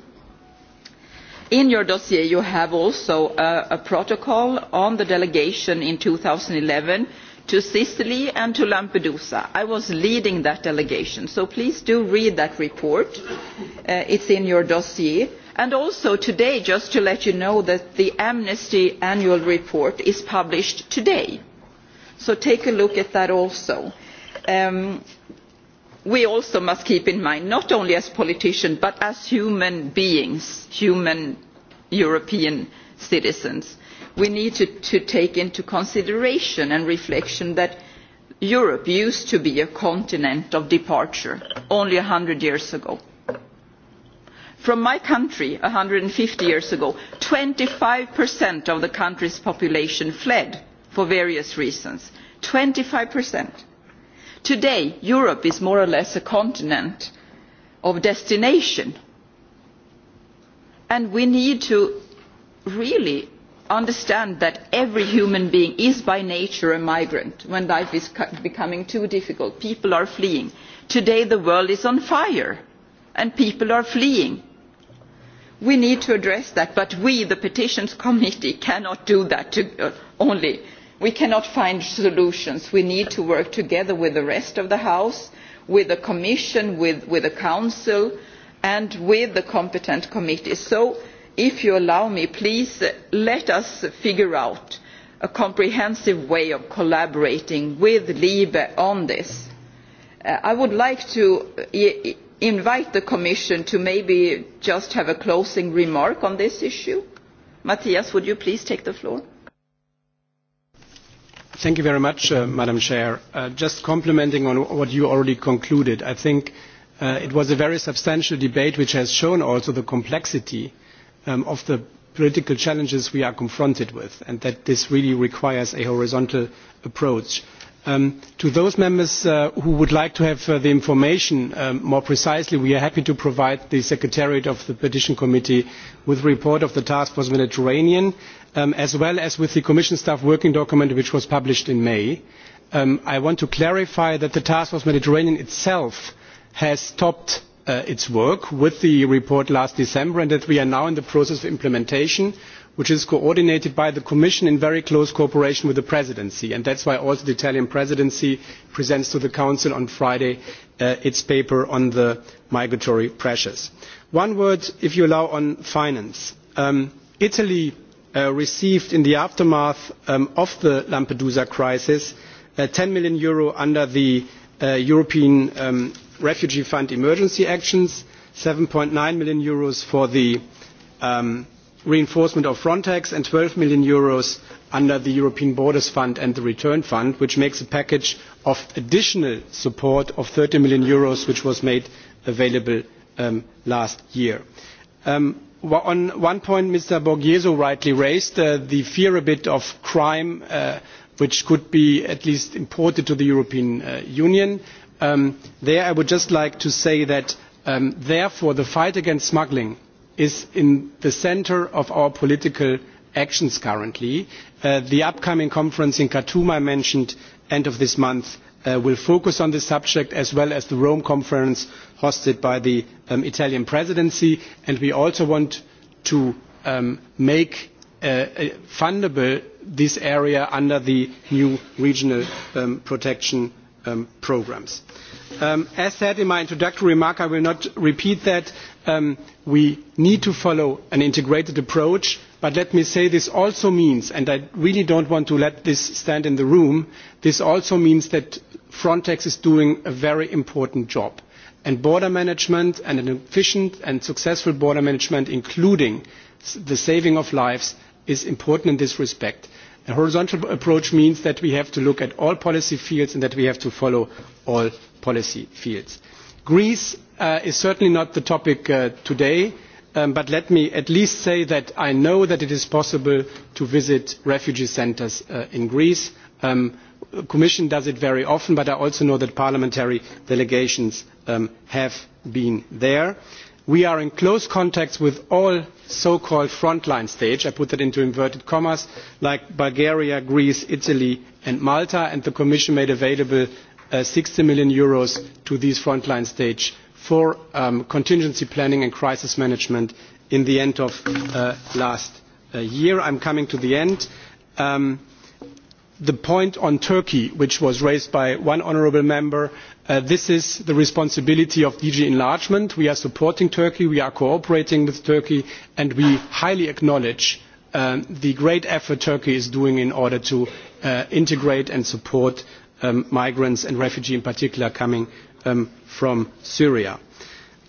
in your dossier you have also a, a protocol on the delegation in 2011 thousand to Sicily and to Lampedusa. I was leading that delegation, so please do read that report. Uh, it's in your dossier. And also today, just to let you know that the Amnesty annual report is published today. So take a look at that also. Um, we also must keep in mind, not only as politicians, but as human beings, human European citizens, we need to, to take into consideration and reflection that Europe used to be a continent of departure only a hundred years ago. From my country, one hundred and fifty years ago, twenty 25% of the country's population fled for various reasons. Twenty 25%. Today, Europe is more or less a continent of destination. And we need to really understand that every human being is by nature a migrant when life is becoming too difficult. People are fleeing. Today the world is on fire and people are fleeing. We need to address that, but we, the petitions committee, cannot do that to, uh, only. We cannot find solutions. We need to work together with the rest of the House, with the Commission, with, with the Council, and with the competent committees. So if you allow me, please let us figure out a comprehensive way of collaborating with LIBE on this. Uh, I would like to uh, invite the Commission to maybe just have a closing remark on this issue. Matthias, would you please take the floor? Thank you very much, uh, Madam Chair. Uh, just complimenting on what you already concluded, I think uh, it was a very substantial debate which has shown also the complexity uh, um, of the political challenges we are confronted with and that this really requires a horizontal approach. Um, to those members uh, who would like to have uh, the information um, more precisely, we are happy to provide the Secretariat of the Petition Committee with a report of the Task Force Mediterranean, um, as well as with the Commission staff working document which was published in May. Um, I want to clarify that the Task Force Mediterranean itself has stopped uh, its work with the report last December and that we are now in the process of implementation which is coordinated by the Commission in very close cooperation with the Presidency. And that's why also the Italian Presidency presents to the Council on Friday uh, its paper on the migratory pressures. One word, if you allow, on finance. Um, Italy uh, received in the aftermath um, of the Lampedusa crisis uh, 10 million euro under the uh, European um, refugee fund emergency actions, 7.9 million euros for the um, reinforcement of Frontex and 12 million euros under the European Borders Fund and the Return Fund, which makes a package of additional support of 30 million euros, which was made available um, last year. Um, on one point, Mr. Borghieso rightly raised uh, the fear a bit of crime, uh, which could be at least imported to the European uh, Union um, there I would just like to say that um, therefore the fight against smuggling is in the centre of our political actions currently. Uh, the upcoming conference in Khartoum I mentioned end of this month uh, will focus on this subject as well as the Rome conference hosted by the um, Italian presidency and we also want to um, make uh, uh fundable this area under the new regional um, protection um, programs. Um, as said in my introductory remark, I will not repeat that. Um, we need to follow an integrated approach, but let me say this also means, and I really don't want to let this stand in the room, this also means that Frontex is doing a very important job. And border management and an efficient and successful border management, including the saving of lives, is important in this respect. A horizontal approach means that we have to look at all policy fields and that we have to follow all policy fields. Greece uh, is certainly not the topic uh, today, um, but let me at least say that I know that it is possible to visit refugee centres uh, in Greece. Um, the Commission does it very often, but I also know that parliamentary delegations um, have been there we are in close contact with all so-called frontline states, I put that into inverted commas, like Bulgaria, Greece, Italy and Malta, and the Commission made available uh, 60 million euros to these frontline states for um, contingency planning and crisis management in the end of uh, last uh, year. I'm coming to the end. Um, the point on Turkey, which was raised by one honourable member, uh, this is the responsibility of DG Enlargement. We are supporting Turkey, we are cooperating with Turkey, and we highly acknowledge uh, the great effort Turkey is doing in order to uh, integrate and support um, migrants and refugees in particular coming um, from Syria.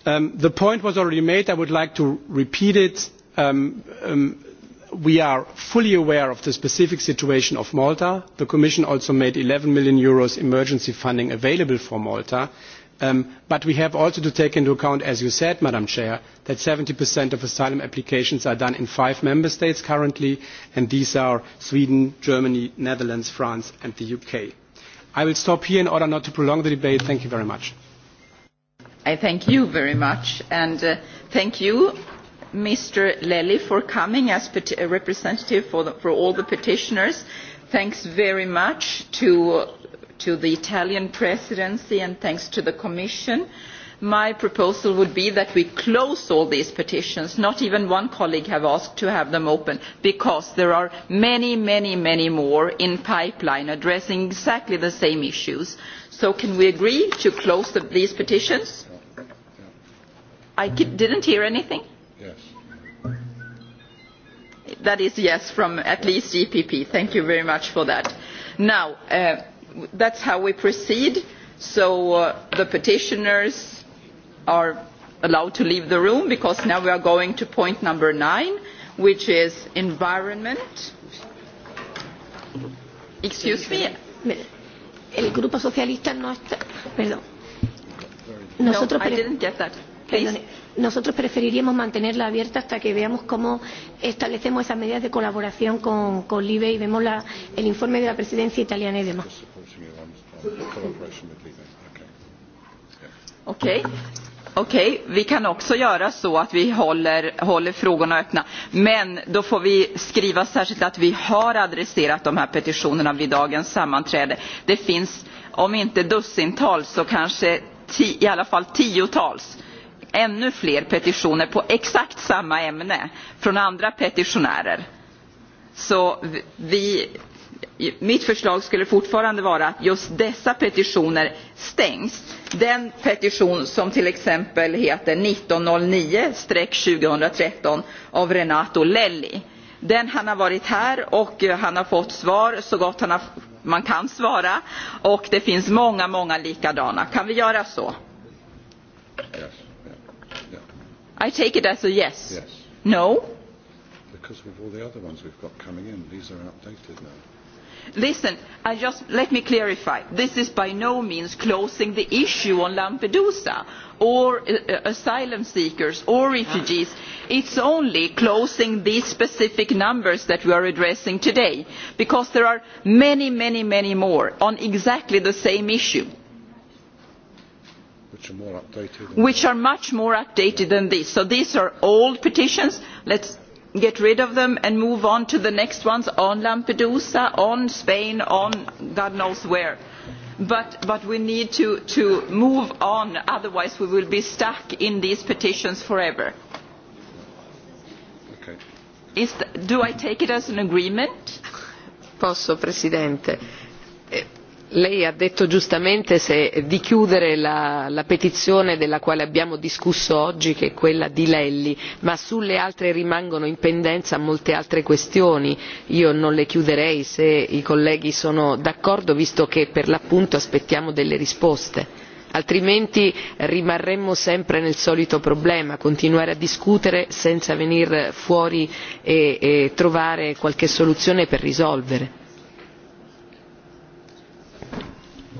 Um, the point was already made, I would like to repeat it. Um, um, we are fully aware of the specific situation of Malta. The Commission also made EUR eleven million Euros emergency funding available for Malta. Um, but we have also to take into account, as you said, Madam Chair, that 70% of asylum applications are done in five member states currently, and these are Sweden, Germany, Netherlands, France, and the UK. I will stop here in order not to prolong the debate. Thank you very much. I thank you very much, and uh, thank you Mr. Lely for coming as a uh, representative for, the, for all the petitioners. Thanks very much to, to the Italian presidency and thanks to the Commission. My proposal would be that we close all these petitions. Not even one colleague has asked to have them open because there are many, many, many more in pipeline addressing exactly the same issues. So can we agree to close the, these petitions? I didn't hear anything. Yes. That is yes from at least EPP. Thank you very much for that. Now, uh, that's how we proceed. So uh, the petitioners are allowed to leave the room because now we are going to point number nine, which is environment. Excuse me. El grupo socialista no está. Perdón. Nosotros no, I didn't get that. Perdone, nosotros preferiríamos mantenerla abierta hasta que veamos cómo establecemos esas medidas de colaboración con, con LIBE y vemos la, el informe de la presidencia italiana y demás. Okej, okay. vi kan också göra så att vi håller, håller frågorna öppna. Men då får vi skriva särskilt att vi har adresserat de här petitionerna vid dagens sammanträde. Det finns, om inte dussintals, så kanske ti, i alla fall tiotals ännu fler petitioner på exakt samma ämne från andra petitionärer. Så vi, mitt förslag skulle fortfarande vara att just dessa petitioner stängs. Den petition som till exempel heter 1909-2013 av Renato Lelli. Den han har varit här och han har fått svar så gott han har, man kan svara. Och det finns många, många likadana. Kan vi göra så? Yes. I take it as a yes. yes. No? Because of all the other ones we've got coming in, these are outdated now. Listen, I just, let me clarify. This is by no means closing the issue on Lampedusa or uh, uh asylum seekers or refugees. It's only closing these specific numbers that we are addressing today because there are many, many, many more on exactly the same issue which are more updated. Which are much more updated than this. So these are old petitions. Let's get rid of them and move on to the next ones on Lampedusa, on Spain, on God knows where. But, but we need to, to move on, otherwise we will be stuck in these petitions forever. Okay. Is the, do I take it as an agreement? Posso, Presidente lei ha detto giustamente se, di chiudere la, la petizione della quale abbiamo discusso oggi che è quella di lelli ma sulle altre rimangono in pendenza molte altre questioni io non le chiuderei se i colleghi sono d'accordo visto che per l'appunto aspettiamo delle risposte altrimenti rimarremmo sempre nel solito problema continuare a discutere senza venir fuori e, e trovare qualche soluzione per risolvere.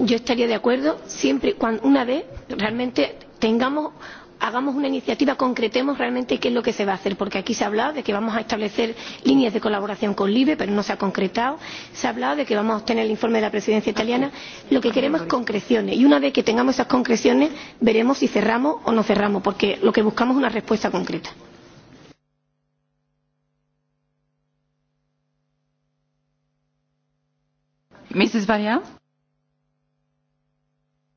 yo estaría de acuerdo siempre cuando una vez realmente tengamos hagamos una iniciativa, concretemos realmente qué es lo que se va a hacer, porque aquí se ha hablado de que vamos a establecer líneas de colaboración con LIBE, pero no se ha concretado, se ha hablado de que vamos a obtener el informe de la presidencia italiana, ah, lo que ah, queremos es concreciones, y una vez que tengamos esas concreciones veremos si cerramos o no cerramos, porque lo que buscamos es una respuesta concreta. Mrs.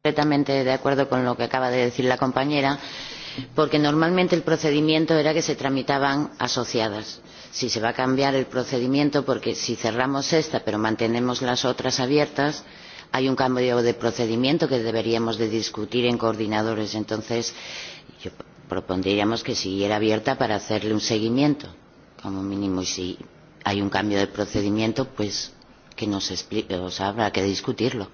Completamente de acuerdo con lo que acaba de decir la compañera, porque normalmente el procedimiento era que se tramitaban asociadas. Si se va a cambiar el procedimiento, porque si cerramos esta pero mantenemos las otras abiertas, hay un cambio de procedimiento que deberíamos de discutir en coordinadores. Entonces, yo propondríamos que siguiera abierta para hacerle un seguimiento, como mínimo. Y si hay un cambio de procedimiento, pues que nos explique, o sea, habrá que discutirlo.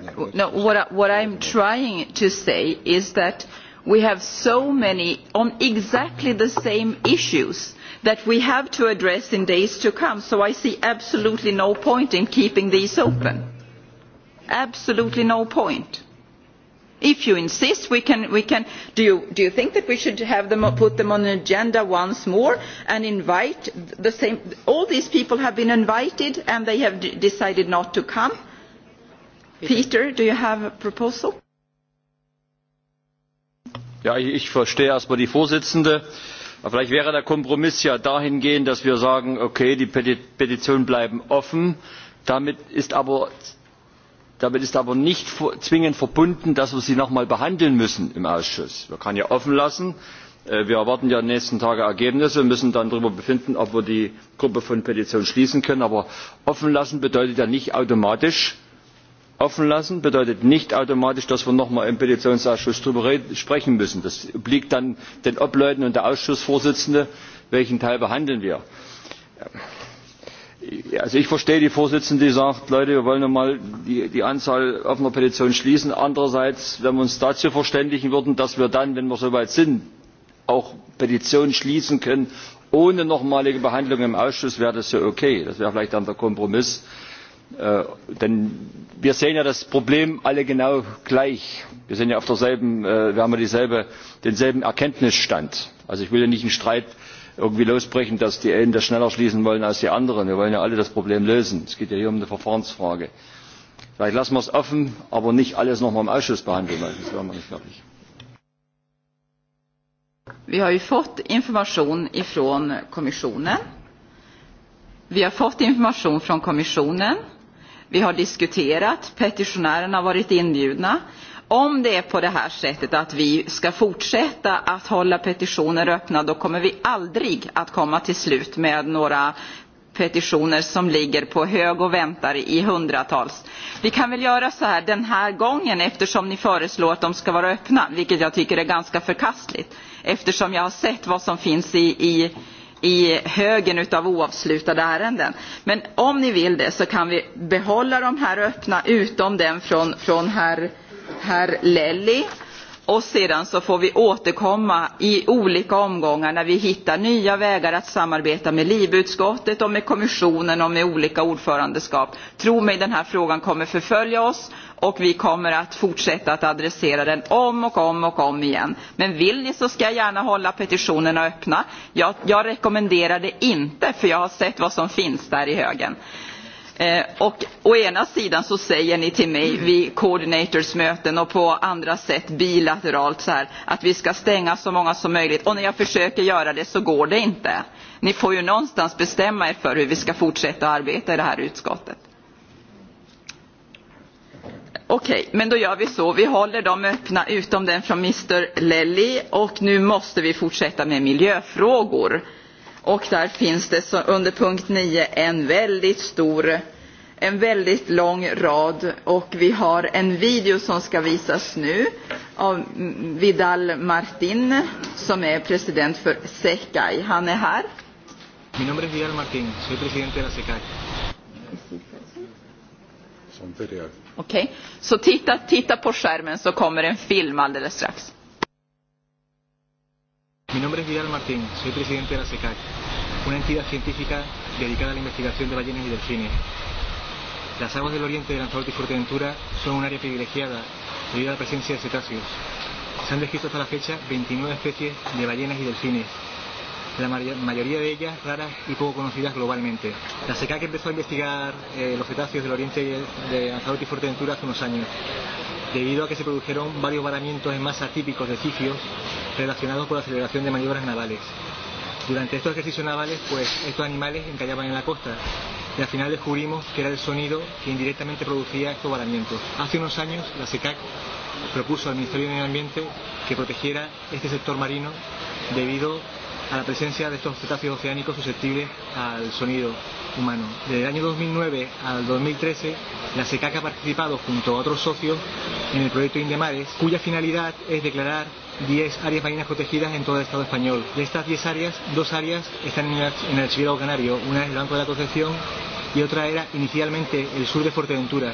no, what, I, what I'm trying to say is that we have so many on exactly the same issues that we have to address in days to come. So I see absolutely no point in keeping these open. Absolutely no point. If you insist, we can, we can do, you, do you think that we should have them, put them on an agenda once more and invite the same, all these people have been invited and they have d decided not to come? Peter, do you have a proposal? Ja, ich verstehe erstmal die Vorsitzende. Vielleicht wäre der Kompromiss ja dahingehend, dass wir sagen, okay, die Petitionen bleiben offen. Damit ist aber, damit ist aber nicht zwingend verbunden, dass wir sie nochmal behandeln müssen im Ausschuss. Wir können ja offen lassen. Äh, wir erwarten ja in den nächsten Tagen Ergebnisse und müssen dann darüber befinden, ob wir die Gruppe von Petitionen schließen können. Aber offen lassen bedeutet ja nicht automatisch, offen lassen bedeutet nicht automatisch, dass wir noch einmal im Petitionsausschuss darüber sprechen müssen. Das obliegt dann den Obleuten und der Ausschussvorsitzende, welchen Teil behandeln wir. Also ich verstehe die Vorsitzende, die sagt, Leute, wir wollen noch die, die Anzahl offener Petitionen schließen. Andererseits, wenn wir uns dazu verständigen würden, dass wir dann, wenn wir soweit sind, auch Petitionen schließen können, ohne nochmalige Behandlung im Ausschuss, wäre das ja okay. Das wäre vielleicht dann der Kompromiss. Äh, denn wir sehen ja das Problem alle genau gleich. Wir sind ja auf derselben, äh, wir haben ja dieselbe, denselben Erkenntnisstand. Also ich will ja nicht einen Streit irgendwie losbrechen, dass die einen das schneller schließen wollen als die anderen. Wir wollen ja alle das Problem lösen. Es geht ja hier um eine Verfahrensfrage. Vielleicht lassen wir es offen, aber nicht alles nochmal im Ausschuss behandeln, weil das wäre wir nicht fertig. Wir haben ju fått information ifrån kommissionen. Wir haben fått information från kommissionen. Vi har diskuterat, petitionärerna har varit inbjudna. Om det är på det här sättet att vi ska fortsätta att hålla petitioner öppna då kommer vi aldrig att komma till slut med några petitioner som ligger på hög och väntar i hundratals. Vi kan väl göra så här den här gången eftersom ni föreslår att de ska vara öppna, vilket jag tycker är ganska förkastligt eftersom jag har sett vad som finns i, i i högen utav oavslutade ärenden. Men om ni vill det så kan vi behålla de här öppna utom den från, från herr, herr Lelli och sedan så får vi återkomma i olika omgångar när vi hittar nya vägar att samarbeta med livutskottet och med kommissionen och med olika ordförandeskap. Tro mig, den här frågan kommer förfölja oss och vi kommer att fortsätta att adressera den om och om och om igen. Men vill ni så ska jag gärna hålla petitionerna öppna. Jag, jag rekommenderar det inte för jag har sett vad som finns där i högen. Eh, och å ena sidan så säger ni till mig mm. vid coordinatorsmöten och på andra sätt bilateralt så här, att vi ska stänga så många som möjligt och när jag försöker göra det så går det inte. Ni får ju någonstans bestämma er för hur vi ska fortsätta arbeta i det här utskottet. Okej, okay, men då gör vi så. Vi håller dem öppna utom den från Mr Lelly och nu måste vi fortsätta med miljöfrågor och där finns det så, under punkt 9 en väldigt stor, en väldigt lång rad och vi har en video som ska visas nu av Vidal Martin som är president för SECAI. Han är här. Mi nombre es Vidal Martín, soy presidente de la SECAI. Okej, okay. så titta, titta på skärmen så kommer en film alldeles strax. Mi nombre es Vidal Martín, soy presidente de la SECAC, una entidad científica dedicada a la investigación de ballenas y delfines. Las aguas del oriente de Lanzarote y Fuerteventura son un área privilegiada debido a la presencia de cetáceos. Se han descrito hasta la fecha 29 especies de ballenas y delfines, la mayoría de ellas raras y poco conocidas globalmente. La SECAC empezó a investigar eh, los cetáceos del oriente de Lanzarote y Fuerteventura hace unos años, debido a que se produjeron varios varamientos en masa típicos de cifios relacionado con la celebración de maniobras navales. Durante estos ejercicios navales, pues estos animales encallaban en la costa y al final descubrimos que era el sonido que indirectamente producía estos varamientos. Hace unos años, la SECAC propuso al Ministerio de Medio Ambiente que protegiera este sector marino debido a la presencia de estos cetáceos oceánicos susceptibles al sonido humano. Desde el año 2009 al 2013, la SECAC ha participado junto a otros socios en el proyecto Indemares, cuya finalidad es declarar 10 áreas marinas protegidas en todo el Estado español. De estas 10 áreas, dos áreas están en el, en el archipiélago canario, una es el Banco de la Concepción y otra era inicialmente el sur de Fuerteventura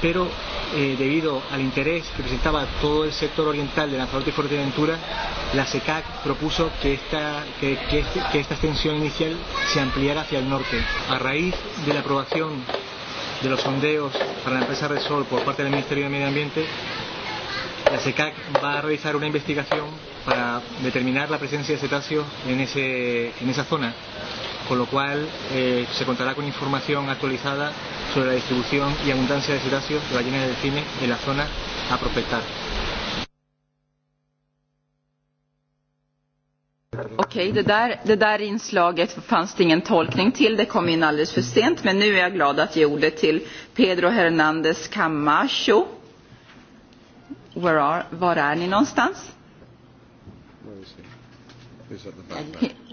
pero eh, debido al interés que presentaba todo el sector oriental de Lanzarote y Fuerteventura, la SECAC propuso que esta, que, que, este, que esta extensión inicial se ampliara hacia el norte. A raíz de la aprobación de los sondeos para la empresa Resol por parte del Ministerio de Medio Ambiente, la SECAC va a realizar una investigación para determinar la presencia de cetáceos en, ese, en esa zona con lo cual eh, se contará con información actualizada sobre la distribución y abundancia de cetáceos de ballenas de delfines en la zona a prospectar. Okej, okay, det, där, det där inslaget fanns det ingen tolkning till. Det kom in alldeles för sent. Men nu är jag glad att ge ordet till Pedro Hernandez Camacho. Where are, var är ni någonstans?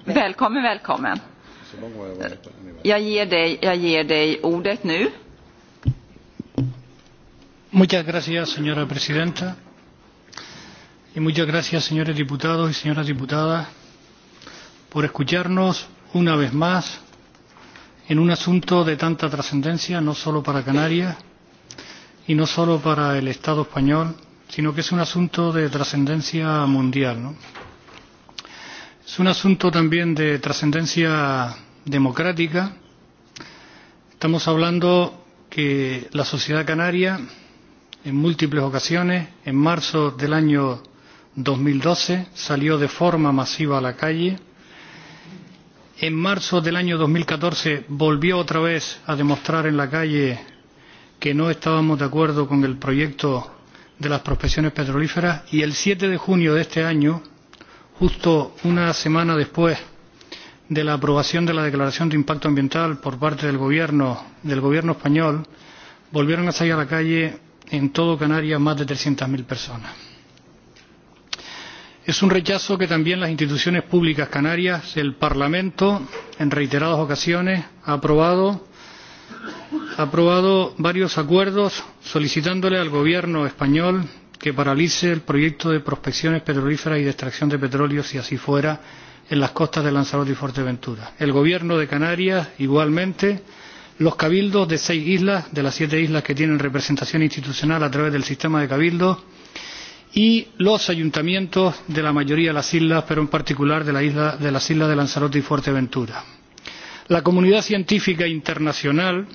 Välkommen, välkommen. Jag ger dig, jag ger dig ordet nu. Muchas gracias, señora presidenta. Y muchas gracias, señores diputados y señoras diputadas, por escucharnos una vez más en un asunto de tanta trascendencia, no solo para Canarias y no solo para el Estado español, sino que es un asunto de trascendencia mundial. ¿no? Es un asunto también de trascendencia democrática. Estamos hablando que la sociedad canaria en múltiples ocasiones, en marzo del año 2012, salió de forma masiva a la calle. En marzo del año 2014 volvió otra vez a demostrar en la calle que no estábamos de acuerdo con el proyecto de las prospecciones petrolíferas y el 7 de junio de este año justo una semana después de la aprobación de la declaración de impacto ambiental por parte del gobierno, del gobierno español, volvieron a salir a la calle en todo Canarias más de 300.000 personas. Es un rechazo que también las instituciones públicas canarias, el Parlamento, en reiteradas ocasiones, ha aprobado, ha aprobado varios acuerdos solicitándole al gobierno español que paralice el proyecto de prospecciones petrolíferas y de extracción de petróleo si así fuera en las costas de Lanzarote y Fuerteventura. El gobierno de Canarias, igualmente, los cabildos de seis islas, de las siete islas que tienen representación institucional a través del sistema de cabildos, y los ayuntamientos de la mayoría de las islas, pero en particular de, la isla, de las islas de Lanzarote y Fuerteventura. La comunidad científica internacional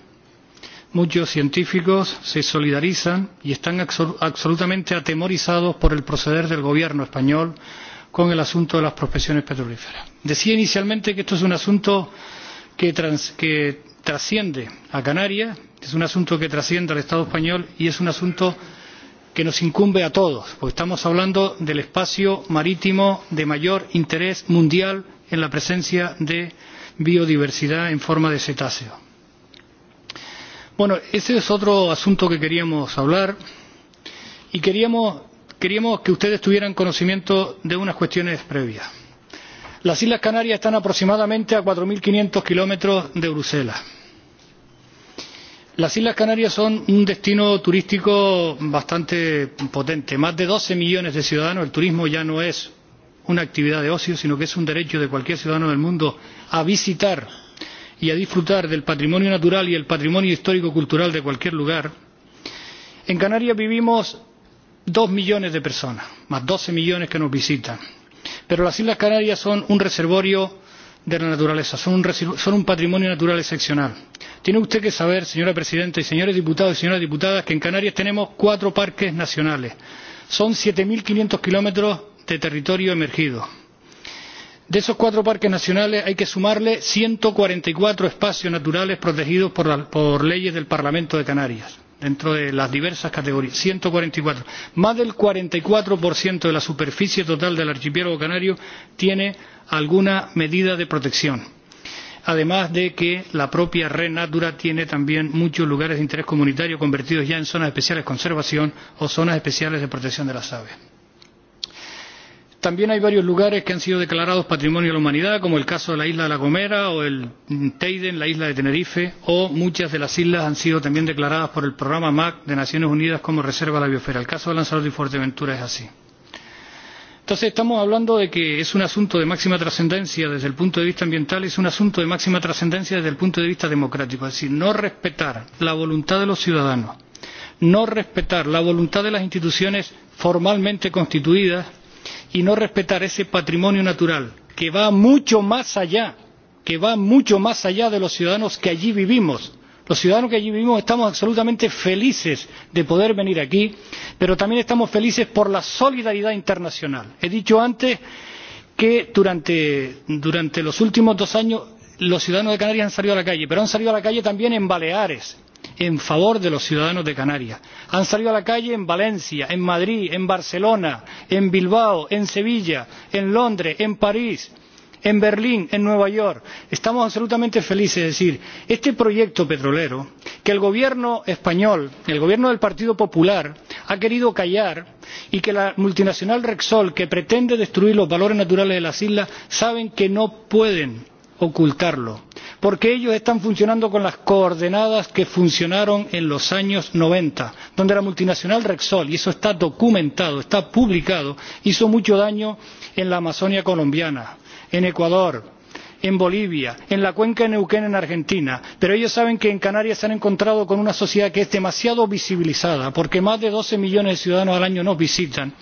Muchos científicos se solidarizan y están absolutamente atemorizados por el proceder del gobierno español con el asunto de las prospecciones petrolíferas. Decía inicialmente que esto es un asunto que, trans, que trasciende a Canarias, es un asunto que trasciende al Estado español y es un asunto que nos incumbe a todos, porque estamos hablando del espacio marítimo de mayor interés mundial en la presencia de biodiversidad en forma de cetáceo Bueno, ese es otro asunto que queríamos hablar y queríamos, queríamos que ustedes tuvieran conocimiento de unas cuestiones previas. Las Islas Canarias están aproximadamente a 4.500 kilómetros de Bruselas. Las Islas Canarias son un destino turístico bastante potente. Más de 12 millones de ciudadanos. El turismo ya no es una actividad de ocio, sino que es un derecho de cualquier ciudadano del mundo a visitar y a disfrutar del patrimonio natural y el patrimonio histórico cultural de cualquier lugar, en Canarias vivimos dos millones de personas, más doce millones que nos visitan. Pero las Islas Canarias son un reservorio de la naturaleza, son un, son un patrimonio natural excepcional. Tiene usted que saber, señora presidenta y señores diputados y señoras diputadas, que en Canarias tenemos cuatro parques nacionales. Son siete quinientos kilómetros de territorio emergido De esos cuatro parques nacionales hay que sumarle ciento cuarenta y cuatro espacios naturales protegidos por, la, por leyes del Parlamento de Canarias, dentro de las diversas categorías. ciento cuarenta y cuatro. Más del cuarenta y cuatro de la superficie total del archipiélago canario tiene alguna medida de protección. Además de que la propia Red Natura tiene también muchos lugares de interés comunitario convertidos ya en zonas especiales de conservación o zonas especiales de protección de las aves. También hay varios lugares que han sido declarados Patrimonio de la Humanidad, como el caso de la isla de La Gomera o el Teide en la isla de Tenerife, o muchas de las islas han sido también declaradas por el programa MAC de Naciones Unidas como Reserva de la Biosfera. El caso de Lanzarote y Fuerteventura es así. Entonces estamos hablando de que es un asunto de máxima trascendencia desde el punto de vista ambiental, es un asunto de máxima trascendencia desde el punto de vista democrático, es decir, no respetar la voluntad de los ciudadanos, no respetar la voluntad de las instituciones formalmente constituidas y no respetar ese patrimonio natural que va mucho más allá, que va mucho más allá de los ciudadanos que allí vivimos. Los ciudadanos que allí vivimos estamos absolutamente felices de poder venir aquí, pero también estamos felices por la solidaridad internacional. He dicho antes que durante, durante los últimos dos años los ciudadanos de Canarias han salido a la calle, pero han salido a la calle también en Baleares, en favor de los ciudadanos de Canarias. Han salido a la calle en Valencia, en Madrid, en Barcelona, en Bilbao, en Sevilla, en Londres, en París, en Berlín, en Nueva York. Estamos absolutamente felices de decir, este proyecto petrolero que el gobierno español, el gobierno del Partido Popular, ha querido callar y que la multinacional Rexol, que pretende destruir los valores naturales de las islas, saben que no pueden ocultarlo, porque ellos están funcionando con las coordenadas que funcionaron en los años 90, donde la multinacional Rexol, y eso está documentado, está publicado, hizo mucho daño en la Amazonia colombiana, en Ecuador, en Bolivia, en la cuenca de Neuquén en Argentina, pero ellos saben que en Canarias se han encontrado con una sociedad que es demasiado visibilizada, porque más de doce millones de ciudadanos al año nos visitan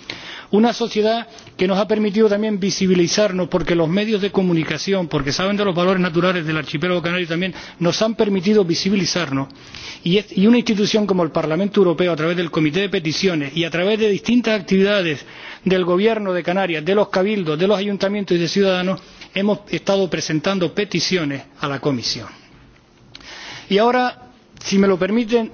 Una sociedad que nos ha permitido también visibilizarnos porque los medios de comunicación, porque saben de los valores naturales del archipiélago canario también, nos han permitido visibilizarnos. Y, y una institución como el Parlamento Europeo, a través del Comité de Peticiones y a través de distintas actividades del Gobierno de Canarias, de los cabildos, de los ayuntamientos y de ciudadanos, hemos estado presentando peticiones a la Comisión. Y ahora, si me lo permiten,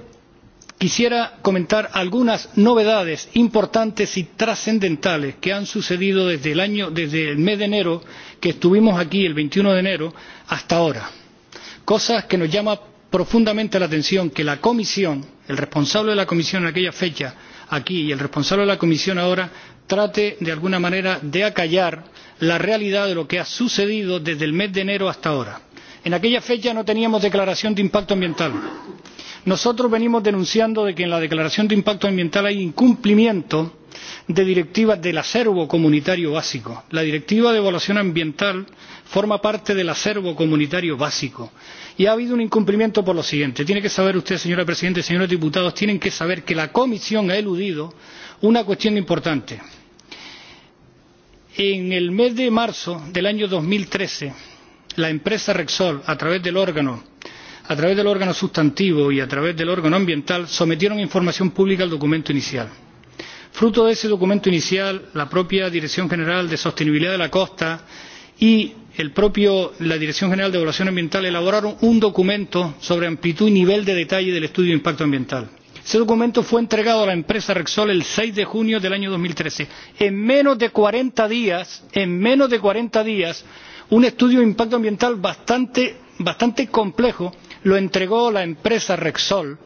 quisiera comentar algunas novedades importantes y trascendentales que han sucedido desde el, año, desde el mes de enero que estuvimos aquí el 21 de enero hasta ahora. Cosas que nos llaman profundamente la atención que la comisión, el responsable de la comisión en aquella fecha aquí y el responsable de la comisión ahora trate de alguna manera de acallar la realidad de lo que ha sucedido desde el mes de enero hasta ahora. En aquella fecha no teníamos declaración de impacto ambiental Nosotros venimos denunciando de que en la declaración de impacto ambiental hay incumplimiento de directivas del acervo comunitario básico. La directiva de evaluación ambiental forma parte del acervo comunitario básico y ha habido un incumplimiento por lo siguiente. Tiene que saber usted, señora presidenta y señores diputados, tienen que saber que la Comisión ha eludido una cuestión importante. En el mes de marzo del año dos mil trece, la empresa Rexol, a través del órgano a través del órgano sustantivo y a través del órgano ambiental, sometieron información pública al documento inicial. Fruto de ese documento inicial, la propia Dirección General de Sostenibilidad de la Costa y el propio, la Dirección General de Evaluación Ambiental elaboraron un documento sobre amplitud y nivel de detalle del estudio de impacto ambiental. Ese documento fue entregado a la empresa Rexol el 6 de junio del año 2013. En menos de 40 días, en menos de 40 días, un estudio de impacto ambiental bastante, bastante complejo lo entregó la empresa Rexol,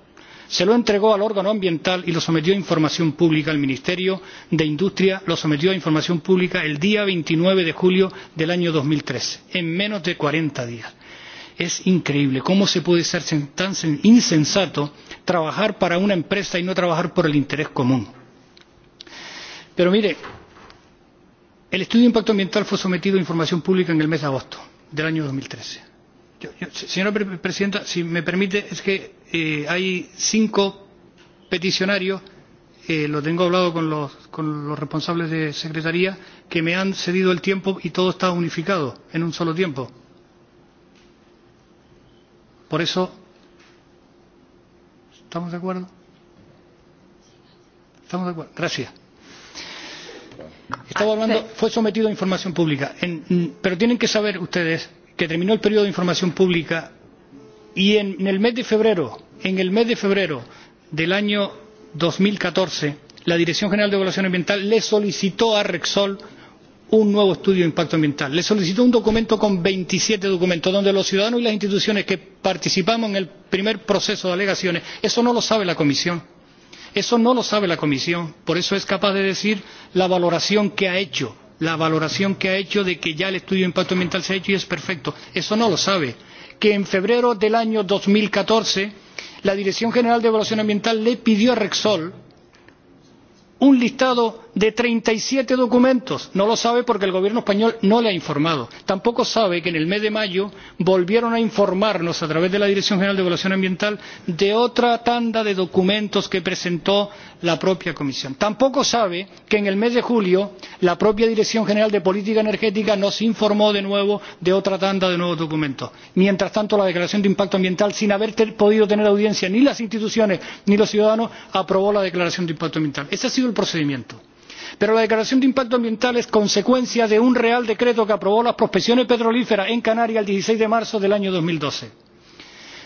se lo entregó al órgano ambiental y lo sometió a información pública. El Ministerio de Industria lo sometió a información pública el día 29 de julio del año 2013, en menos de 40 días. Es increíble cómo se puede ser tan insensato trabajar para una empresa y no trabajar por el interés común. Pero mire, el estudio de impacto ambiental fue sometido a información pública en el mes de agosto del año 2013. Señora Presidenta, si me permite, es que eh, hay cinco peticionarios, eh, lo tengo hablado con los, con los responsables de Secretaría, que me han cedido el tiempo y todo está unificado en un solo tiempo. Por eso, ¿estamos de acuerdo? Estamos de acuerdo. Gracias. Estaba hablando, ah, fue sometido a información pública, en, pero tienen que saber ustedes que terminó el periodo de información pública y en, en el mes de febrero, en el mes de febrero del año 2014, la Dirección General de Evaluación Ambiental le solicitó a Rexol un nuevo estudio de impacto ambiental. Le solicitó un documento con 27 documentos donde los ciudadanos y las instituciones que participamos en el primer proceso de alegaciones, eso no lo sabe la Comisión. Eso no lo sabe la Comisión. Por eso es capaz de decir la valoración que ha hecho la valoración que ha hecho de que ya el estudio de impacto ambiental se ha hecho y es perfecto. Eso no lo sabe. Que en febrero del año dos mil catorce la Dirección General de Evaluación Ambiental le pidió a Rexol un listado de treinta y siete documentos. No lo sabe porque el gobierno español no le ha informado. Tampoco sabe que en el mes de mayo volvieron a informarnos a través de la Dirección General de Evaluación Ambiental de otra tanda de documentos que presentó la propia Comisión. Tampoco sabe que en el mes de julio la propia Dirección General de Política Energética nos informó de nuevo de otra tanda de nuevos documentos. Mientras tanto, la Declaración de Impacto Ambiental, sin haber podido tener audiencia ni las instituciones ni los ciudadanos, aprobó la Declaración de Impacto Ambiental. Ese ha sido el procedimiento pero la declaración de impacto ambiental es consecuencia de un real decreto que aprobó las prospecciones petrolíferas en canarias el dieciseis de marzo del año. dos mil doce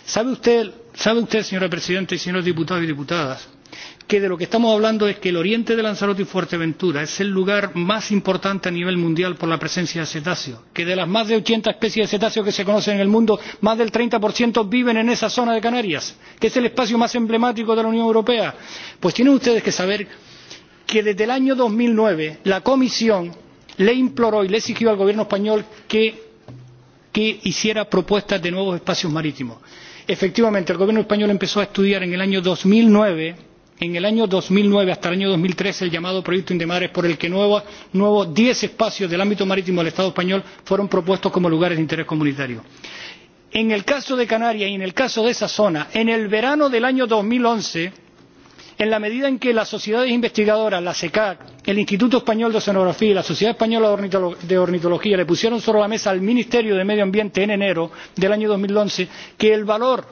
sabe usted, sabe usted señora presidenta y señores diputados y diputadas que de lo que estamos hablando es que el oriente de Lanzarote y Fuerteventura es el lugar más importante a nivel mundial por la presencia de cetáceos, que de las más de ochenta especies de cetáceos que se conocen en el mundo, más del treinta viven en esa zona de Canarias, que es el espacio más emblemático de la Unión Europea. Pues tienen ustedes que saber que desde el año dos mil nueve la comisión le imploró y le exigió al gobierno español que, que hiciera propuestas de nuevos espacios marítimos. efectivamente el gobierno español empezó a estudiar en el año dos mil nueve en el año 2009 hasta el año dos mil trece el llamado proyecto Indemares, por el que nuevos diez espacios del ámbito marítimo del Estado español fueron propuestos como lugares de interés comunitario. En el caso de Canarias y en el caso de esa zona, en el verano del año dos mil once en la medida en que las sociedades investigadoras la cecac el instituto español de oceanografía y la sociedad española de, Ornitolo de ornitología le pusieron sobre la mesa al ministerio de medio ambiente en enero del año dos mil once que el valor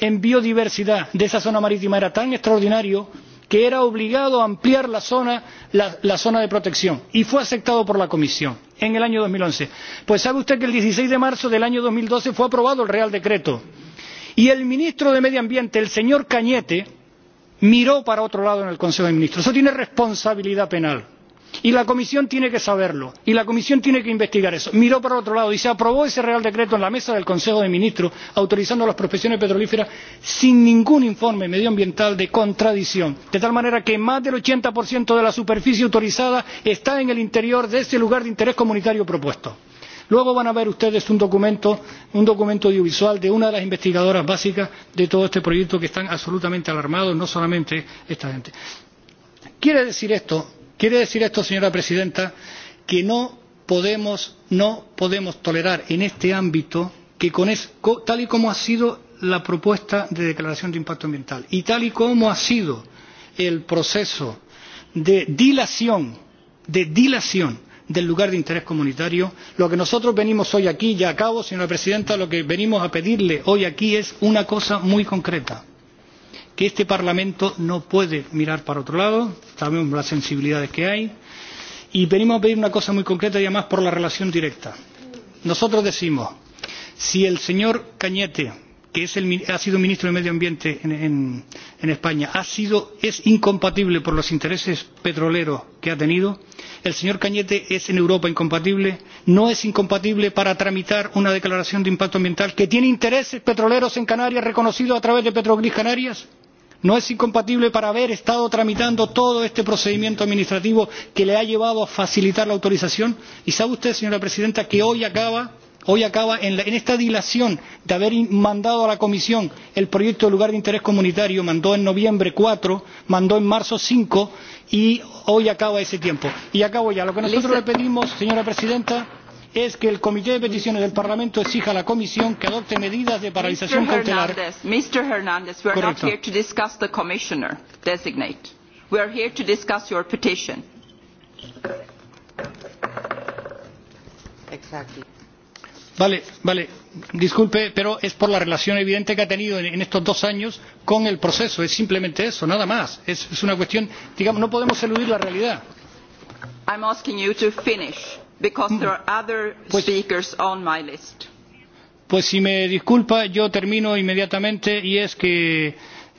en biodiversidad de esa zona marítima era tan extraordinario que era obligado a ampliar la zona, la, la zona de protección y fue aceptado por la comisión en el año dos mil once pues sabe usted que el dieciseis de marzo del año dos mil doce fue aprobado el real decreto y el ministro de medio ambiente el señor cañete miró para otro lado en el Consejo de Ministros. Eso tiene responsabilidad penal. Y la Comisión tiene que saberlo. Y la Comisión tiene que investigar eso. Miró para otro lado y se aprobó ese Real Decreto en la mesa del Consejo de Ministros autorizando las prospecciones petrolíferas sin ningún informe medioambiental de contradicción. De tal manera que más del 80% de la superficie autorizada está en el interior de ese lugar de interés comunitario propuesto. Luego van a ver ustedes un documento, un documento audiovisual de una de las investigadoras básicas de todo este proyecto que están absolutamente alarmados, no solamente esta gente. Quiere decir esto, quiere decir esto, señora presidenta, que no podemos, no podemos tolerar en este ámbito que con es, tal y como ha sido la propuesta de declaración de impacto ambiental y tal y como ha sido el proceso de dilación, de dilación del lugar de interés comunitario. Lo que nosotros venimos hoy aquí, ya acabo, señora presidenta, lo que venimos a pedirle hoy aquí es una cosa muy concreta que este Parlamento no puede mirar para otro lado, sabemos las sensibilidades que hay, y venimos a pedir una cosa muy concreta y además por la relación directa. Nosotros decimos, si el señor Cañete que es el, ha sido ministro de Medio Ambiente en, en, en España, ha sido, es incompatible por los intereses petroleros que ha tenido. El señor Cañete es en Europa incompatible. No es incompatible para tramitar una declaración de impacto ambiental que tiene intereses petroleros en Canarias reconocidos a través de Petrogris Canarias. No es incompatible para haber estado tramitando todo este procedimiento administrativo que le ha llevado a facilitar la autorización. ¿Y sabe usted, señora presidenta, que hoy acaba Hoy acaba en, la, en esta dilación de haber mandado a la Comisión el proyecto de lugar de interés comunitario, mandó en noviembre cuatro, mandó en marzo cinco y hoy acaba ese tiempo. Y acabo ya. Lo que nosotros Lisa. le pedimos, señora presidenta, es que el Comité de Peticiones del Parlamento exija a la Comisión que adopte medidas de paralización cautelar. Mr. Hernández, we are Correcto. not here to discuss the Commissioner designate. We are here to discuss your petition. Exactly. Vale, vale. Disculpe, pero es por la relación evidente que ha tenido en, estos dos años con el proceso. Es simplemente eso, nada más. Es, es una cuestión, digamos, no podemos eludir la realidad. I'm asking you to finish because there are other pues, speakers on my list. Pues si me disculpa, yo termino inmediatamente y es que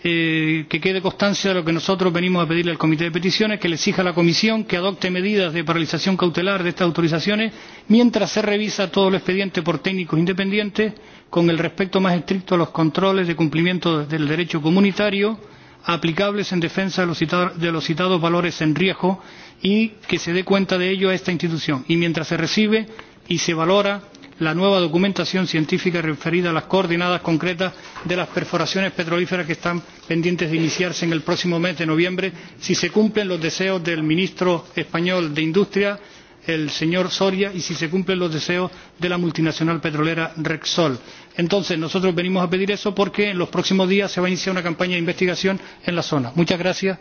eh, que quede constancia de lo que nosotros venimos a pedirle al Comité de Peticiones, que le exija a la Comisión que adopte medidas de paralización cautelar de estas autorizaciones mientras se revisa todo el expediente por técnicos independientes con el respeto más estricto a los controles de cumplimiento del derecho comunitario aplicables en defensa de los, citado, de los citados valores en riesgo y que se dé cuenta de ello a esta institución. Y mientras se recibe y se valora la nueva documentación científica referida a las coordenadas concretas de las perforaciones petrolíferas que están pendientes de iniciarse en el próximo mes de noviembre si se cumplen los deseos del ministro español de Industria, el señor Soria, y si se cumplen los deseos de la multinacional petrolera Rexol. Entonces, nosotros venimos a pedir eso porque en los próximos días se va a iniciar una campaña de investigación en la zona. Muchas gracias.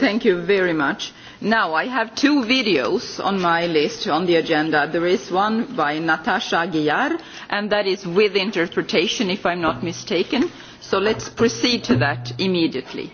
Thank you very much. Now, I have two videos on my list, on the agenda. There is one by Natasha Aguiar, and that is with interpretation, if I'm not mistaken. So let's proceed to that immediately.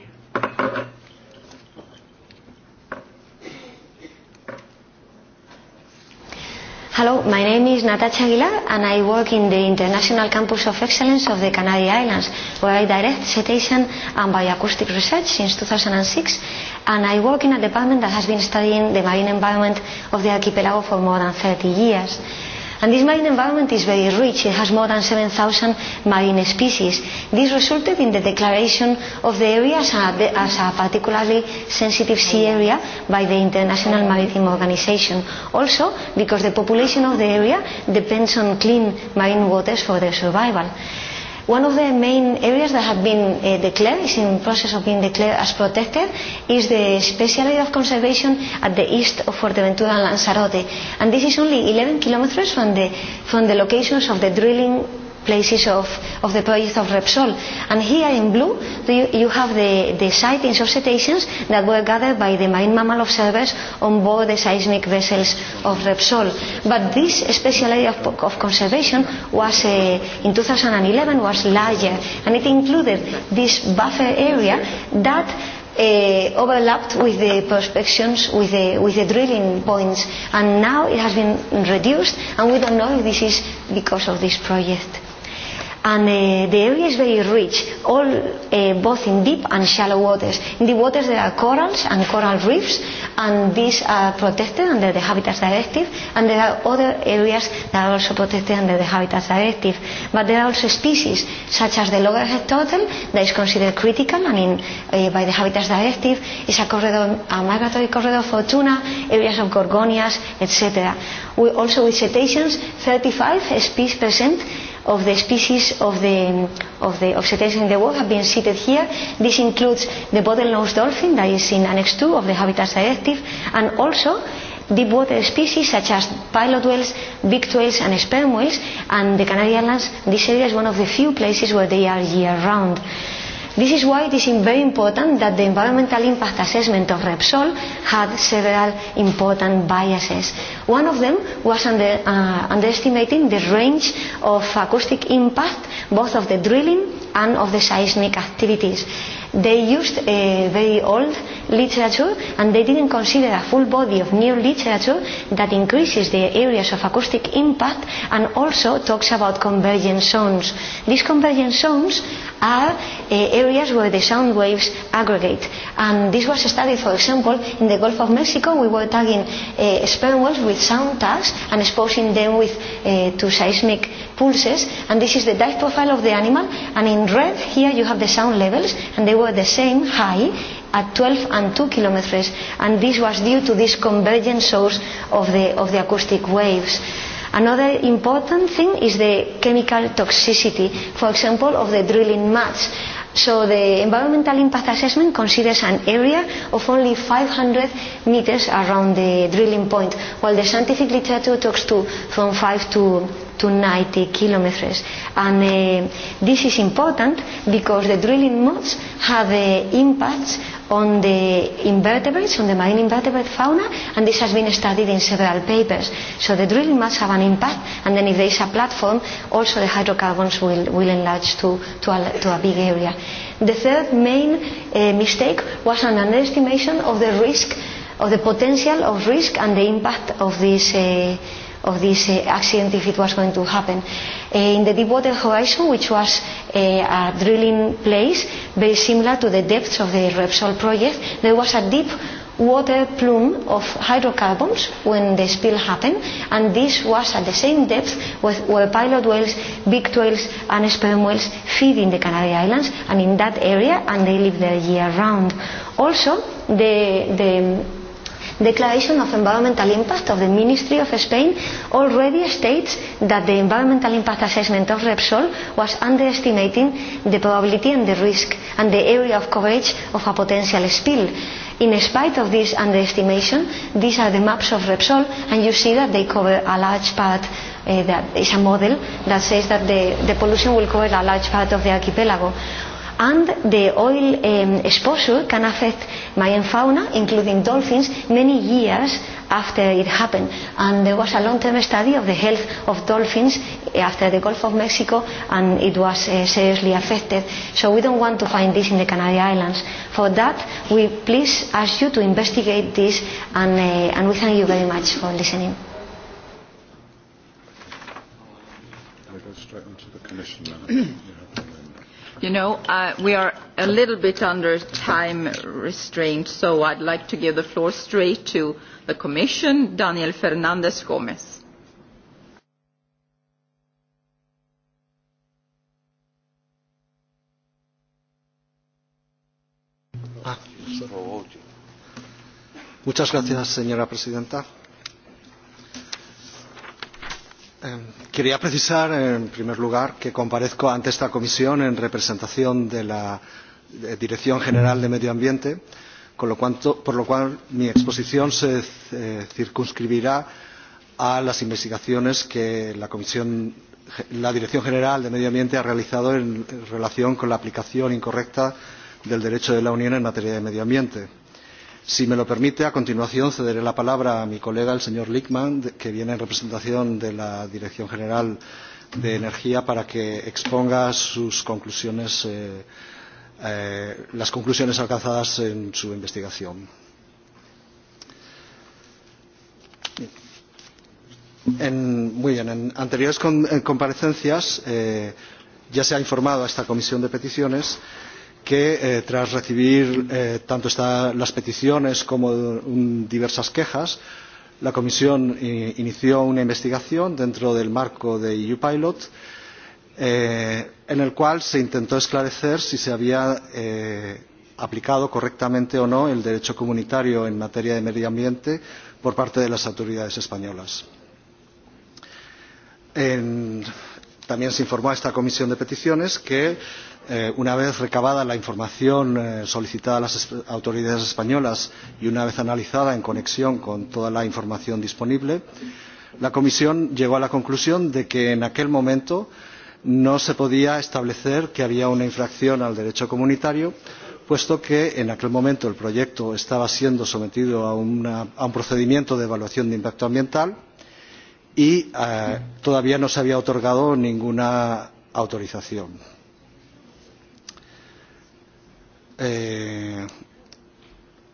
Hello, my name is Natasha Aguilar and I work in the International Campus of Excellence of the Canary Islands where I direct cetacean and bioacoustic research since 2006 And I work in a department that has been studying the marine environment of the archipelago for more than 30 years. And this marine environment is very rich. It has more than 7,000 marine species. This resulted in the declaration of the area as a, as a particularly sensitive sea area by the International Maritime Organization. Also, because the population of the area depends on clean marine waters for their survival. One of the main areas that have been uh, declared, is in process of being declared as protected, is the special area of conservation at the east of Fuerteventura and Lanzarote. And this is only 11 kilometers from the, from the locations of the drilling places of, of the project of Repsol. And here in blue, you, you have the, the sightings of cetaceans that were gathered by the marine mammal observers on board the seismic vessels of Repsol. But this special area of, of conservation was, uh, in 2011, was larger, and it included this buffer area that uh, overlapped with the prospections, with the, with the drilling points, and now it has been reduced, and we don't know if this is because of this project. And uh, the area is very rich, all uh, both in deep and shallow waters. In the waters there are corals and coral reefs, and these are protected under the Habitats Directive, and there are other areas that are also protected under the Habitats Directive. But there are also species, such as the loggerhead turtle, that is considered critical, and in uh, by the Habitats Directive, is a, corridor, a migratory corridor for tuna, areas of gorgonias, etc. We also with cetaceans, 35 species present of the species of the, of the of cetaceans in the world have been seated here. This includes the bottlenose dolphin that is in Annex 2 of the Habitats Directive and also deep water species such as pilot whales, big whales and sperm whales and the Canary Islands, this area is one of the few places where they are year round. This is why it is very important that the environmental impact assessment of Repsol had several important biases. One of them was under, uh, underestimating the range of acoustic impact, both of the drilling and of the seismic activities. They used a very old literature and they didn't consider a full body of new literature that increases the areas of acoustic impact and also talks about convergent zones. These convergent zones are uh, areas where the sound waves aggregate and this was studied for example in the Gulf of Mexico we were tagging uh, sperm whales with sound tags and exposing them with uh, to seismic pulses and this is the dive profile of the animal and in red here you have the sound levels and they were the same high at 12 and 2 kilometers, and this was due to this convergent source of the, of the acoustic waves. Another important thing is the chemical toxicity, for example, of the drilling mats. So the environmental impact assessment considers an area of only 500 meters around the drilling point, while the scientific literature talks to from 5 to to 90 kilometers. And uh, this is important because the drilling modes have uh, impacts on the invertebrates, on the marine invertebrate fauna, and this has been studied in several papers. So the drilling must have an impact, and then if there is a platform, also the hydrocarbons will, will enlarge to, to, a, to a big area. The third main uh, mistake was an underestimation of the risk, of the potential of risk and the impact of this uh, of this uh, accident if it was going to happen. Uh, in the Deepwater Horizon, which was uh, a drilling place very similar to the depths of the Repsol project, there was a deep water plume of hydrocarbons when the spill happened, and this was at the same depth with, where pilot whales, big whales, and sperm whales feed in the Canary Islands, and in that area, and they live there year round. Also, the, the Declaration of Environmental Impact of the Ministry of Spain already states that the environmental impact assessment of Repsol was underestimating the probability and the risk and the area of coverage of a potential spill. In spite of this underestimation, these are the maps of Repsol and you see that they cover a large part uh, that is a model that says that the, the pollution will cover a large part of the archipelago and the oil um, exposure can affect Mayan fauna, including dolphins, many years after it happened. And there was a long-term study of the health of dolphins eh, after the Gulf of Mexico, and it was uh, seriously affected. So we don't want to find this in the Canary Islands. For that, we please ask you to investigate this, and, uh, and we thank you very much for listening. We go to the commission now. [CLEARS THROAT] You know, uh, we are a little bit under time restraint, so I'd like to give the floor straight to the Commission, Daniel Fernandez Gomez. Ah, Muchas gracias, señora presidenta quería precisar, en primer lugar, que comparezco ante esta comisión en representación de la Dirección General de Medio Ambiente, con lo por lo cual mi exposición se eh, circunscribirá a las investigaciones que la, comisión, la Dirección General de Medio Ambiente ha realizado en relación con la aplicación incorrecta del derecho de la Unión en materia de medio ambiente Si me lo permite, a continuación cederé la palabra a mi colega, el señor Lickman, que viene en representación de la Dirección General de Energía, para que exponga sus conclusiones, eh, eh, las conclusiones alcanzadas en su investigación. En, muy bien, en anteriores con, en comparecencias eh, ya se ha informado a esta comisión de peticiones que eh, tras recibir eh, tanto esta, las peticiones como un, diversas quejas, la Comisión eh, inició una investigación dentro del marco de EU Pilot eh, en el cual se intentó esclarecer si se había eh, aplicado correctamente o no el derecho comunitario en materia de medio ambiente por parte de las autoridades españolas. En, también se informó a esta comisión de peticiones que eh, una vez recabada la información eh, solicitada a las autoridades españolas y una vez analizada en conexión con toda la información disponible, la Comisión llegó a la conclusión de que en aquel momento no se podía establecer que había una infracción al derecho comunitario, puesto que en aquel momento el proyecto estaba siendo sometido a, una, a un procedimiento de evaluación de impacto ambiental y eh, todavía no se había otorgado ninguna autorización. Eh,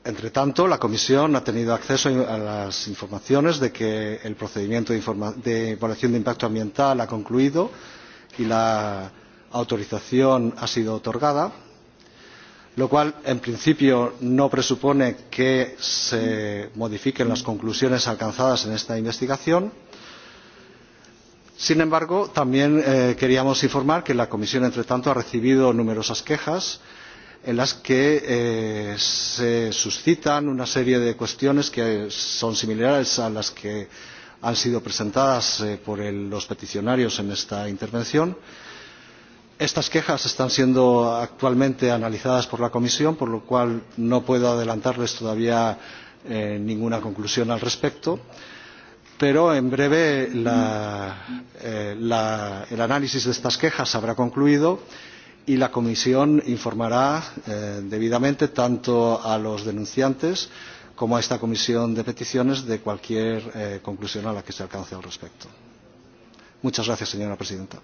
entre tanto, la Comisión ha tenido acceso a las informaciones de que el procedimiento de, de evaluación de impacto ambiental ha concluido y la autorización ha sido otorgada, lo cual, en principio, no presupone que se modifiquen las conclusiones alcanzadas en esta investigación. Sin embargo, también eh, queríamos informar que la Comisión, entre tanto, ha recibido numerosas quejas en las que eh, se suscitan una serie de cuestiones que son similares a las que han sido presentadas eh, por el, los peticionarios en esta intervención. Estas quejas están siendo actualmente analizadas por la Comisión, por lo cual no puedo adelantarles todavía eh, ninguna conclusión al respecto, pero en breve la, eh, la, el análisis de estas quejas habrá concluido y y la Comisión informará eh, debidamente tanto a los denunciantes como a esta Comisión de Peticiones de cualquier eh, conclusión a la que se alcance al respecto. Muchas gracias, señora presidenta.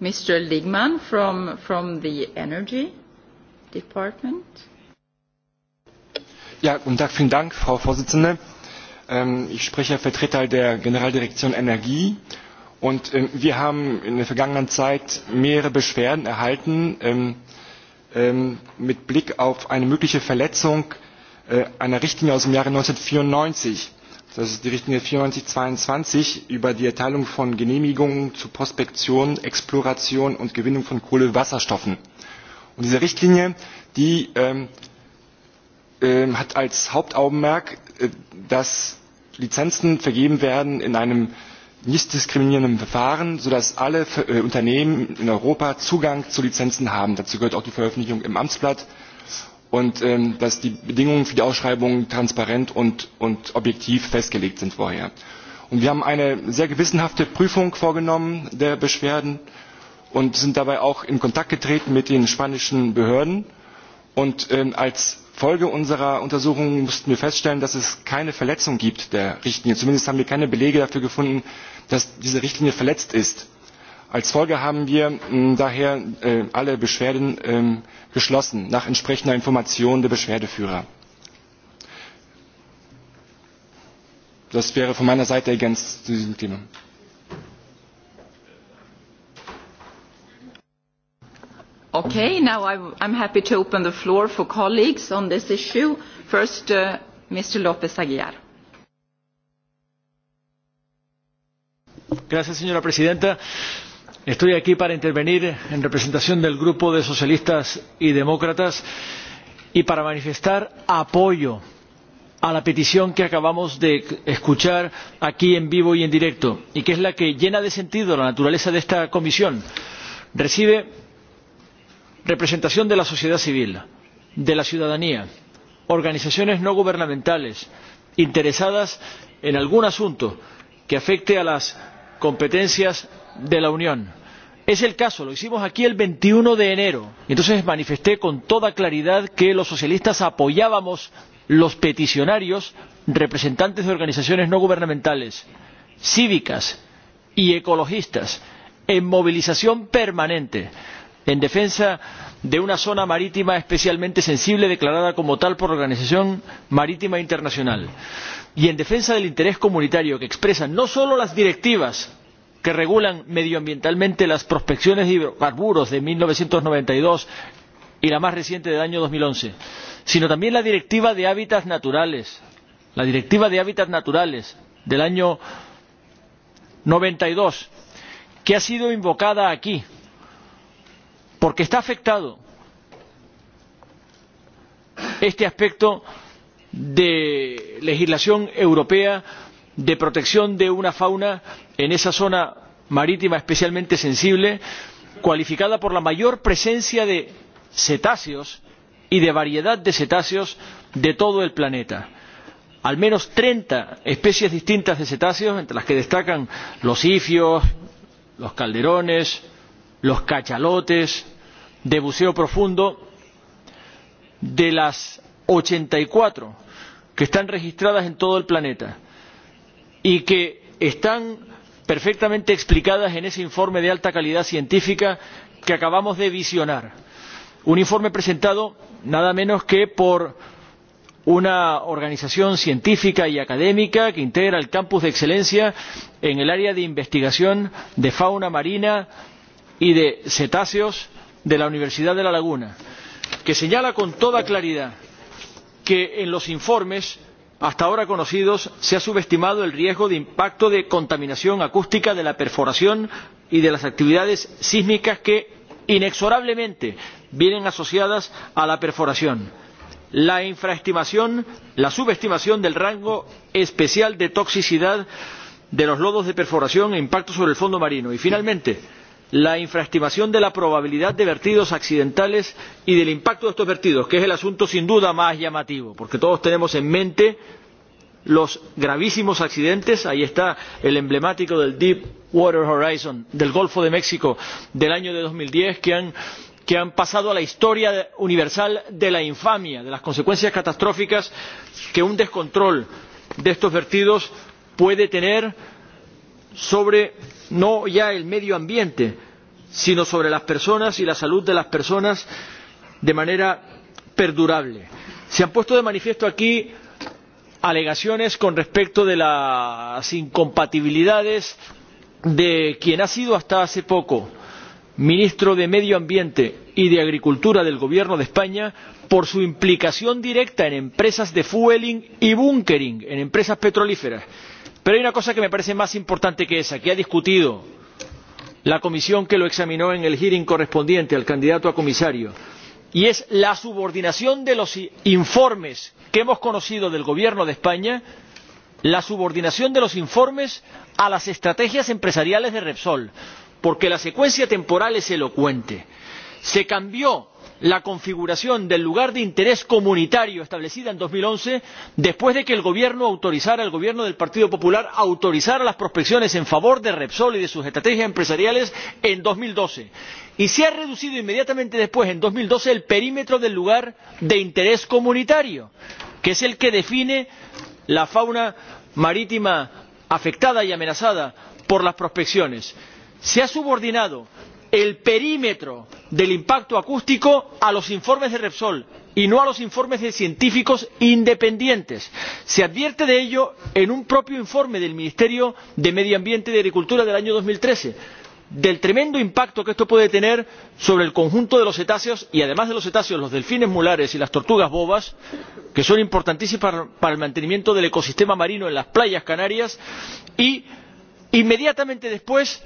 Mr. Ligman from, from the Energy Department. Ja, guten Tag, vielen Dank, Frau Vorsitzende. Ähm, ich spreche als Vertreter der Generaldirektion Energie. Und ähm, wir haben in der vergangenen Zeit mehrere Beschwerden erhalten ähm, mit Blick auf eine mögliche Verletzung äh, einer Richtlinie aus dem Jahre 1994. Das ist die Richtlinie 9422 über die Erteilung von Genehmigungen zu Prospektion, Exploration und Gewinnung von Kohlewasserstoffen. Und diese Richtlinie, die ähm, äh, hat als Hauptaugenmerk Äh, dass Lizenzen vergeben werden in einem nicht diskriminierenden Verfahren, sodass alle äh, Unternehmen in Europa Zugang zu Lizenzen haben. Dazu gehört auch die Veröffentlichung im Amtsblatt und ähm, dass die Bedingungen für die Ausschreibung transparent und, und objektiv festgelegt sind vorher. Und wir haben eine sehr gewissenhafte Prüfung vorgenommen der Beschwerden und sind dabei auch in Kontakt getreten mit den spanischen Behörden. Und ähm, als Folge unserer Untersuchungen mussten wir feststellen, dass es keine Verletzung gibt der Richtlinie. Zumindest haben wir keine Belege dafür gefunden, dass diese Richtlinie verletzt ist. Als Folge haben wir hm, daher äh, alle Beschwerden geschlossen, ähm, nach entsprechender Information der Beschwerdeführer. Das wäre von meiner Seite ergänzt zu diesem Thema. Okay, now I'm, I'm happy to open the floor for colleagues on this issue. First, uh, Mr. López Aguilar. Gracias, señora presidenta. Estoy aquí para intervenir en representación del Grupo de Socialistas y Demócratas y para manifestar apoyo a la petición que acabamos de escuchar aquí en vivo y en directo y que es la que llena de sentido la naturaleza de esta comisión. Recibe representación de la sociedad civil, de la ciudadanía, organizaciones no gubernamentales interesadas en algún asunto que afecte a las competencias de la Unión. Es el caso, lo hicimos aquí el veintiuno de enero. y Entonces manifesté con toda claridad que los socialistas apoyábamos los peticionarios, representantes de organizaciones no gubernamentales, cívicas y ecologistas, en movilización permanente en defensa de una zona marítima especialmente sensible declarada como tal por la Organización Marítima Internacional y en defensa del interés comunitario que expresan no solo las directivas que regulan medioambientalmente las prospecciones de hidrocarburos de mil novecientos noventa y dos y la más reciente del año dos mil once sino también la directiva de hábitats naturales la directiva de hábitats naturales del año noventa y dos que ha sido invocada aquí porque está afectado este aspecto de legislación europea de protección de una fauna en esa zona marítima especialmente sensible, cualificada por la mayor presencia de cetáceos y de variedad de cetáceos de todo el planeta. Al menos treinta especies distintas de cetáceos, entre las que destacan los ifios, los calderones, los cachalotes, de buceo profundo de las ochenta y cuatro que están registradas en todo el planeta y que están perfectamente explicadas en ese informe de alta calidad científica que acabamos de visionar. Un informe presentado nada menos que por una organización científica y académica que integra el campus de excelencia en el área de investigación de fauna marina y de cetáceos de la Universidad de La Laguna, que señala con toda claridad que en los informes hasta ahora conocidos se ha subestimado el riesgo de impacto de contaminación acústica de la perforación y de las actividades sísmicas que inexorablemente vienen asociadas a la perforación. La infraestimación, la subestimación del rango especial de toxicidad de los lodos de perforación e impacto sobre el fondo marino. Y finalmente, la infraestimación de la probabilidad de vertidos accidentales y del impacto de estos vertidos, que es el asunto sin duda más llamativo, porque todos tenemos en mente los gravísimos accidentes. Ahí está el emblemático del Deepwater Horizon del Golfo de México del año de dos mil diez que han, que han pasado a la historia universal de la infamia, de las consecuencias catastróficas que un descontrol de estos vertidos puede tener sobre no ya el medio ambiente, sino sobre las personas y la salud de las personas de manera perdurable. Se han puesto de manifiesto aquí alegaciones con respecto de las incompatibilidades de quien ha sido hasta hace poco ministro de Medio Ambiente y de Agricultura del Gobierno de España por su implicación directa en empresas de fueling y bunkering, en empresas petrolíferas Pero hay una cosa que me parece más importante que esa, que ha discutido la comisión que lo examinó en el hearing correspondiente al candidato a comisario, y es la subordinación de los informes que hemos conocido del Gobierno de España, la subordinación de los informes a las estrategias empresariales de Repsol, porque la secuencia temporal es elocuente. Se cambió la configuración del lugar de interés comunitario establecida en dos mil once después de que el gobierno autorizara el gobierno del partido popular autorizara las prospecciones en favor de repsol y de sus estrategias empresariales en dos mil doce y se ha reducido inmediatamente después en dos mil doce el perímetro del lugar de interés comunitario que es el que define la fauna marítima afectada y amenazada por las prospecciones. se ha subordinado el perímetro del impacto acústico a los informes de Repsol y no a los informes de científicos independientes. Se advierte de ello en un propio informe del Ministerio de Medio Ambiente y Agricultura del año dos mil trece del tremendo impacto que esto puede tener sobre el conjunto de los cetáceos y además de los cetáceos los delfines mulares y las tortugas bobas que son importantísimas para el mantenimiento del ecosistema marino en las playas canarias y inmediatamente después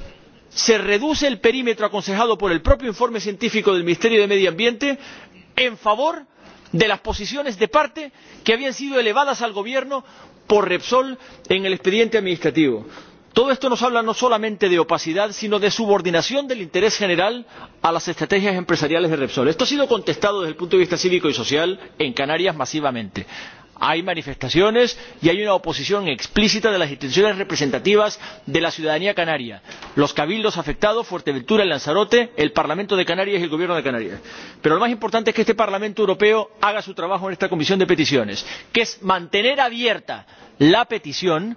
se reduce el perímetro aconsejado por el propio informe científico del Ministerio de Medio Ambiente en favor de las posiciones de parte que habían sido elevadas al Gobierno por Repsol en el expediente administrativo. Todo esto nos habla no solamente de opacidad, sino de subordinación del interés general a las estrategias empresariales de Repsol. Esto ha sido contestado desde el punto de vista cívico y social en Canarias masivamente hay manifestaciones y hay una oposición explícita de las instituciones representativas de la ciudadanía canaria los cabildos afectados fuerteventura lanzarote el parlamento de canarias y el gobierno de canarias. pero lo más importante es que este parlamento europeo haga su trabajo en esta comisión de peticiones que es mantener abierta la petición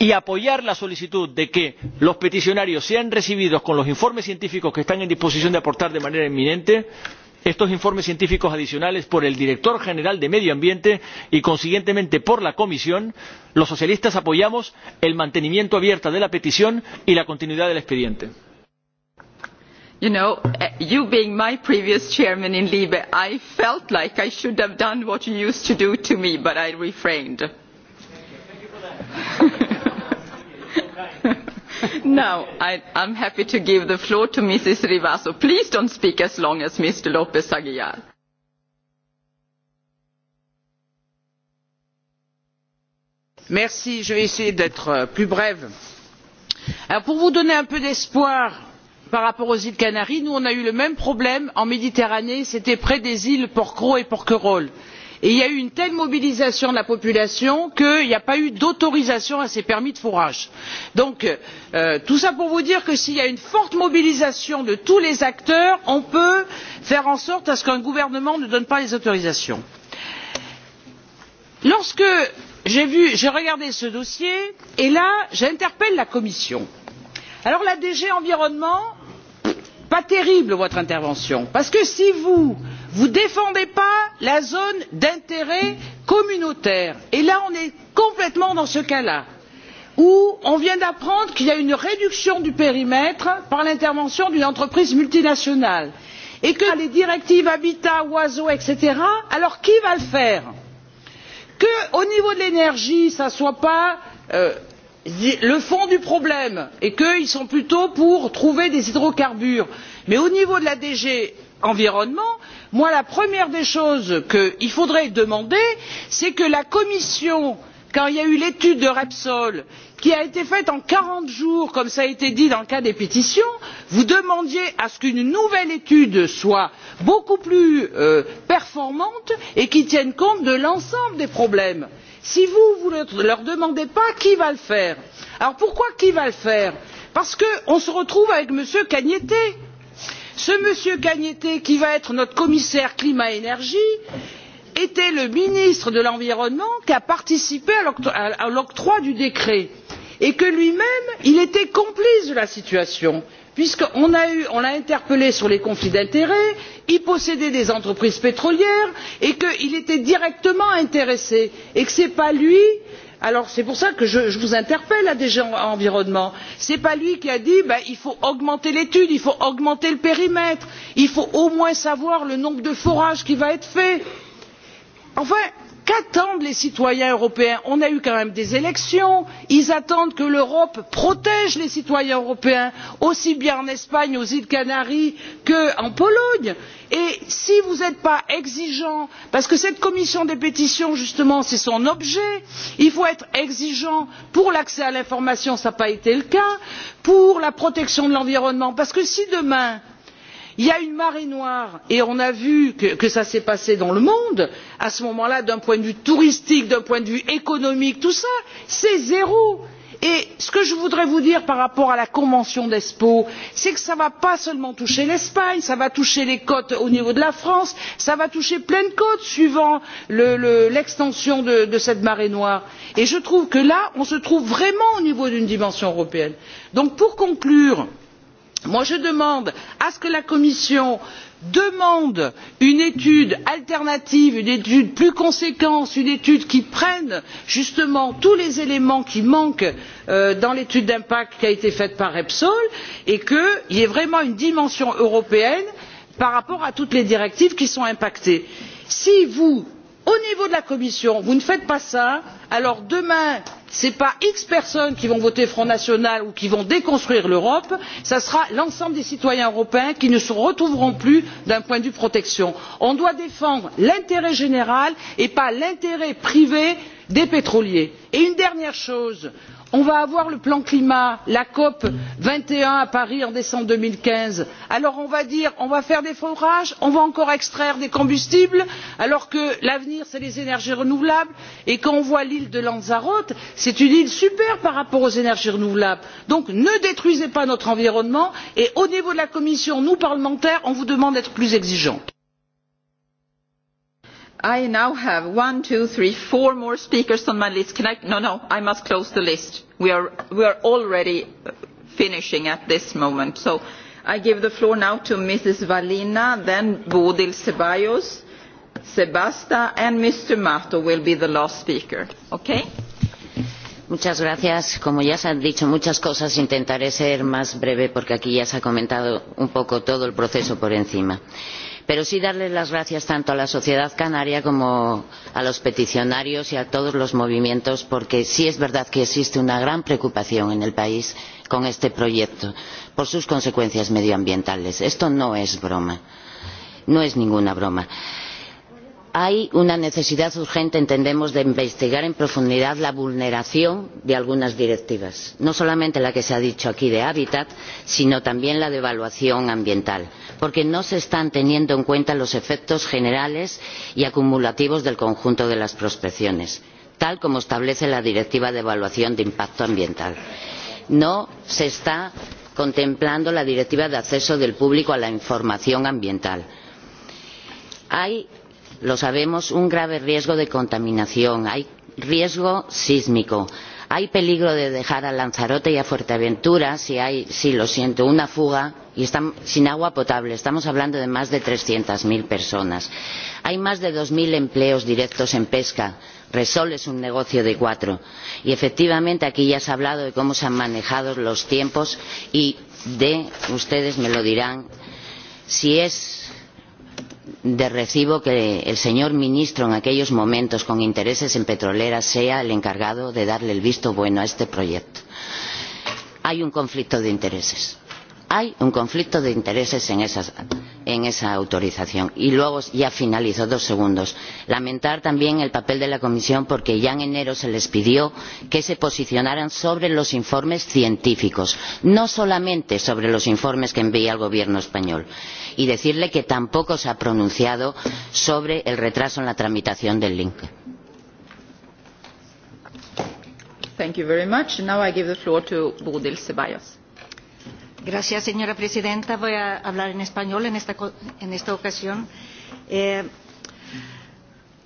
y apoyar la solicitud de que los peticionarios sean recibidos con los informes científicos que están en disposición de aportar de manera inminente y estos informes científicos adicionales por el director general de medio ambiente y consiguientemente por la comisión los socialistas apoyamos el mantenimiento abierto de la petición y la continuidad del expediente. You know, eh, you being my previous chairman in Libe, I felt like I should have done what you used to do to me, but I refrained. [LAUGHS] [LAUGHS] now, I, I'm happy to give the floor to Mrs. Rivaso. Please don't speak as long as Mr. Lopez Aguilar. Merci, je vais essayer d'être euh, plus brève. Alors, pour vous donner un peu d'espoir par rapport aux îles Canaries, nous on a eu le même problème en Méditerranée, c'était près des îles Porcro et Porquerolles et il y a eu une telle mobilisation de la population qu'il n'y a pas eu d'autorisation à ces permis de fourrage. Euh, tout cela pour vous dire que s'il y a une forte mobilisation de tous les acteurs on peut faire en sorte qu'un gouvernement ne donne pas les autorisations. lorsque j'ai regardé ce dossier et là j'interpelle la commission. alors la dg environnement pas terrible votre intervention parce que si vous vous ne défendez pas la zone d'intérêt communautaire et là on est complètement dans ce cas là où on vient d'apprendre qu'il y a une réduction du périmètre par l'intervention d'une entreprise multinationale et que les directives habitat oiseaux etc. alors qui va le faire? qu'au niveau de l'énergie ce ne soit pas euh, le fond du problème et qu'ils sont plutôt pour trouver des hydrocarbures mais au niveau de la dg environnement Moi, la première des choses qu'il faudrait demander, c'est que la Commission, quand il y a eu l'étude de Repsol, qui a été faite en quarante jours, comme cela a été dit dans le cas des pétitions, vous demandiez à ce qu'une nouvelle étude soit beaucoup plus euh, performante et qui tienne compte de l'ensemble des problèmes. Si vous ne leur demandez pas qui va le faire, alors pourquoi qui va le faire Parce qu'on se retrouve avec M. Cagnetté ce monsieur cagnete qui va être notre commissaire climat énergie était le ministre de l'environnement qui a participé à l'octroi du décret et que lui même était complice de la situation puisqu'on l'a interpellé sur les conflits d'intérêts il possédait des entreprises pétrolières et qu'il était directement intéressé et que ce n'est pas lui qui alors c'est pour cela que je, vous interpelle à DG environnement ce n'est pas lui qui a dit Il faut augmenter l'étude il faut augmenter le périmètre il faut au moins savoir le nombre de forages qui va être fait enfin Qu'attendent les citoyens européens On a eu quand même des élections. Ils attendent que l'Europe protège les citoyens européens, aussi bien en Espagne, aux îles Canaries qu'en Pologne. Et si vous n'êtes pas exigeant, parce que cette commission des pétitions, justement, c'est son objet, il faut être exigeant pour l'accès à l'information, ça n'a pas été le cas, pour la protection de l'environnement, parce que si demain, il y a une marée noire et on a vu que, que ça s'est passé dans le monde à ce moment là d'un point de vue touristique d'un point de vue économique tout cela c'est zéro. Et ce que je voudrais vous dire par rapport à la convention d'Espoo, c'est que ça ne va pas seulement toucher l'Espagne, ça va toucher les côtes au niveau de la France, ça va toucher plein de côtes suivant l'extension le, le, de, de cette marée noire. Et je trouve que là, on se trouve vraiment au niveau d'une dimension européenne. Donc pour conclure, euh, je demande à ce que la Commission demande une étude alternative, une étude plus conséquente, une étude qui prenne justement tous les éléments qui manquent euh, dans l'étude d'impact qui a été faite par Repsol et qu'il y ait vraiment une dimension européenne par rapport à toutes les directives qui sont impactées. Si vous, au niveau de la commission vous ne faites pas cela alors demain ce n'est pas x personnes qui vont voter front national ou qui vont déconstruire l'europe ce sera l'ensemble des citoyens européens qui ne se retrouveront plus d'un point de vue protection. on doit défendre l'intérêt général et pas l'intérêt privé des pétroliers. et une dernière chose on va avoir le plan climat la cop vingt et un à paris en décembre deux mille quinze alors on va dire on va faire des forages on va encore extraire des combustibles alors que l'avenir c'est les énergies renouvelables et quand on voit l'île de lanzarote c'est une île super par rapport aux énergies renouvelables donc ne détruisez pas notre environnement et au niveau de la commission nous parlementaires on vous demande d'être plus exigeants. I now have one, two, three, four more speakers on my list. Can I? No, no, I must close the list. We are, we are already uh, finishing at this moment. So I give the floor now to Mrs. Valina, then Bodil Ceballos, Sebasta, and Mr. Mato will be the last speaker. Okay? Muchas gracias. Como ya se han dicho muchas cosas, intentaré ser más breve porque aquí ya se ha comentado un poco todo el proceso por encima pero sí darles las gracias tanto a la sociedad canaria como a los peticionarios y a todos los movimientos porque sí es verdad que existe una gran preocupación en el país con este proyecto por sus consecuencias medioambientales. Esto no es broma, no es ninguna broma hay una necesidad urgente, entendemos, de investigar en profundidad la vulneración de algunas directivas, no solamente la que se ha dicho aquí de hábitat, sino también la de evaluación ambiental, porque no se están teniendo en cuenta los efectos generales y acumulativos del conjunto de las prospecciones, tal como establece la Directiva de Evaluación de Impacto Ambiental. No se está contemplando la Directiva de Acceso del Público a la Información Ambiental. Hay lo sabemos, un grave riesgo de contaminación, hay riesgo sísmico, hay peligro de dejar a Lanzarote y a Fuerteventura si hay, sí lo siento, una fuga y están sin agua potable. Estamos hablando de más de cero personas. Hay más de dos cero empleos directos en pesca. repsol es un negocio de cuatro. Y efectivamente aquí ya se ha hablado de cómo se han manejado los tiempos y de, ustedes me lo dirán, si es de recibo que el señor ministro en aquellos momentos con intereses en petroleras sea el encargado de darle el visto bueno a este proyecto. Hay un conflicto de intereses hay un conflicto de intereses en, esas, en esa autorización. Y luego, ya finalizo, dos segundos. Lamentar también el papel de la Comisión porque ya en enero se les pidió que se posicionaran sobre los informes científicos, no solamente sobre los informes que envía el Gobierno español. Y decirle que tampoco se ha pronunciado sobre el retraso en la tramitación del link. Thank you very much. Now I give the floor to Bodil Ceballos. Gracias, señora presidenta. Voy a hablar en español en esta, en esta ocasión. Eh,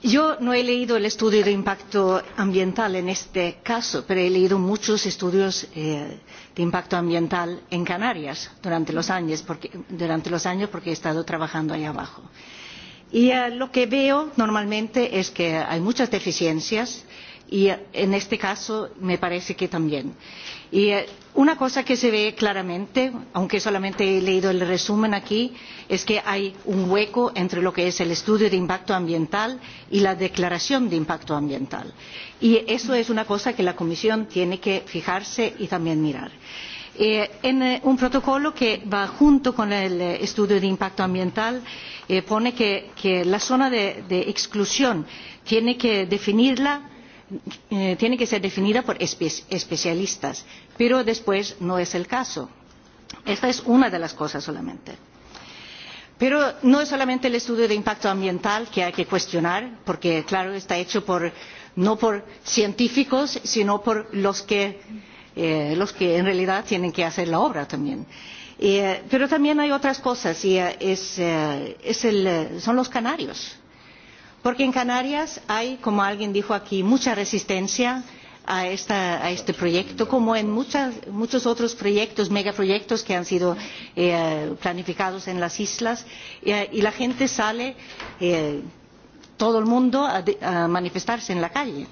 yo no he leído el estudio de impacto ambiental en este caso, pero he leído muchos estudios eh, de impacto ambiental en Canarias durante los años, porque, durante los años porque he estado trabajando ahí abajo. Y eh, lo que veo normalmente es que hay muchas deficiencias, eh, y en este caso me parece que también. Y eh, una cosa que se ve claramente, aunque solamente he leído el resumen aquí, es que hay un hueco entre lo que es el estudio de impacto ambiental y la declaración de impacto ambiental. Y eso es una cosa que la Comisión tiene que fijarse y también mirar. Eh, en eh, un protocolo que va junto con el eh, estudio de impacto ambiental eh, pone que, que la zona de, de exclusión tiene que definirla Eh, tiene que ser definida por espe especialistas, pero después no es el caso. Esta es una de las cosas solamente. Pero no es solamente el estudio de impacto ambiental que hay que cuestionar, porque claro, está hecho por, no por científicos, sino por los que, eh, los que en realidad tienen que hacer la obra también. Eh, pero también hay otras cosas, y eh, es, eh, es el, eh, son los canarios Porque en Canarias hay, como alguien dijo aquí, mucha resistencia a, esta, a este proyecto, como en muchas, muchos otros proyectos, megaproyectos que han sido eh, planificados en las islas, eh, y la gente sale, eh, todo el mundo, a, a manifestarse en la calle.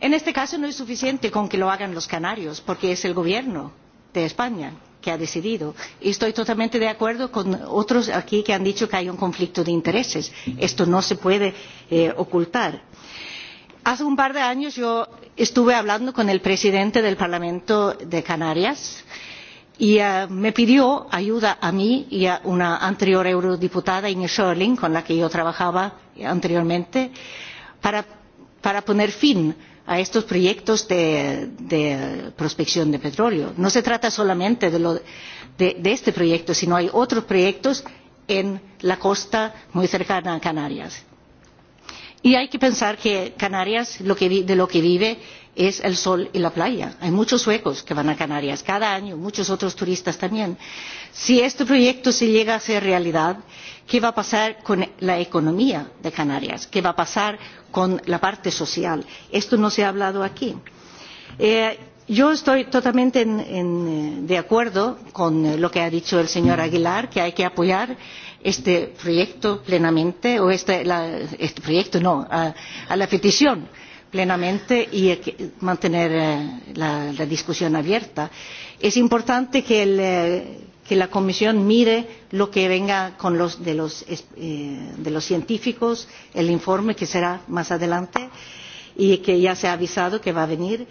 En este caso no es suficiente con que lo hagan los canarios, porque es el gobierno de España que ha decidido. Y estoy totalmente de acuerdo con otros aquí que han dicho que hay un conflicto de intereses. Esto no se puede eh, ocultar. Hace un par de años yo estuve hablando con el presidente del Parlamento de Canarias y uh, me pidió ayuda a mí y a una anterior eurodiputada, Inge Schörling, con la que yo trabajaba anteriormente, para, para poner fin a a estos proyectos de, de prospección de petróleo. No se trata solamente de, lo, de, de este proyecto, sino hay otros proyectos en la costa muy cercana a Canarias. Y hay que pensar que Canarias lo que, de lo que vive es el sol y la playa. Hay muchos suecos que van a Canarias cada año, muchos otros turistas también. Si este proyecto se llega a ser realidad, eh, ¿Qué va a pasar con la economía de Canarias? ¿Qué va a pasar con la parte social? Esto no se ha hablado aquí. Eh, yo estoy totalmente en, en, eh, de acuerdo con eh, lo que ha dicho el señor Aguilar, que hay que apoyar este proyecto plenamente, o este, la, este proyecto no, a, a la petición plenamente y mantener eh, la, la discusión abierta. Es importante que el que la Comisión mire lo que venga con los, de, los, eh, de los científicos, el informe que será más adelante y que ya se ha avisado que va a venir.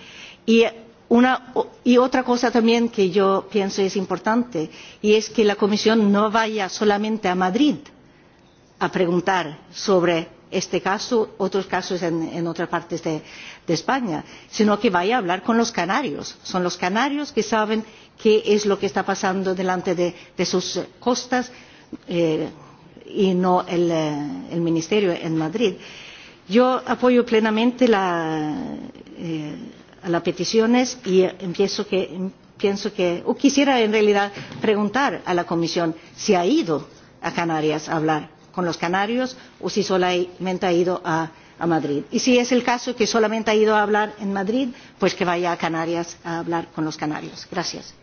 Y, una, y otra cosa también que yo pienso es importante y es que la Comisión no vaya solamente a Madrid a preguntar sobre este caso, otros casos en, en otras partes de, de España, sino que vaya a hablar con los canarios. Son los canarios que saben qué es lo que está pasando delante de, de sus costas eh, y no el, eh, el Ministerio en Madrid. Yo apoyo plenamente la, eh, las peticiones y empiezo que, pienso que, o quisiera en realidad preguntar a la Comisión si ha ido a Canarias a hablar con los canarios o si solamente ha ido a, a Madrid. Y si es el caso que solamente ha ido a hablar en Madrid, pues que vaya a Canarias a hablar con los canarios. Gracias.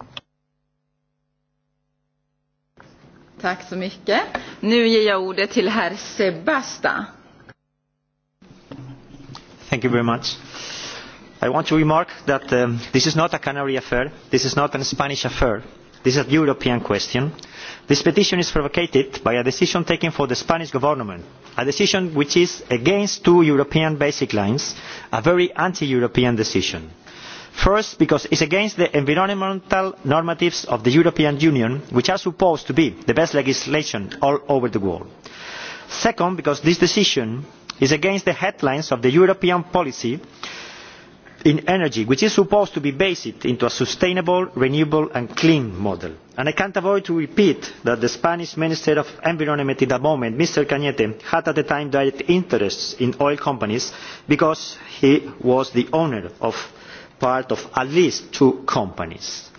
Tack så mycket. Nu ger jag ordet till herr Sebasta. Thank you very much. I want to remark that um, this is not a Canary affair, this is not a Spanish affair, this is a European question This petition is provocated by a decision taken for the Spanish government, a decision which is against two European basic lines, a very anti-European decision. First, because it is against the environmental normatives of the European Union, which are supposed to be the best legislation all over the world. Second, because this decision is against the headlines of the European policy, in energy, which is supposed to be based into a sustainable, renewable and clean model. And I can't avoid to repeat that the Spanish Minister of Environment at the moment, Mr. Cañete, had at the time direct interests in oil companies because he was the owner of part of at least two companies.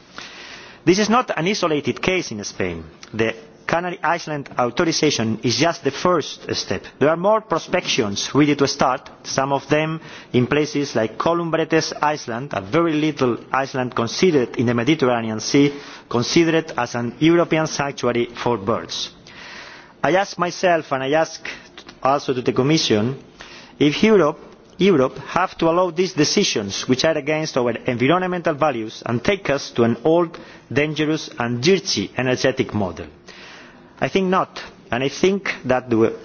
This is not an isolated case in Spain. The Canary Island authorization is just the first step. There are more prospections ready to start, some of them in places like Columbretes Island, a very little island considered in the Mediterranean Sea, considered as an European sanctuary for birds. I ask myself and I ask also to the Commission if Europe Europe have to allow these decisions which are against our environmental values and take us to an old, dangerous and dirty energetic model. I think not. And I think that the,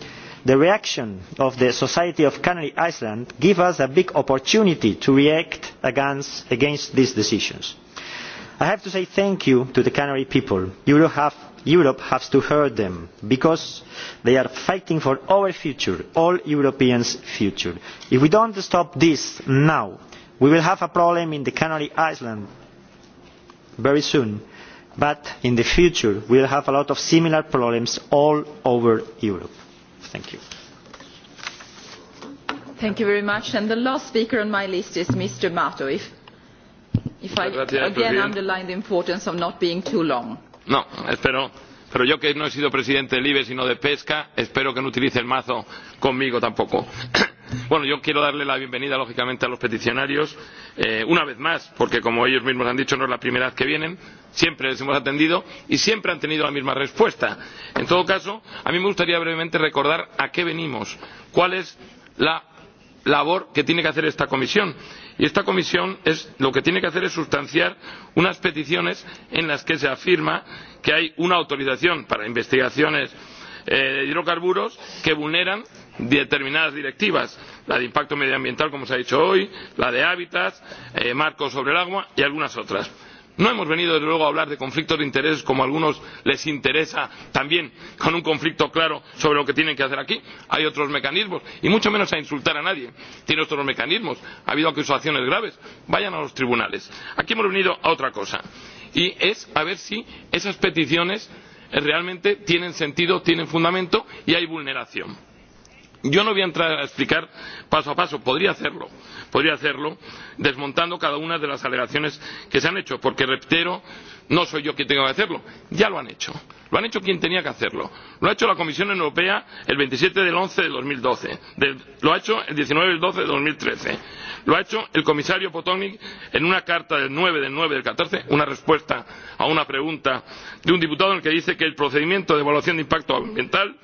the reaction of the Society of Canary Iceland gives us a big opportunity to react against, against these decisions. I have to say thank you to the Canary people. Europe, have, Europe has to hurt them because they are fighting for our future, all Europeans' future. If we don't stop this now, we will have a problem in the Canary Islands very soon but in the future we will have a lot of similar problems all over Europe. Thank you. Thank you very much. And the last speaker on my list is Mr. Mato. If, if I again underline the importance of not being too long. No, espero. Pero yo que no he sido presidente del IBE sino de pesca, espero que no utilice el mazo conmigo tampoco. Bueno, yo quiero darle la bienvenida, lógicamente, a los peticionarios, eh, una vez más, porque como ellos mismos han dicho, no es la primera vez que vienen, siempre les hemos atendido y siempre han tenido la misma respuesta. En todo caso, a mí me gustaría brevemente recordar a qué venimos, cuál es la labor que tiene que hacer esta comisión. Y esta comisión es, lo que tiene que hacer es sustanciar unas peticiones en las que se afirma que hay una autorización para investigaciones eh, hidrocarburos que vulneran determinadas directivas, la de impacto medioambiental, como se ha dicho hoy, la de hábitats, eh, marcos sobre el agua y algunas otras. No hemos venido, desde luego, a hablar de conflictos de intereses como a algunos les interesa también, con un conflicto claro sobre lo que tienen que hacer aquí. Hay otros mecanismos, y mucho menos a insultar a nadie. Tiene otros mecanismos. Ha habido acusaciones graves. Vayan a los tribunales. Aquí hemos venido a otra cosa. Y es a ver si esas peticiones realmente tienen sentido, tienen fundamento y hay vulneración Yo no voy a entrar a explicar paso a paso, podría hacerlo, podría hacerlo desmontando cada una de las alegaciones que se han hecho, porque reitero, no soy yo quien tenga que hacerlo, ya lo han hecho, lo han hecho quien tenía que hacerlo, lo ha hecho la Comisión Europea el 27 del 11 de 2012, de, lo ha hecho el 19 del 12 de 2013, lo ha hecho el comisario Potonik en una carta del 9 del 9 del 14, una respuesta a una pregunta de un diputado en el que dice que el procedimiento de evaluación de impacto ambiental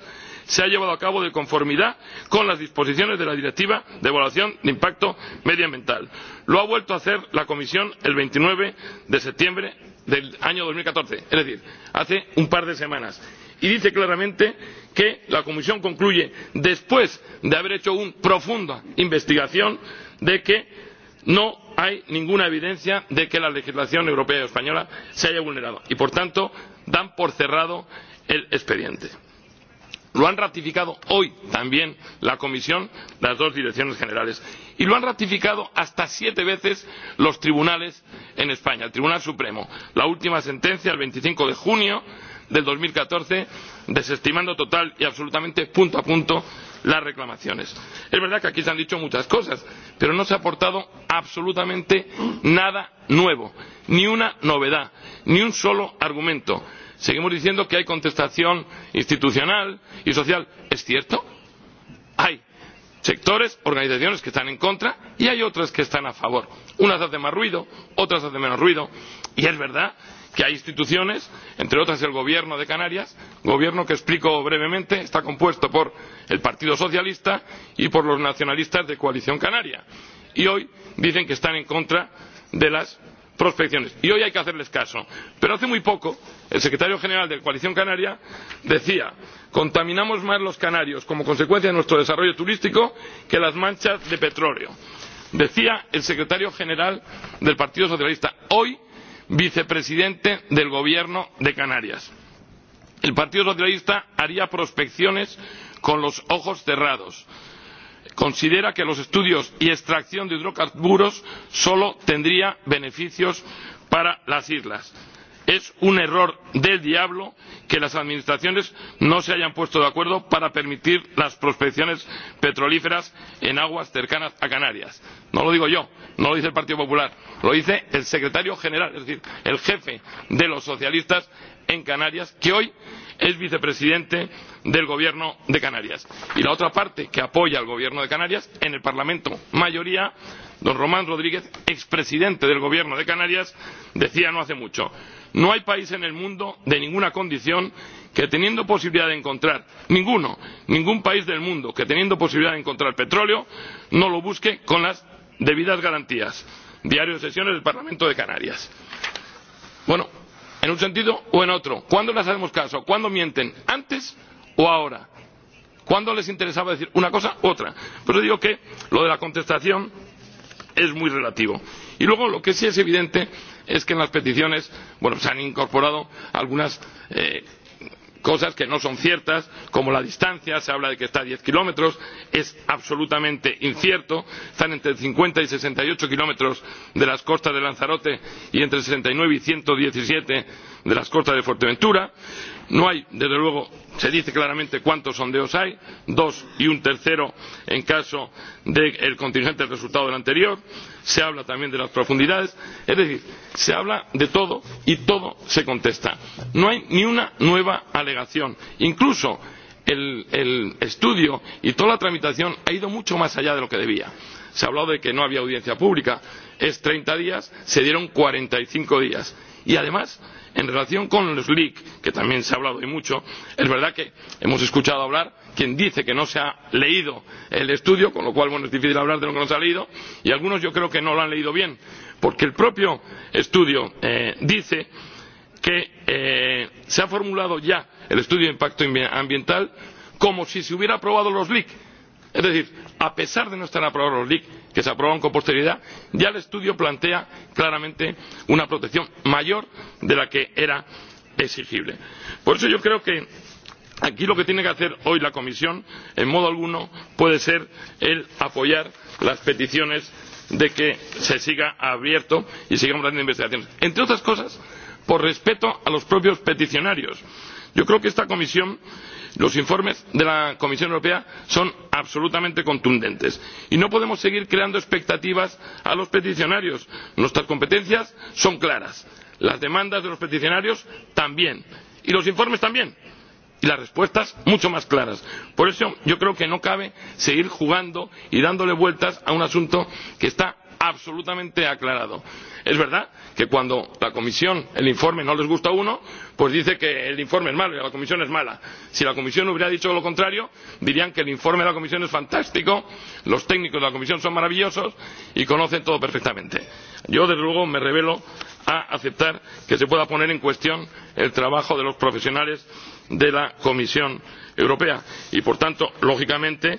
se ha llevado a cabo de conformidad con las disposiciones de la Directiva de Evaluación de Impacto Medioambiental. Lo ha vuelto a hacer la Comisión el 29 de septiembre del año 2014, es decir, hace un par de semanas. Y dice claramente que la Comisión concluye, después de haber hecho una profunda investigación, de que no hay ninguna evidencia de que la legislación europea y española se haya vulnerado y por tanto dan por cerrado el expediente lo han ratificado hoy también la comisión las dos direcciones generales y lo han ratificado hasta siete veces los tribunales en españa el tribunal supremo la última sentencia el veinticinco de junio de dos mil catorce desestimando total y absolutamente punto a punto las reclamaciones. es verdad que aquí se han dicho muchas cosas pero no se ha aportado absolutamente nada nuevo ni una novedad ni un solo argumento. Seguimos diciendo que hay contestación institucional y social. ¿Es cierto? Hay sectores, organizaciones que están en contra y hay otras que están a favor. Unas hacen más ruido, otras hacen menos ruido. Y es verdad que hay instituciones, entre otras el gobierno de Canarias, gobierno que explico brevemente, está compuesto por el Partido Socialista y por los nacionalistas de Coalición Canaria. Y hoy dicen que están en contra de las prospecciones. Y hoy hay que hacerles caso. Pero hace muy poco, el secretario general de la Coalición Canaria decía contaminamos más los canarios como consecuencia de nuestro desarrollo turístico que las manchas de petróleo. Decía el secretario general del Partido Socialista, hoy vicepresidente del Gobierno de Canarias. El Partido Socialista haría prospecciones con los ojos cerrados considera que los estudios y extracción de hidrocarburos solo tendrían beneficios para las islas es un error del diablo que las administraciones no se hayan puesto de acuerdo para permitir las prospecciones petrolíferas en aguas cercanas a Canarias. No lo digo yo, no lo dice el Partido Popular, lo dice el secretario general, es decir, el jefe de los socialistas en Canarias, que hoy es vicepresidente del Gobierno de Canarias. Y la otra parte que apoya al Gobierno de Canarias, en el Parlamento mayoría, don Román Rodríguez, expresidente del Gobierno de Canarias, decía no hace mucho. No hay país en el mundo de ninguna condición que teniendo posibilidad de encontrar ninguno, ningún país del mundo que teniendo posibilidad de encontrar petróleo no lo busque con las debidas garantías. Diario de sesiones del Parlamento de Canarias. Bueno, en un sentido o en otro. ¿Cuándo les hacemos caso? ¿Cuándo mienten? ¿Antes o ahora? ¿Cuándo les interesaba decir una cosa u otra? Por eso digo que lo de la contestación es muy relativo. Y luego lo que sí es evidente es que en las peticiones bueno, se han incorporado algunas eh, cosas que no son ciertas, como la distancia, se habla de que está a diez kilómetros, es absolutamente incierto, están entre cincuenta y sesenta y ocho kilómetros de las costas de Lanzarote y entre sesenta y nueve y ciento diecisiete de las costas de Fuerteventura. No hay, desde luego, se dice claramente cuántos sondeos hay, dos y un tercero en caso del de contingente del resultado del anterior. Se habla también de las profundidades. Es decir, se habla de todo y todo se contesta. No hay ni una nueva alegación. Incluso el, el estudio y toda la tramitación ha ido mucho más allá de lo que debía. Se ha hablado de que no había audiencia pública. Es 30 días, se dieron 45 días Y además, en relación con los leaks, que también se ha hablado y mucho, es verdad que hemos escuchado hablar quien dice que no se ha leído el estudio, con lo cual bueno, es difícil hablar de lo que no se ha leído, y algunos yo creo que no lo han leído bien, porque el propio estudio eh, dice que eh, se ha formulado ya el estudio de impacto ambiental como si se hubiera aprobado los LIC. Es decir, a pesar de no estar aprobados los LIC, que se aprobaron con posterioridad, ya el estudio plantea claramente una protección mayor de la que era exigible. Por eso yo creo que aquí lo que tiene que hacer hoy la Comisión, en modo alguno, puede ser el apoyar las peticiones de que se siga abierto y sigamos haciendo investigaciones. Entre otras cosas, por respeto a los propios peticionarios. Yo creo que esta Comisión Los informes de la Comisión Europea son absolutamente contundentes y no podemos seguir creando expectativas a los peticionarios. Nuestras competencias son claras, las demandas de los peticionarios también y los informes también y las respuestas mucho más claras. Por eso yo creo que no cabe seguir jugando y dándole vueltas a un asunto que está absolutamente aclarado. Es verdad que cuando la comisión, el informe no les gusta a uno, pues dice que el informe es malo y la comisión es mala. Si la comisión hubiera dicho lo contrario, dirían que el informe de la comisión es fantástico, los técnicos de la comisión son maravillosos y conocen todo perfectamente. Yo, desde luego, me revelo a aceptar que se pueda poner en cuestión el trabajo de los profesionales de la Comisión Europea. Y, por tanto, lógicamente,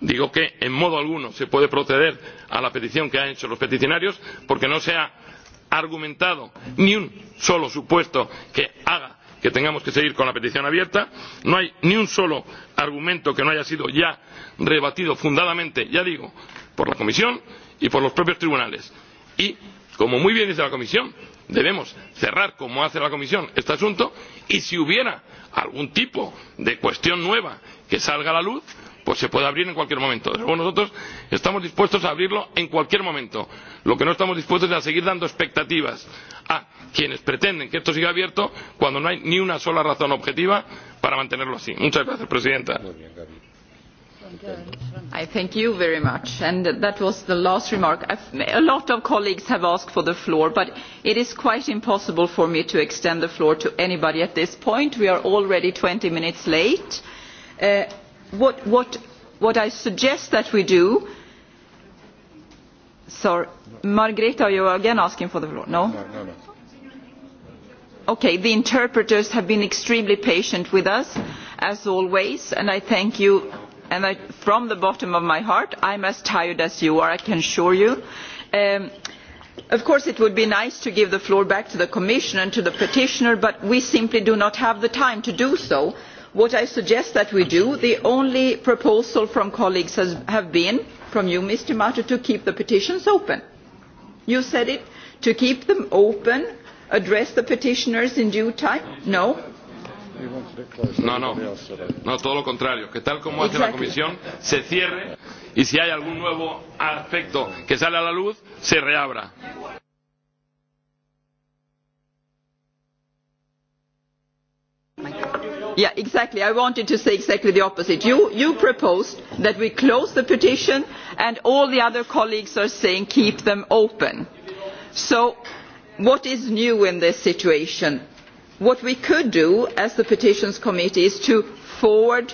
digo que en modo alguno se puede proceder a la petición que han hecho los peticionarios porque no se ha argumentado ni un solo supuesto que haga que tengamos que seguir con la petición abierta. No hay ni un solo argumento que no haya sido ya rebatido fundadamente, ya digo, por la Comisión y por los propios tribunales. Y, como muy bien dice la Comisión, debemos cerrar, como hace la Comisión, este asunto y si hubiera algún tipo de cuestión nueva que salga a la luz, pues se puede abrir en cualquier momento. Desde luego nosotros estamos dispuestos a abrirlo en cualquier momento. Lo que no estamos dispuestos es a seguir dando expectativas a quienes pretenden que esto siga abierto cuando no hay ni una sola razón objetiva para mantenerlo así. Muchas gracias, Presidenta. I thank you very much. And that was the last remark. A lot of colleagues have asked for the floor, but it is quite impossible for me to extend the floor to anybody at this point. We are already 20 minutes late. Uh, what, what, what I suggest that we do, sorry, Margrethe, you are again asking for the floor, no? No, no, no. Okay, the interpreters have been extremely patient with us, as always, and I thank you and I, from the bottom of my heart, I'm as tired as you are, I can assure you. Um, of course, it would be nice to give the floor back to the Commission and to the petitioner, but we simply do not have the time to do so what i suggest that we do the only proposal from colleagues has have been from you mr mato to keep the petitions open you said it to keep them open address the petitioners in due time no No, no, no, todo lo contrario, que tal como exactly. hace la Comisión, se cierre y si hay algún nuevo aspecto que sale a la luz, se reabra. Yeah, exactly. I wanted to say exactly the opposite. You, you proposed that we close the petition and all the other colleagues are saying keep them open. So what is new in this situation? What we could do as the petitions committee is to forward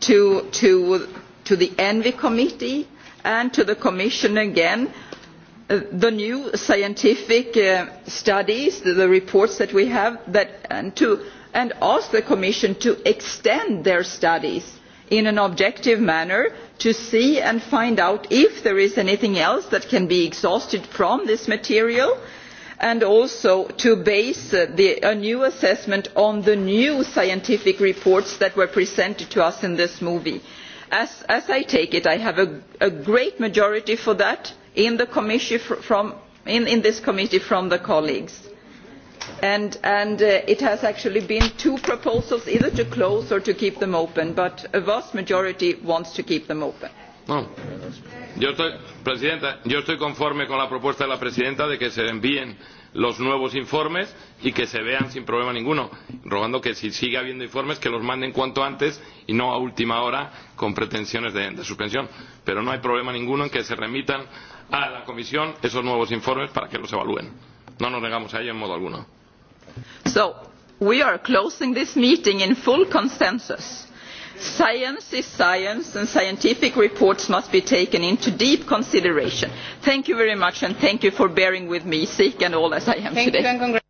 to, to, to the envy committee and to the commission again Uh, the new scientific uh, studies, the, the reports that we have, that, and to and ask the Commission to extend their studies in an objective manner to see and find out if there is anything else that can be exhausted from this material and also to base uh, the, a new assessment on the new scientific reports that were presented to us in this movie. As, as I take it, I have a, a great majority for that in, the from, in, in this committee from the colleagues and, uh, it has actually been two proposals either to close or to keep them open but a vast majority wants to keep them open. No. Yo estoy, Presidenta, yo estoy conforme con la propuesta de la Presidenta de que se envíen los nuevos informes y que se vean sin problema ninguno, rogando que si sigue habiendo informes que los manden cuanto antes y no a última hora con pretensiones de, de suspensión. Pero no hay problema ninguno en que se remitan a la Comisión esos nuevos informes para que los evalúen. No nos negamos a ello en modo alguno. So, we are closing this meeting in full consensus. Science is science and scientific reports must be taken into deep consideration. Thank you very much and thank you for bearing with me, sick and all as I am thank today.